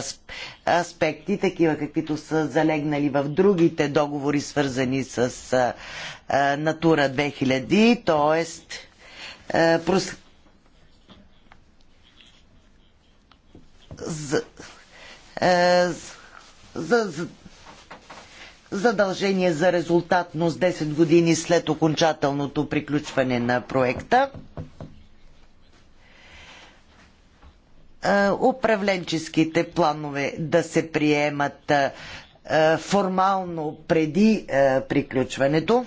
[SPEAKER 4] аспекти, такива каквито са залегнали в другите договори, свързани с а, Натура 2000, т.е. Прос... За, за, за, задължение за резултатност 10 години след окончателното приключване на проекта. Е, управленческите планове да се приемат е, е, формално преди приключването,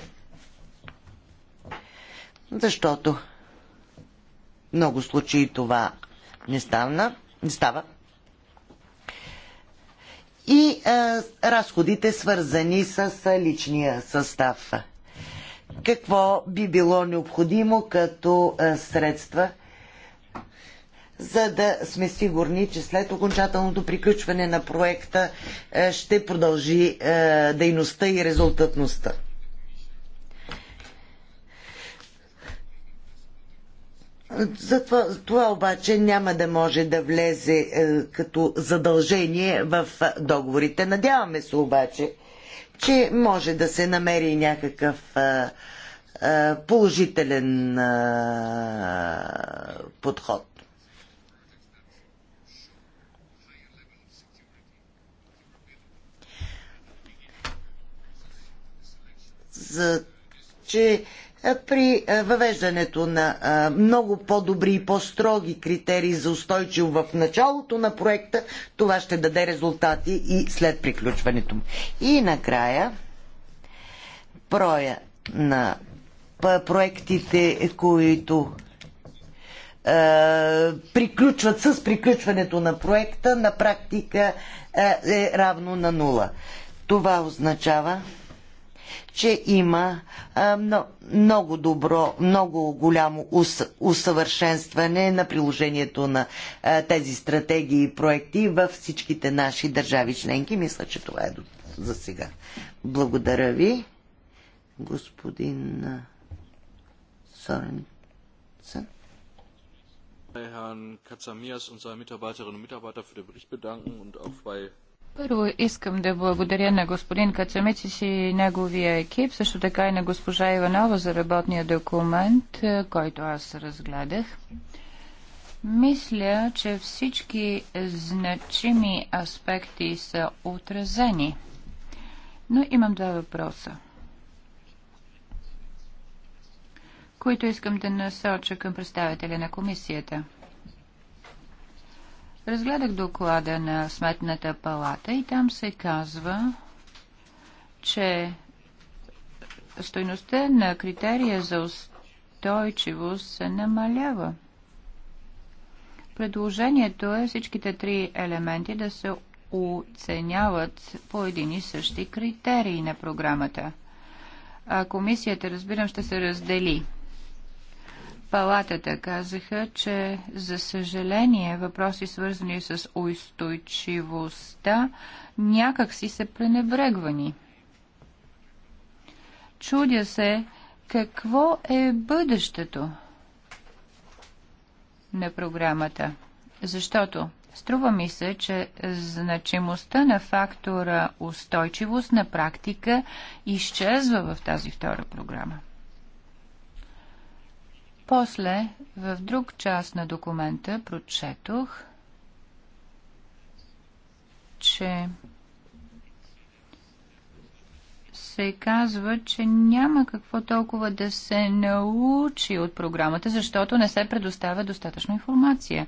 [SPEAKER 4] защото в много случаи това не не става и а, е, разходите свързани с а, е, личния състав. Какво би било необходимо като а, е, средства, за да сме сигурни, че след окончателното приключване на проекта а, ще продължи а, дейността и резултатността? Затова това обаче няма да може да влезе е, като задължение в е, договорите. Надяваме се обаче, че може да се намери някакъв е, е, положителен е, подход. За че при е, въвеждането на е, много по-добри и по-строги критерии за устойчиво в началото на проекта, това ще даде резултати и след приключването му. И накрая, броя на проектите, които е, приключват с приключването на проекта, на практика е, е равно на нула. Това означава, че има а, много добро, много голямо ус, усъвършенстване на приложението на а, тези стратегии и проекти във всичките наши държави членки. Мисля, че това е за сега. Благодаря ви, господин Соренсен.
[SPEAKER 1] Herrn Katsamias und seinen Mitarbeiterinnen und Mitarbeitern für den Bericht
[SPEAKER 5] bedanken und auch bei
[SPEAKER 2] първо искам да благодаря на господин Кацамицис и неговия екип, също така и на госпожа Иванова за работния документ, е, който аз разгледах. Мисля, че всички значими аспекти са отразени. Но имам два въпроса, които искам да насоча към представителя на комисията – Разгледах доклада на Сметната палата и там се казва, че стойността на критерия за устойчивост се намалява. Предложението е всичките три елементи да се оценяват по един и същи критерии на програмата. А комисията, разбирам, ще се раздели палатата казаха, че за съжаление въпроси свързани с устойчивостта някак си са пренебрегвани. Чудя се, какво е бъдещето на програмата, защото струва ми се, че значимостта на фактора устойчивост на практика изчезва в тази втора програма. После, в друг част на документа, прочетох, че се казва, че няма какво толкова да се научи от програмата, защото не се предоставя достатъчно информация.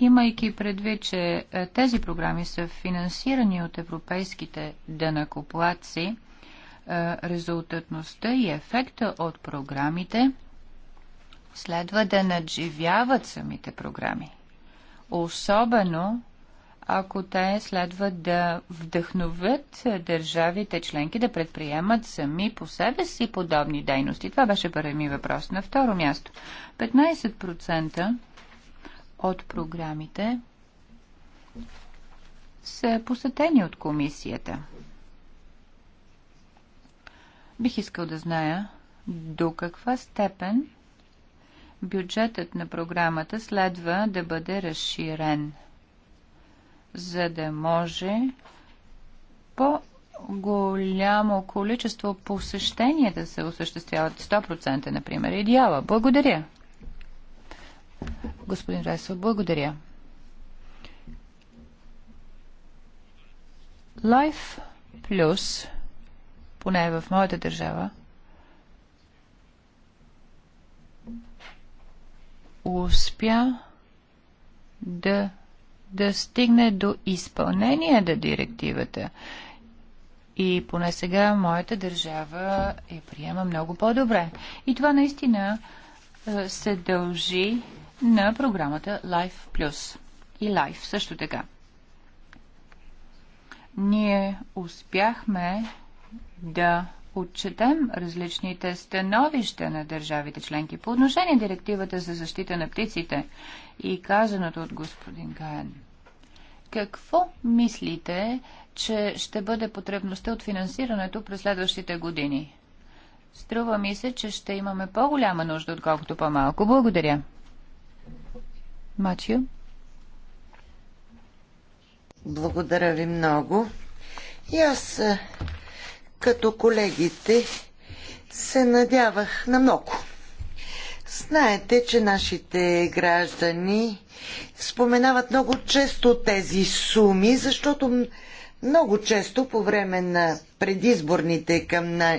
[SPEAKER 2] Имайки предвид, че е, тези програми са финансирани от европейските дънакоплаци, е, резултатността и ефекта от програмите – Следва да надживяват самите програми. Особено ако те следва да вдъхновят държавите членки да предприемат сами по себе си подобни дейности. Това беше първи ми въпрос. На второ място, 15% от програмите са посетени от комисията. Бих искал да зная до каква степен бюджетът на програмата следва да бъде разширен, за да може по-голямо количество посещения да се осъществяват 100%, например. Идеала. Благодаря. Господин Райсов, благодаря. Life Plus, поне в моята държава, успя да, да стигне до изпълнение на директивата. И поне сега моята държава я приема много по-добре. И това наистина е, се дължи на програмата Life Plus и Life също така. Ние успяхме да отчетем различните становища на държавите членки по отношение на директивата за защита на птиците и казаното от господин Гаен. Какво мислите, че ще бъде потребността от финансирането през следващите години? Струва ми се, че ще имаме по-голяма нужда, отколкото по-малко.
[SPEAKER 4] Благодаря. Мачио? Благодаря ви много. И аз като колегите се надявах на много. Знаете, че нашите граждани споменават много често тези суми, защото много често по време на предизборните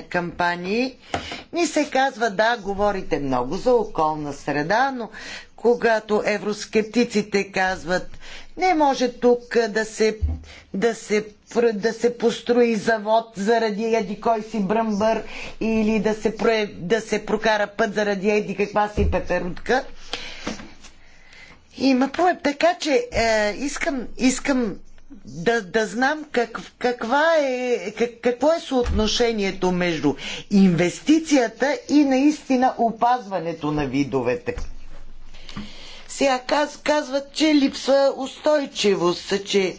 [SPEAKER 4] кампании ни се казва да, говорите много за околна среда, но когато евроскептиците казват не може тук да се, да се да се построи завод заради еди кой си бръмбър или да се, про... да се прокара път заради еди каква си пеперутка. Има проблем. Така че е, искам, искам да, да знам как, каква е, как, какво е съотношението между инвестицията и наистина опазването на видовете. Сега каз, казват, че липсва устойчивост, че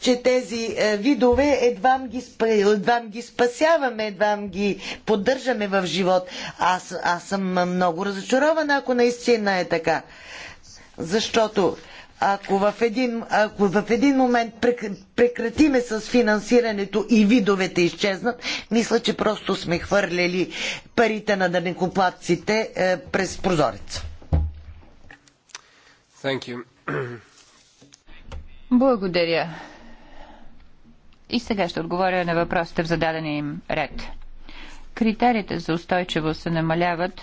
[SPEAKER 4] че тези е, видове едва ги, едва ги спасяваме, едва ги поддържаме в живот. Аз, аз съм много разочарована, ако наистина е така. Защото ако в един, ако в един момент прекратиме с финансирането и видовете изчезнат, мисля, че просто сме хвърляли парите на данекоплатците е, през прозореца. Благодаря.
[SPEAKER 2] И сега ще отговоря на въпросите в зададения им ред. Критериите за устойчивост се намаляват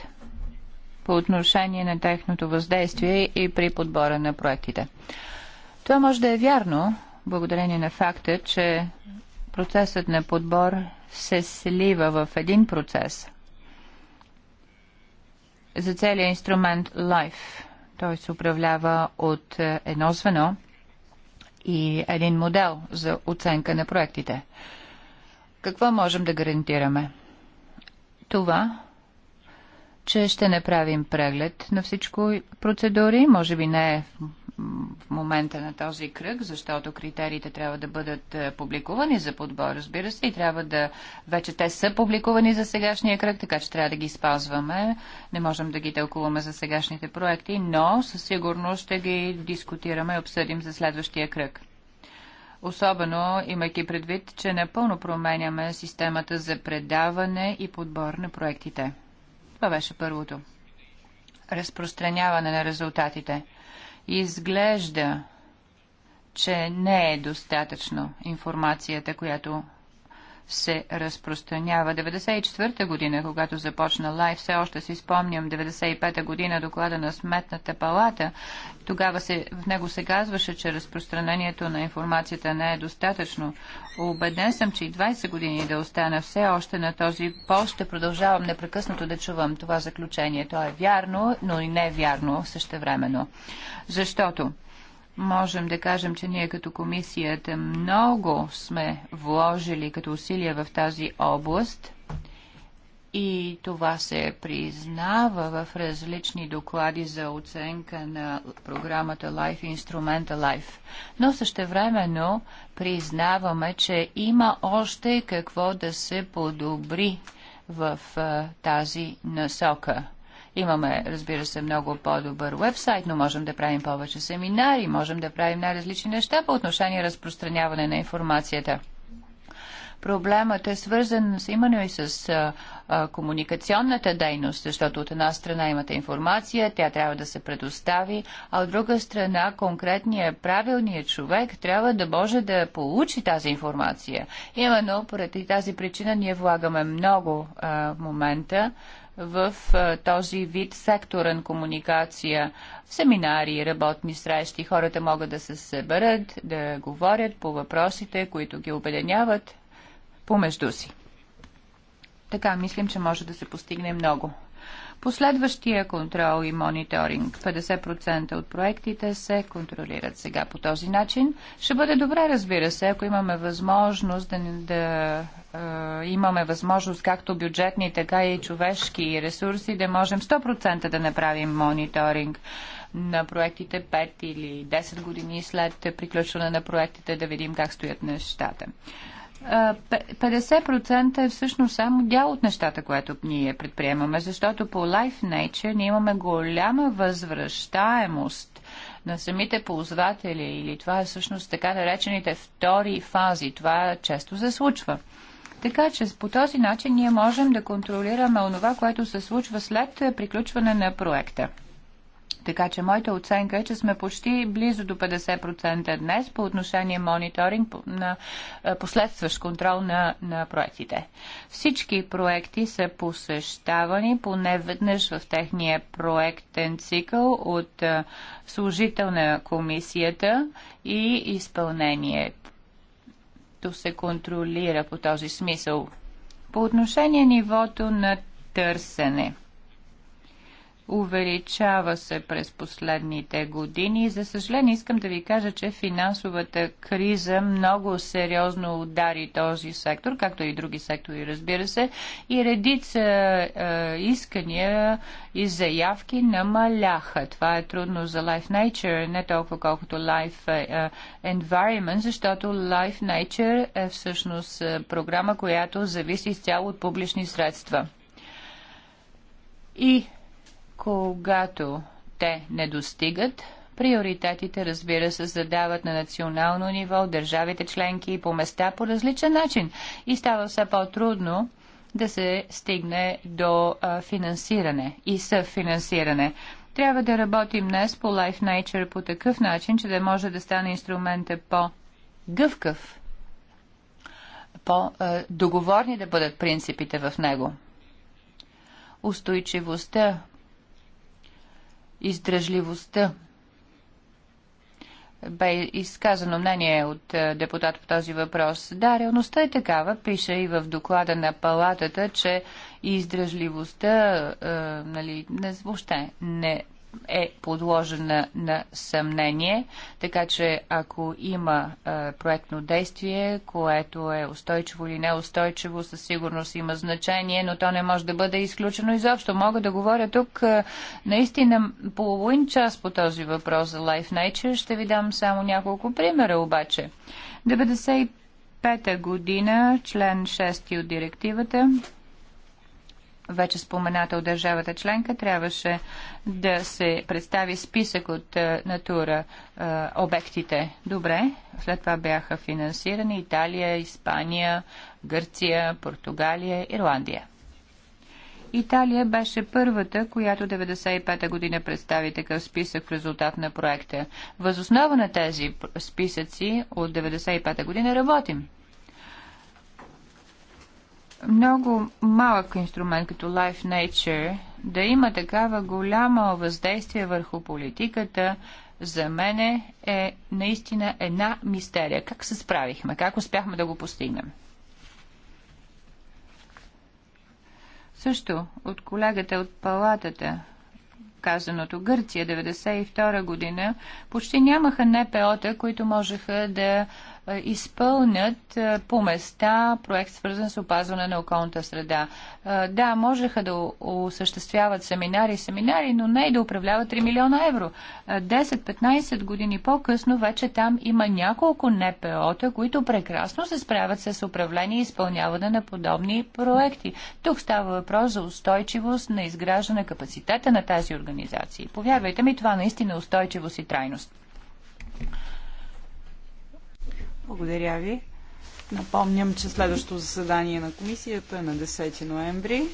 [SPEAKER 2] по отношение на техното въздействие и при подбора на проектите. Това може да е вярно, благодарение на факта, че процесът на подбор се слива в един процес за целият инструмент LIFE. Той се управлява от едно звено – и един модел за оценка на проектите. Какво можем да гарантираме? Това, че ще направим преглед на всичко процедури, може би не е в момента на този кръг, защото критериите трябва да бъдат е, публикувани за подбор, разбира се, и трябва да... Вече те са публикувани за сегашния кръг, така че трябва да ги спазваме. Не можем да ги тълкуваме за сегашните проекти, но със сигурност ще ги дискутираме и обсъдим за следващия кръг. Особено имайки предвид, че напълно променяме системата за предаване и подбор на проектите. Това беше първото. Разпространяване на резултатите – Изглежда, че не е достатъчно информацията, която се разпространява. 94-та година, когато започна лай, все още си спомням 95-та година доклада на Сметната палата. Тогава се, в него се казваше, че разпространението на информацията не е достатъчно. Обеден съм, че и 20 години да остана все още на този пост, ще продължавам непрекъснато да чувам това заключение. То е вярно, но и не е вярно същевременно. Защото можем да кажем, че ние като комисията много сме вложили като усилия в тази област и това се признава в различни доклади за оценка на програмата Life и инструмента Life. Но същевременно признаваме, че има още какво да се подобри в тази насока – Имаме, разбира се, много по-добър вебсайт, но можем да правим повече семинари, можем да правим най-различни неща по отношение разпространяване на информацията. Проблемът е свързан именно и с а, а, комуникационната дейност, защото от една страна имате информация, тя трябва да се предостави, а от друга страна конкретният правилният човек трябва да може да получи тази информация. Именно поради тази причина ние влагаме много а, момента в този вид секторен комуникация. Семинари, работни срещи, хората могат да се съберат, да говорят по въпросите, които ги обединяват помежду си. Така мислим, че може да се постигне много. Последващия контрол и мониторинг. 50% от проектите се контролират сега по този начин. Ще бъде добре, разбира се, ако имаме възможност да, да е, имаме възможност както бюджетни, така и човешки ресурси да можем 100% да направим мониторинг на проектите 5 или 10 години след приключване на проектите да видим как стоят нещата. 50% е всъщност само дял от нещата, което ние предприемаме, защото по Life Nature ние имаме голяма възвръщаемост на самите ползватели или това е всъщност така наречените втори фази. Това често се случва. Така че по този начин ние можем да контролираме онова, което се случва след приключване на проекта. Така че моята оценка е, че сме почти близо до 50% днес по отношение мониторинг на е, последстващ контрол на, на проектите. Всички проекти са посещавани поне веднъж в техния проектен цикъл от е, служител на комисията и изпълнение. То се контролира по този смисъл. По отношение нивото на търсене – увеличава се през последните години. За съжаление, искам да ви кажа, че финансовата криза много сериозно удари този сектор, както и други сектори, разбира се, и редица е, искания и заявки намаляха. Това е трудно за Life Nature, не толкова колкото Life е, е, Environment, защото Life Nature е всъщност е, програма, която зависи изцяло от публични средства. И когато те не достигат, приоритетите, разбира се, задават на национално ниво, държавите членки и по места по различен начин. И става все по-трудно да се стигне до а, финансиране и съфинансиране. Трябва да работим днес по Life Nature по такъв начин, че да може да стане инструмента по-гъвкав, по-договорни да бъдат принципите в него. Устойчивостта издръжливостта. Бе изказано мнение от е, депутат по този въпрос. Да, реалността е такава. Пише и в доклада на палатата, че издръжливостта е, нали, не, въобще не е подложена на съмнение, така че ако има е, проектно действие, което е устойчиво или неустойчиво, със сигурност има значение, но то не може да бъде изключено изобщо. Мога да говоря тук е, наистина половин час по този въпрос за Life Nature. Ще ви дам само няколко примера обаче. 95-та година, член 6 от директивата, вече спомената от държавата членка, трябваше да се представи списък от е, натура е, обектите. Добре, след това бяха финансирани Италия, Испания, Гърция, Португалия, Ирландия. Италия беше първата, която 1995 година представи такъв списък в резултат на проекта. Възоснова на тези списъци от 1995 година работим много малък инструмент като Life Nature да има такава голяма въздействие върху политиката, за мен е наистина една мистерия. Как се справихме? Как успяхме да го постигнем? Също от колегата от палатата, казаното Гърция 92 година, почти нямаха НПО-та, които можеха да е, изпълнят е, по места проект свързан с опазване на околната среда. Е, да, можеха да осъществяват семинари, семинари, но не и да управляват 3 милиона евро. 10-15 години по-късно вече там има няколко НПО-та, които прекрасно се справят с управление и изпълняване на подобни проекти. Тук става въпрос за устойчивост на изграждане капацитета на тази организация. Повярвайте ми, това наистина е устойчивост и трайност.
[SPEAKER 3] Благодаря ви. Напомням, че следващото заседание на комисията е на 10 ноември.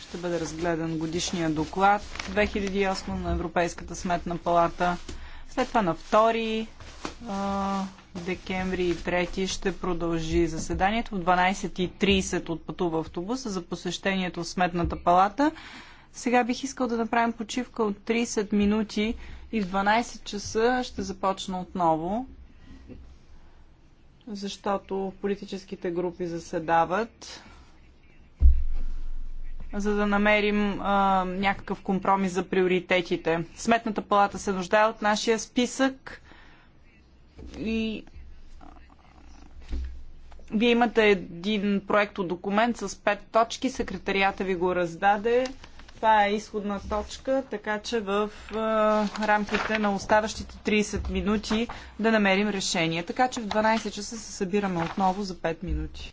[SPEAKER 3] Ще бъде разгледан годишния доклад 2008 на Европейската сметна палата. След това на 2 декември и 3 ще продължи заседанието. В 12.30 отпътува автобуса за посещението в Сметната палата. Сега бих искал да направим почивка от 30 минути и в 12 часа ще започна отново защото политическите групи заседават, за да намерим а, някакъв компромис за приоритетите. Сметната палата се нуждае от нашия списък и вие имате един проект от документ с пет точки, секретарията ви го раздаде. Това е изходна точка, така че в рамките на оставащите 30 минути да намерим решение. Така че в 12 часа се събираме отново за 5 минути.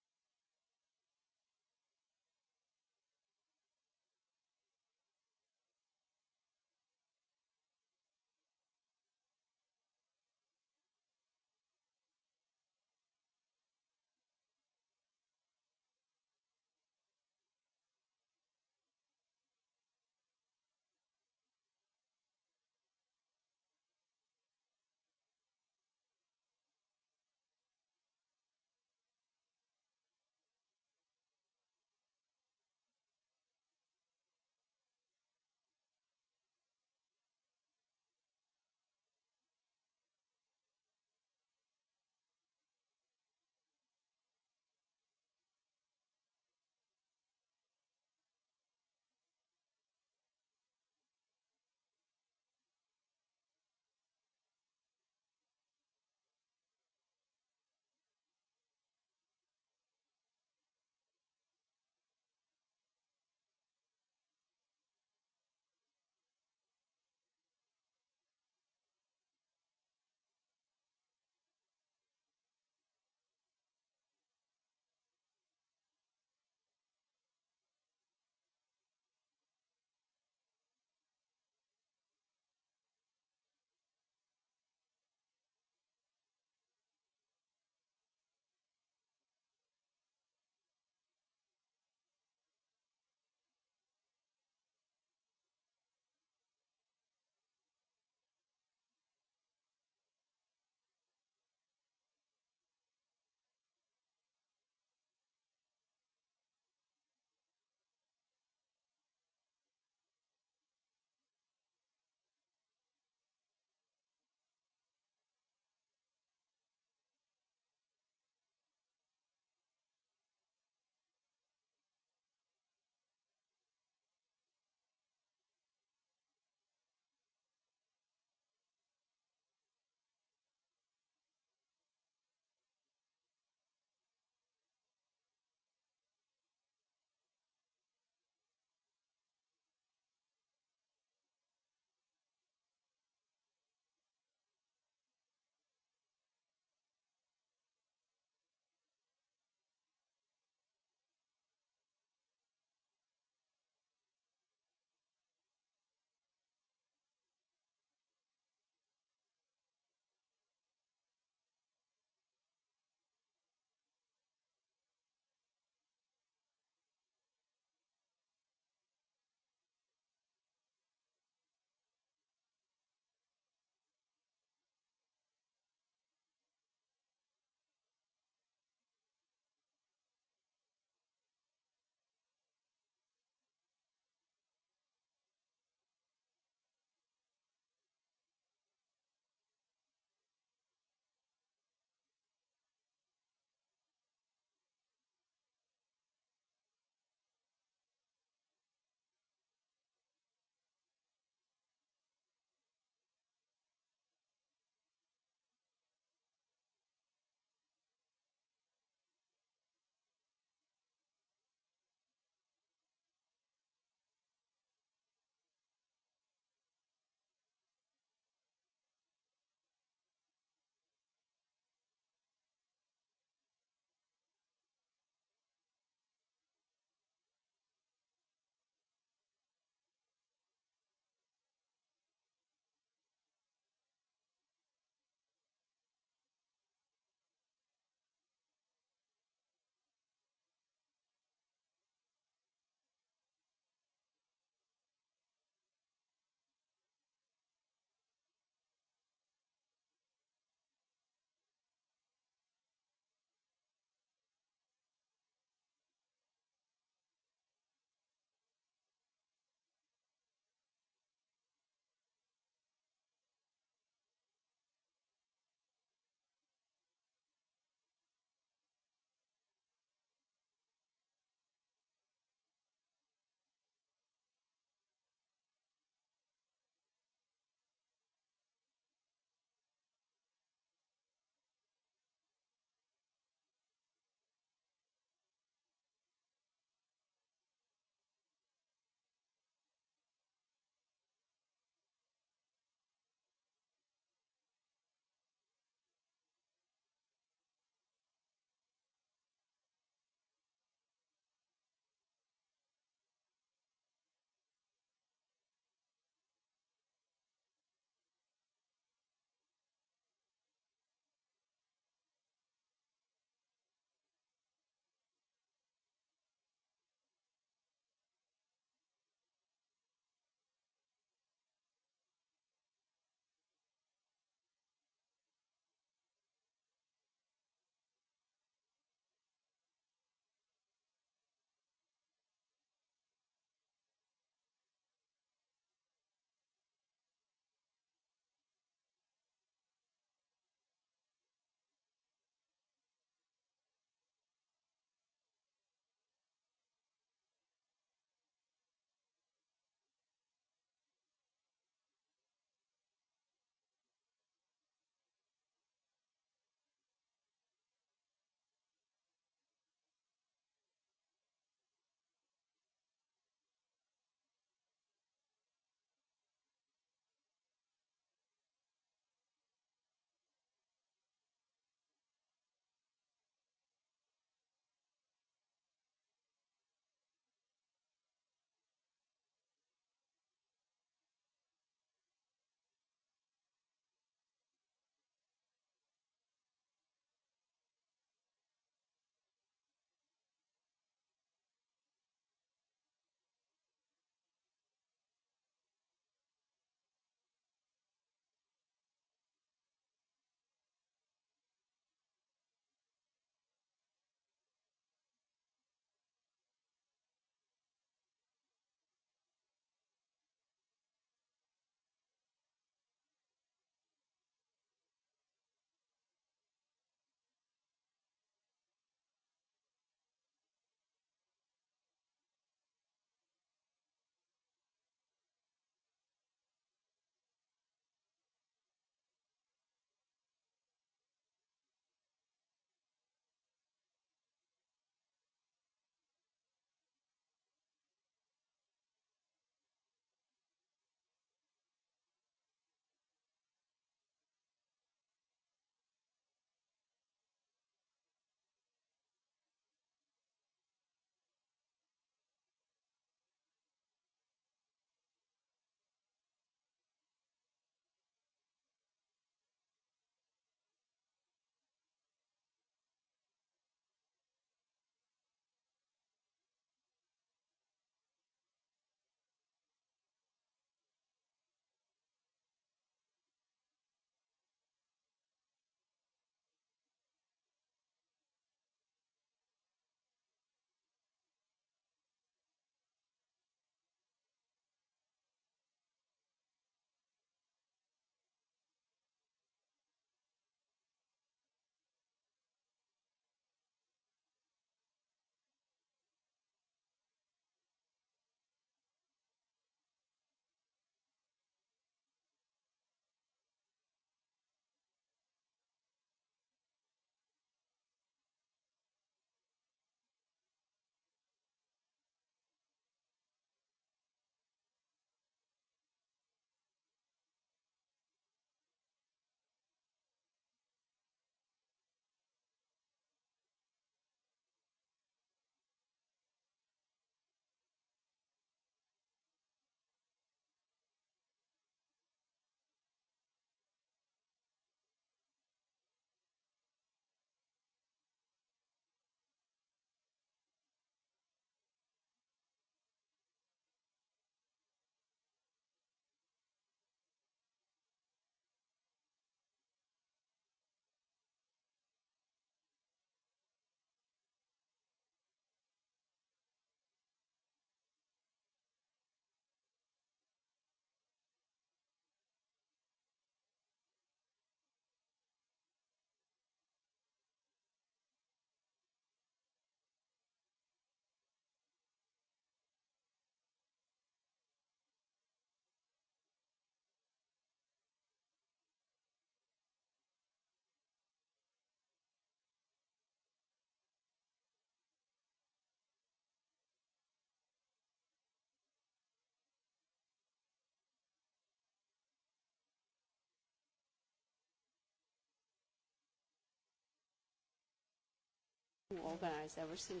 [SPEAKER 2] organize everything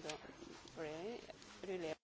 [SPEAKER 2] really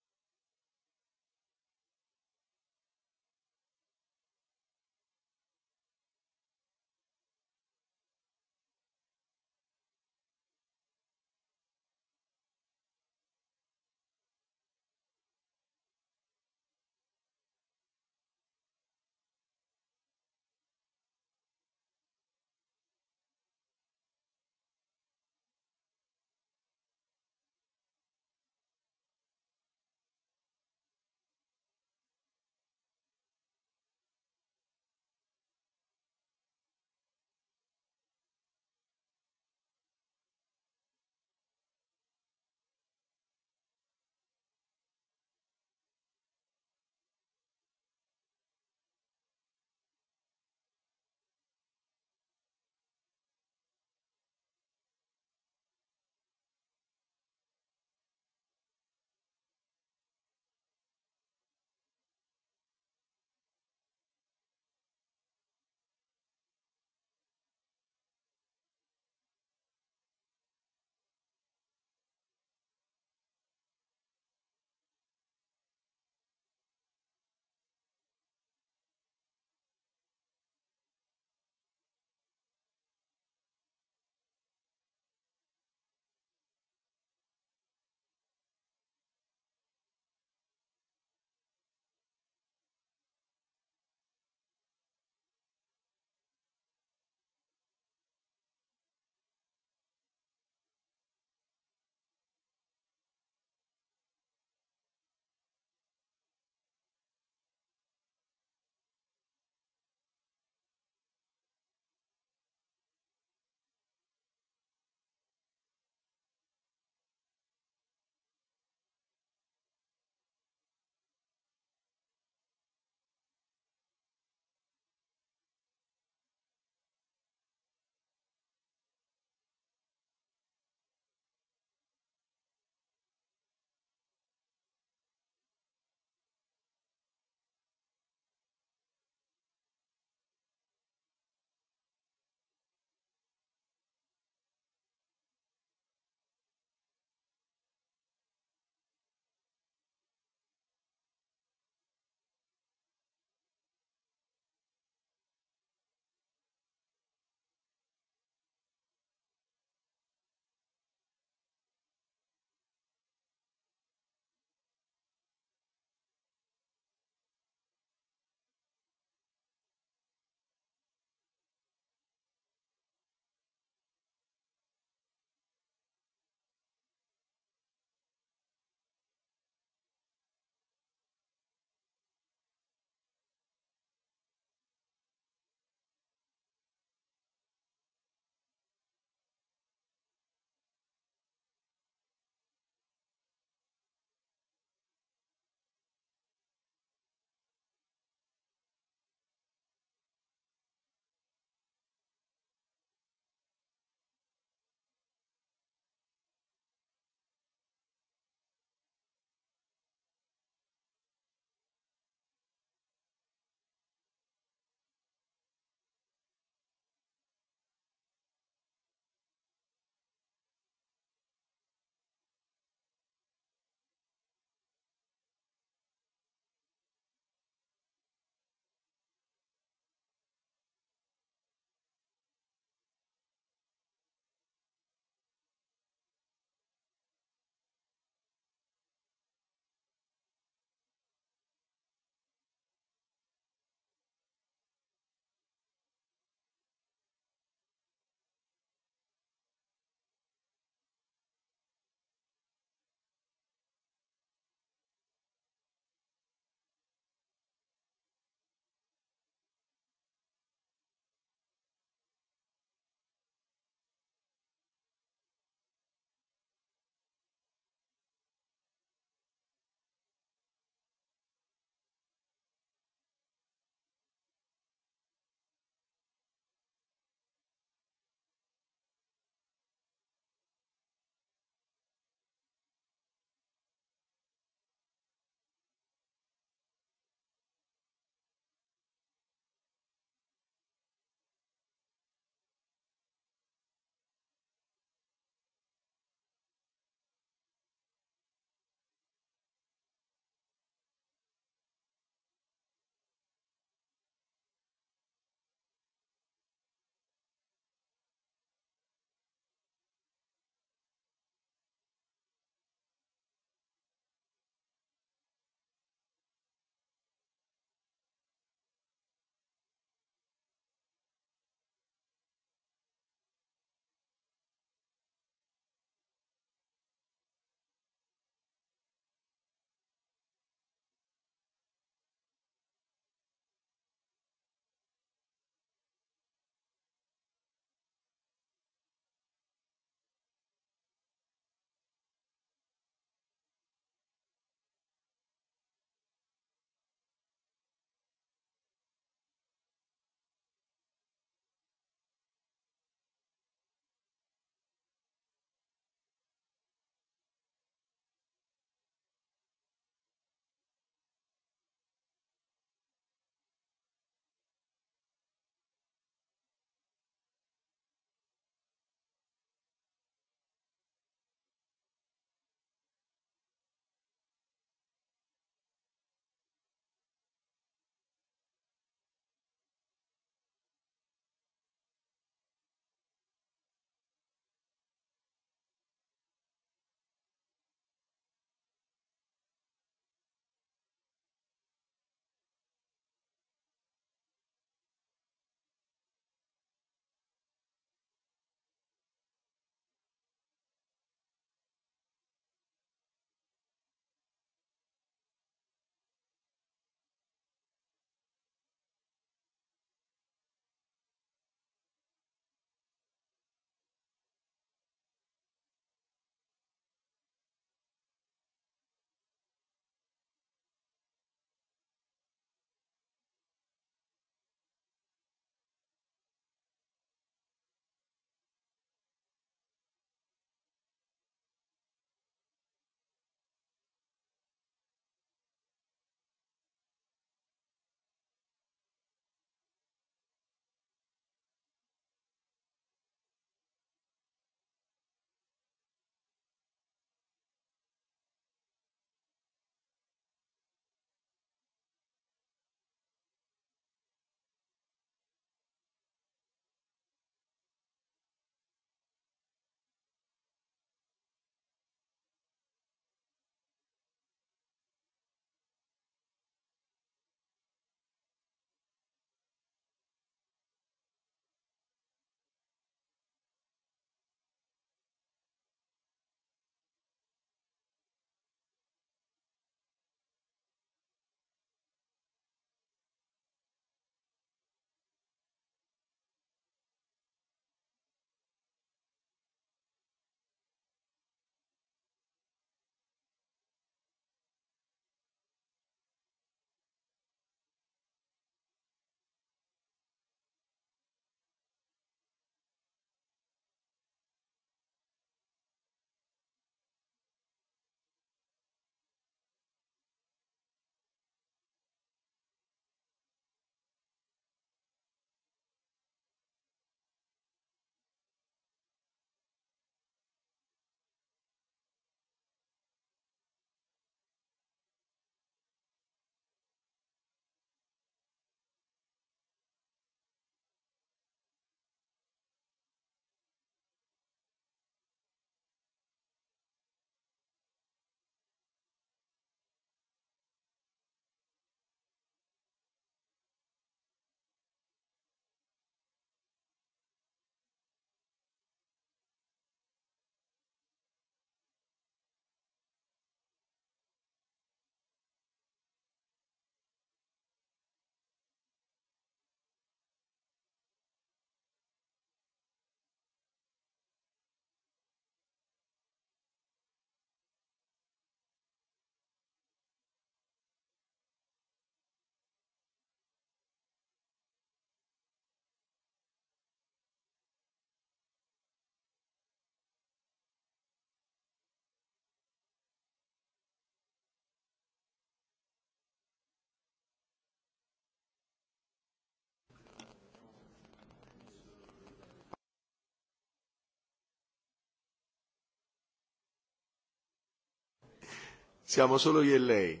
[SPEAKER 1] Siamo solo io e lei.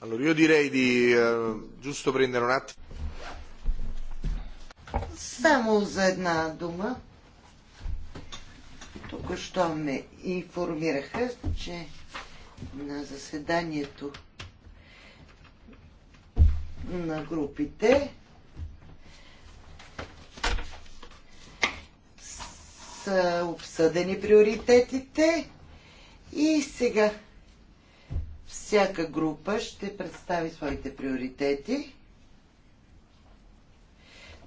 [SPEAKER 1] Allora io direi di uh, giusto prendere un attimo.
[SPEAKER 4] Само за една дума. Тук що ме информираха, че на заседанието на групите са обсъдени приоритетите и сега всяка група ще представи своите приоритети.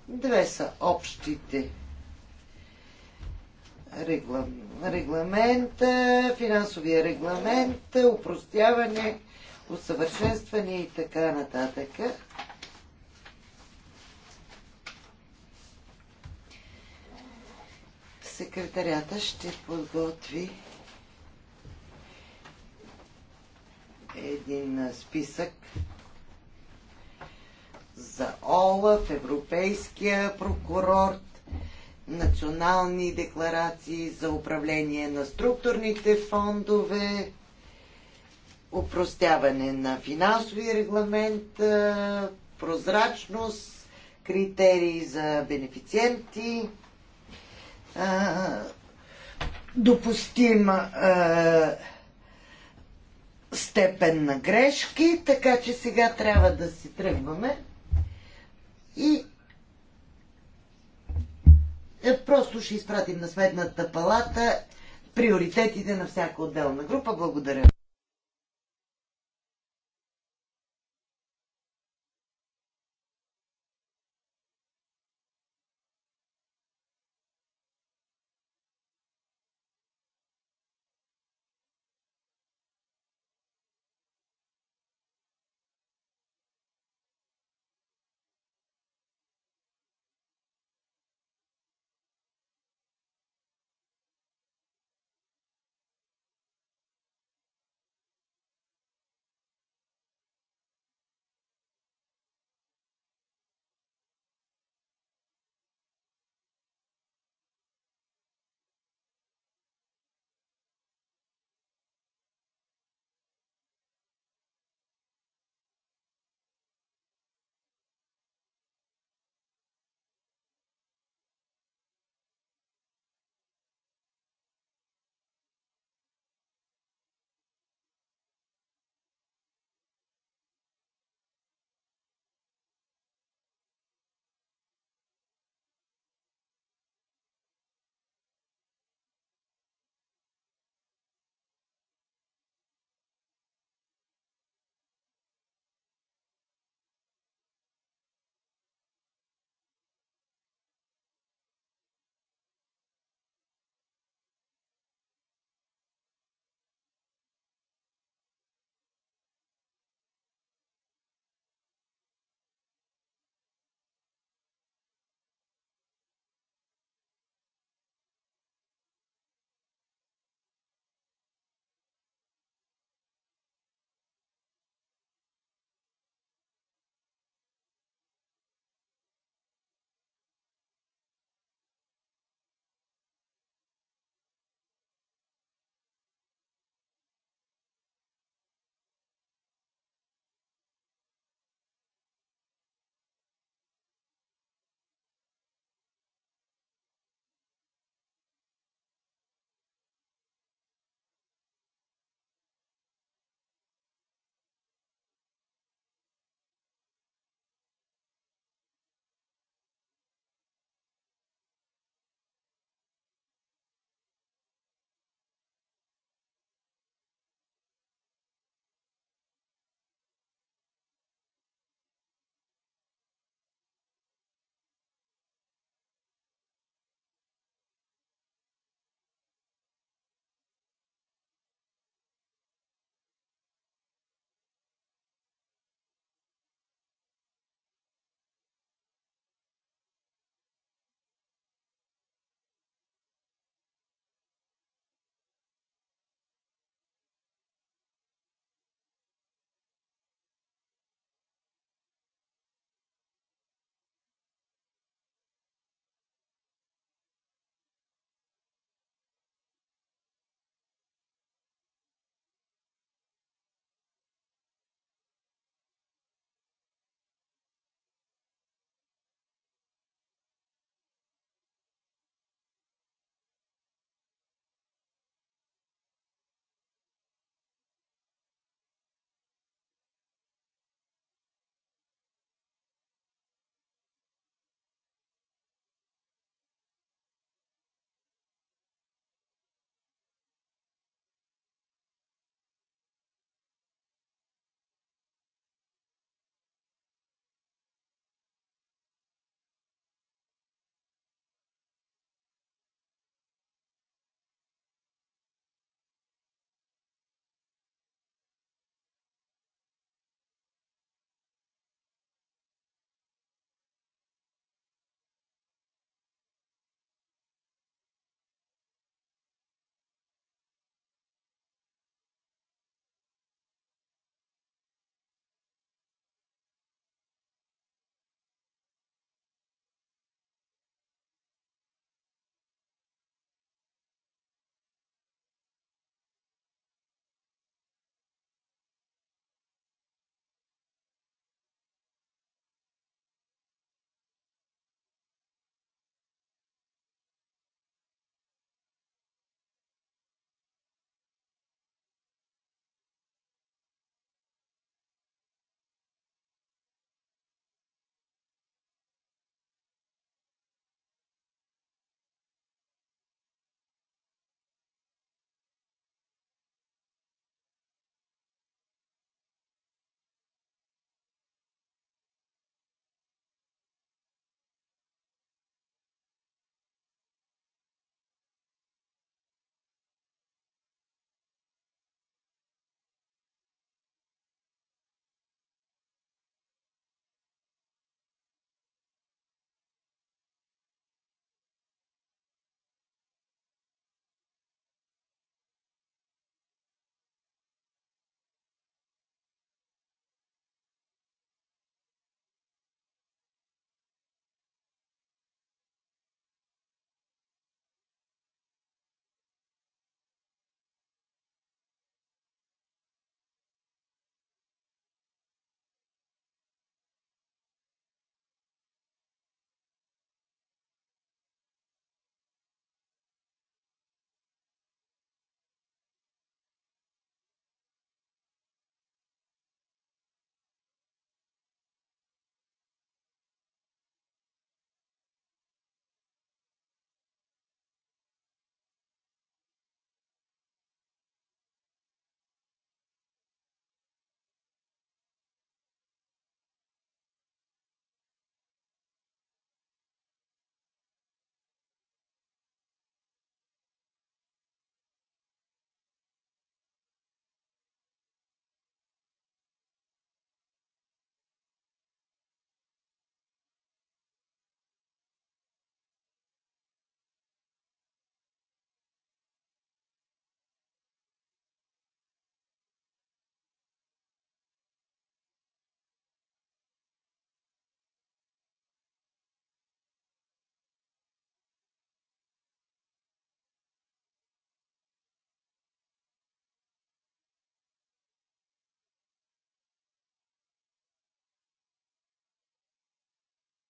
[SPEAKER 4] Две са общите регламента, финансовия регламент, упростяване, усъвършенстване и така нататък. секретарята ще подготви един списък за ОЛАФ, Европейския прокурор, национални декларации за управление на структурните фондове, упростяване на финансови регламент, прозрачност, критерии за бенефициенти, а, степен на грешки, така че сега трябва да си тръгваме и е, просто ще изпратим на сметната палата приоритетите на всяка отделна група. Благодаря.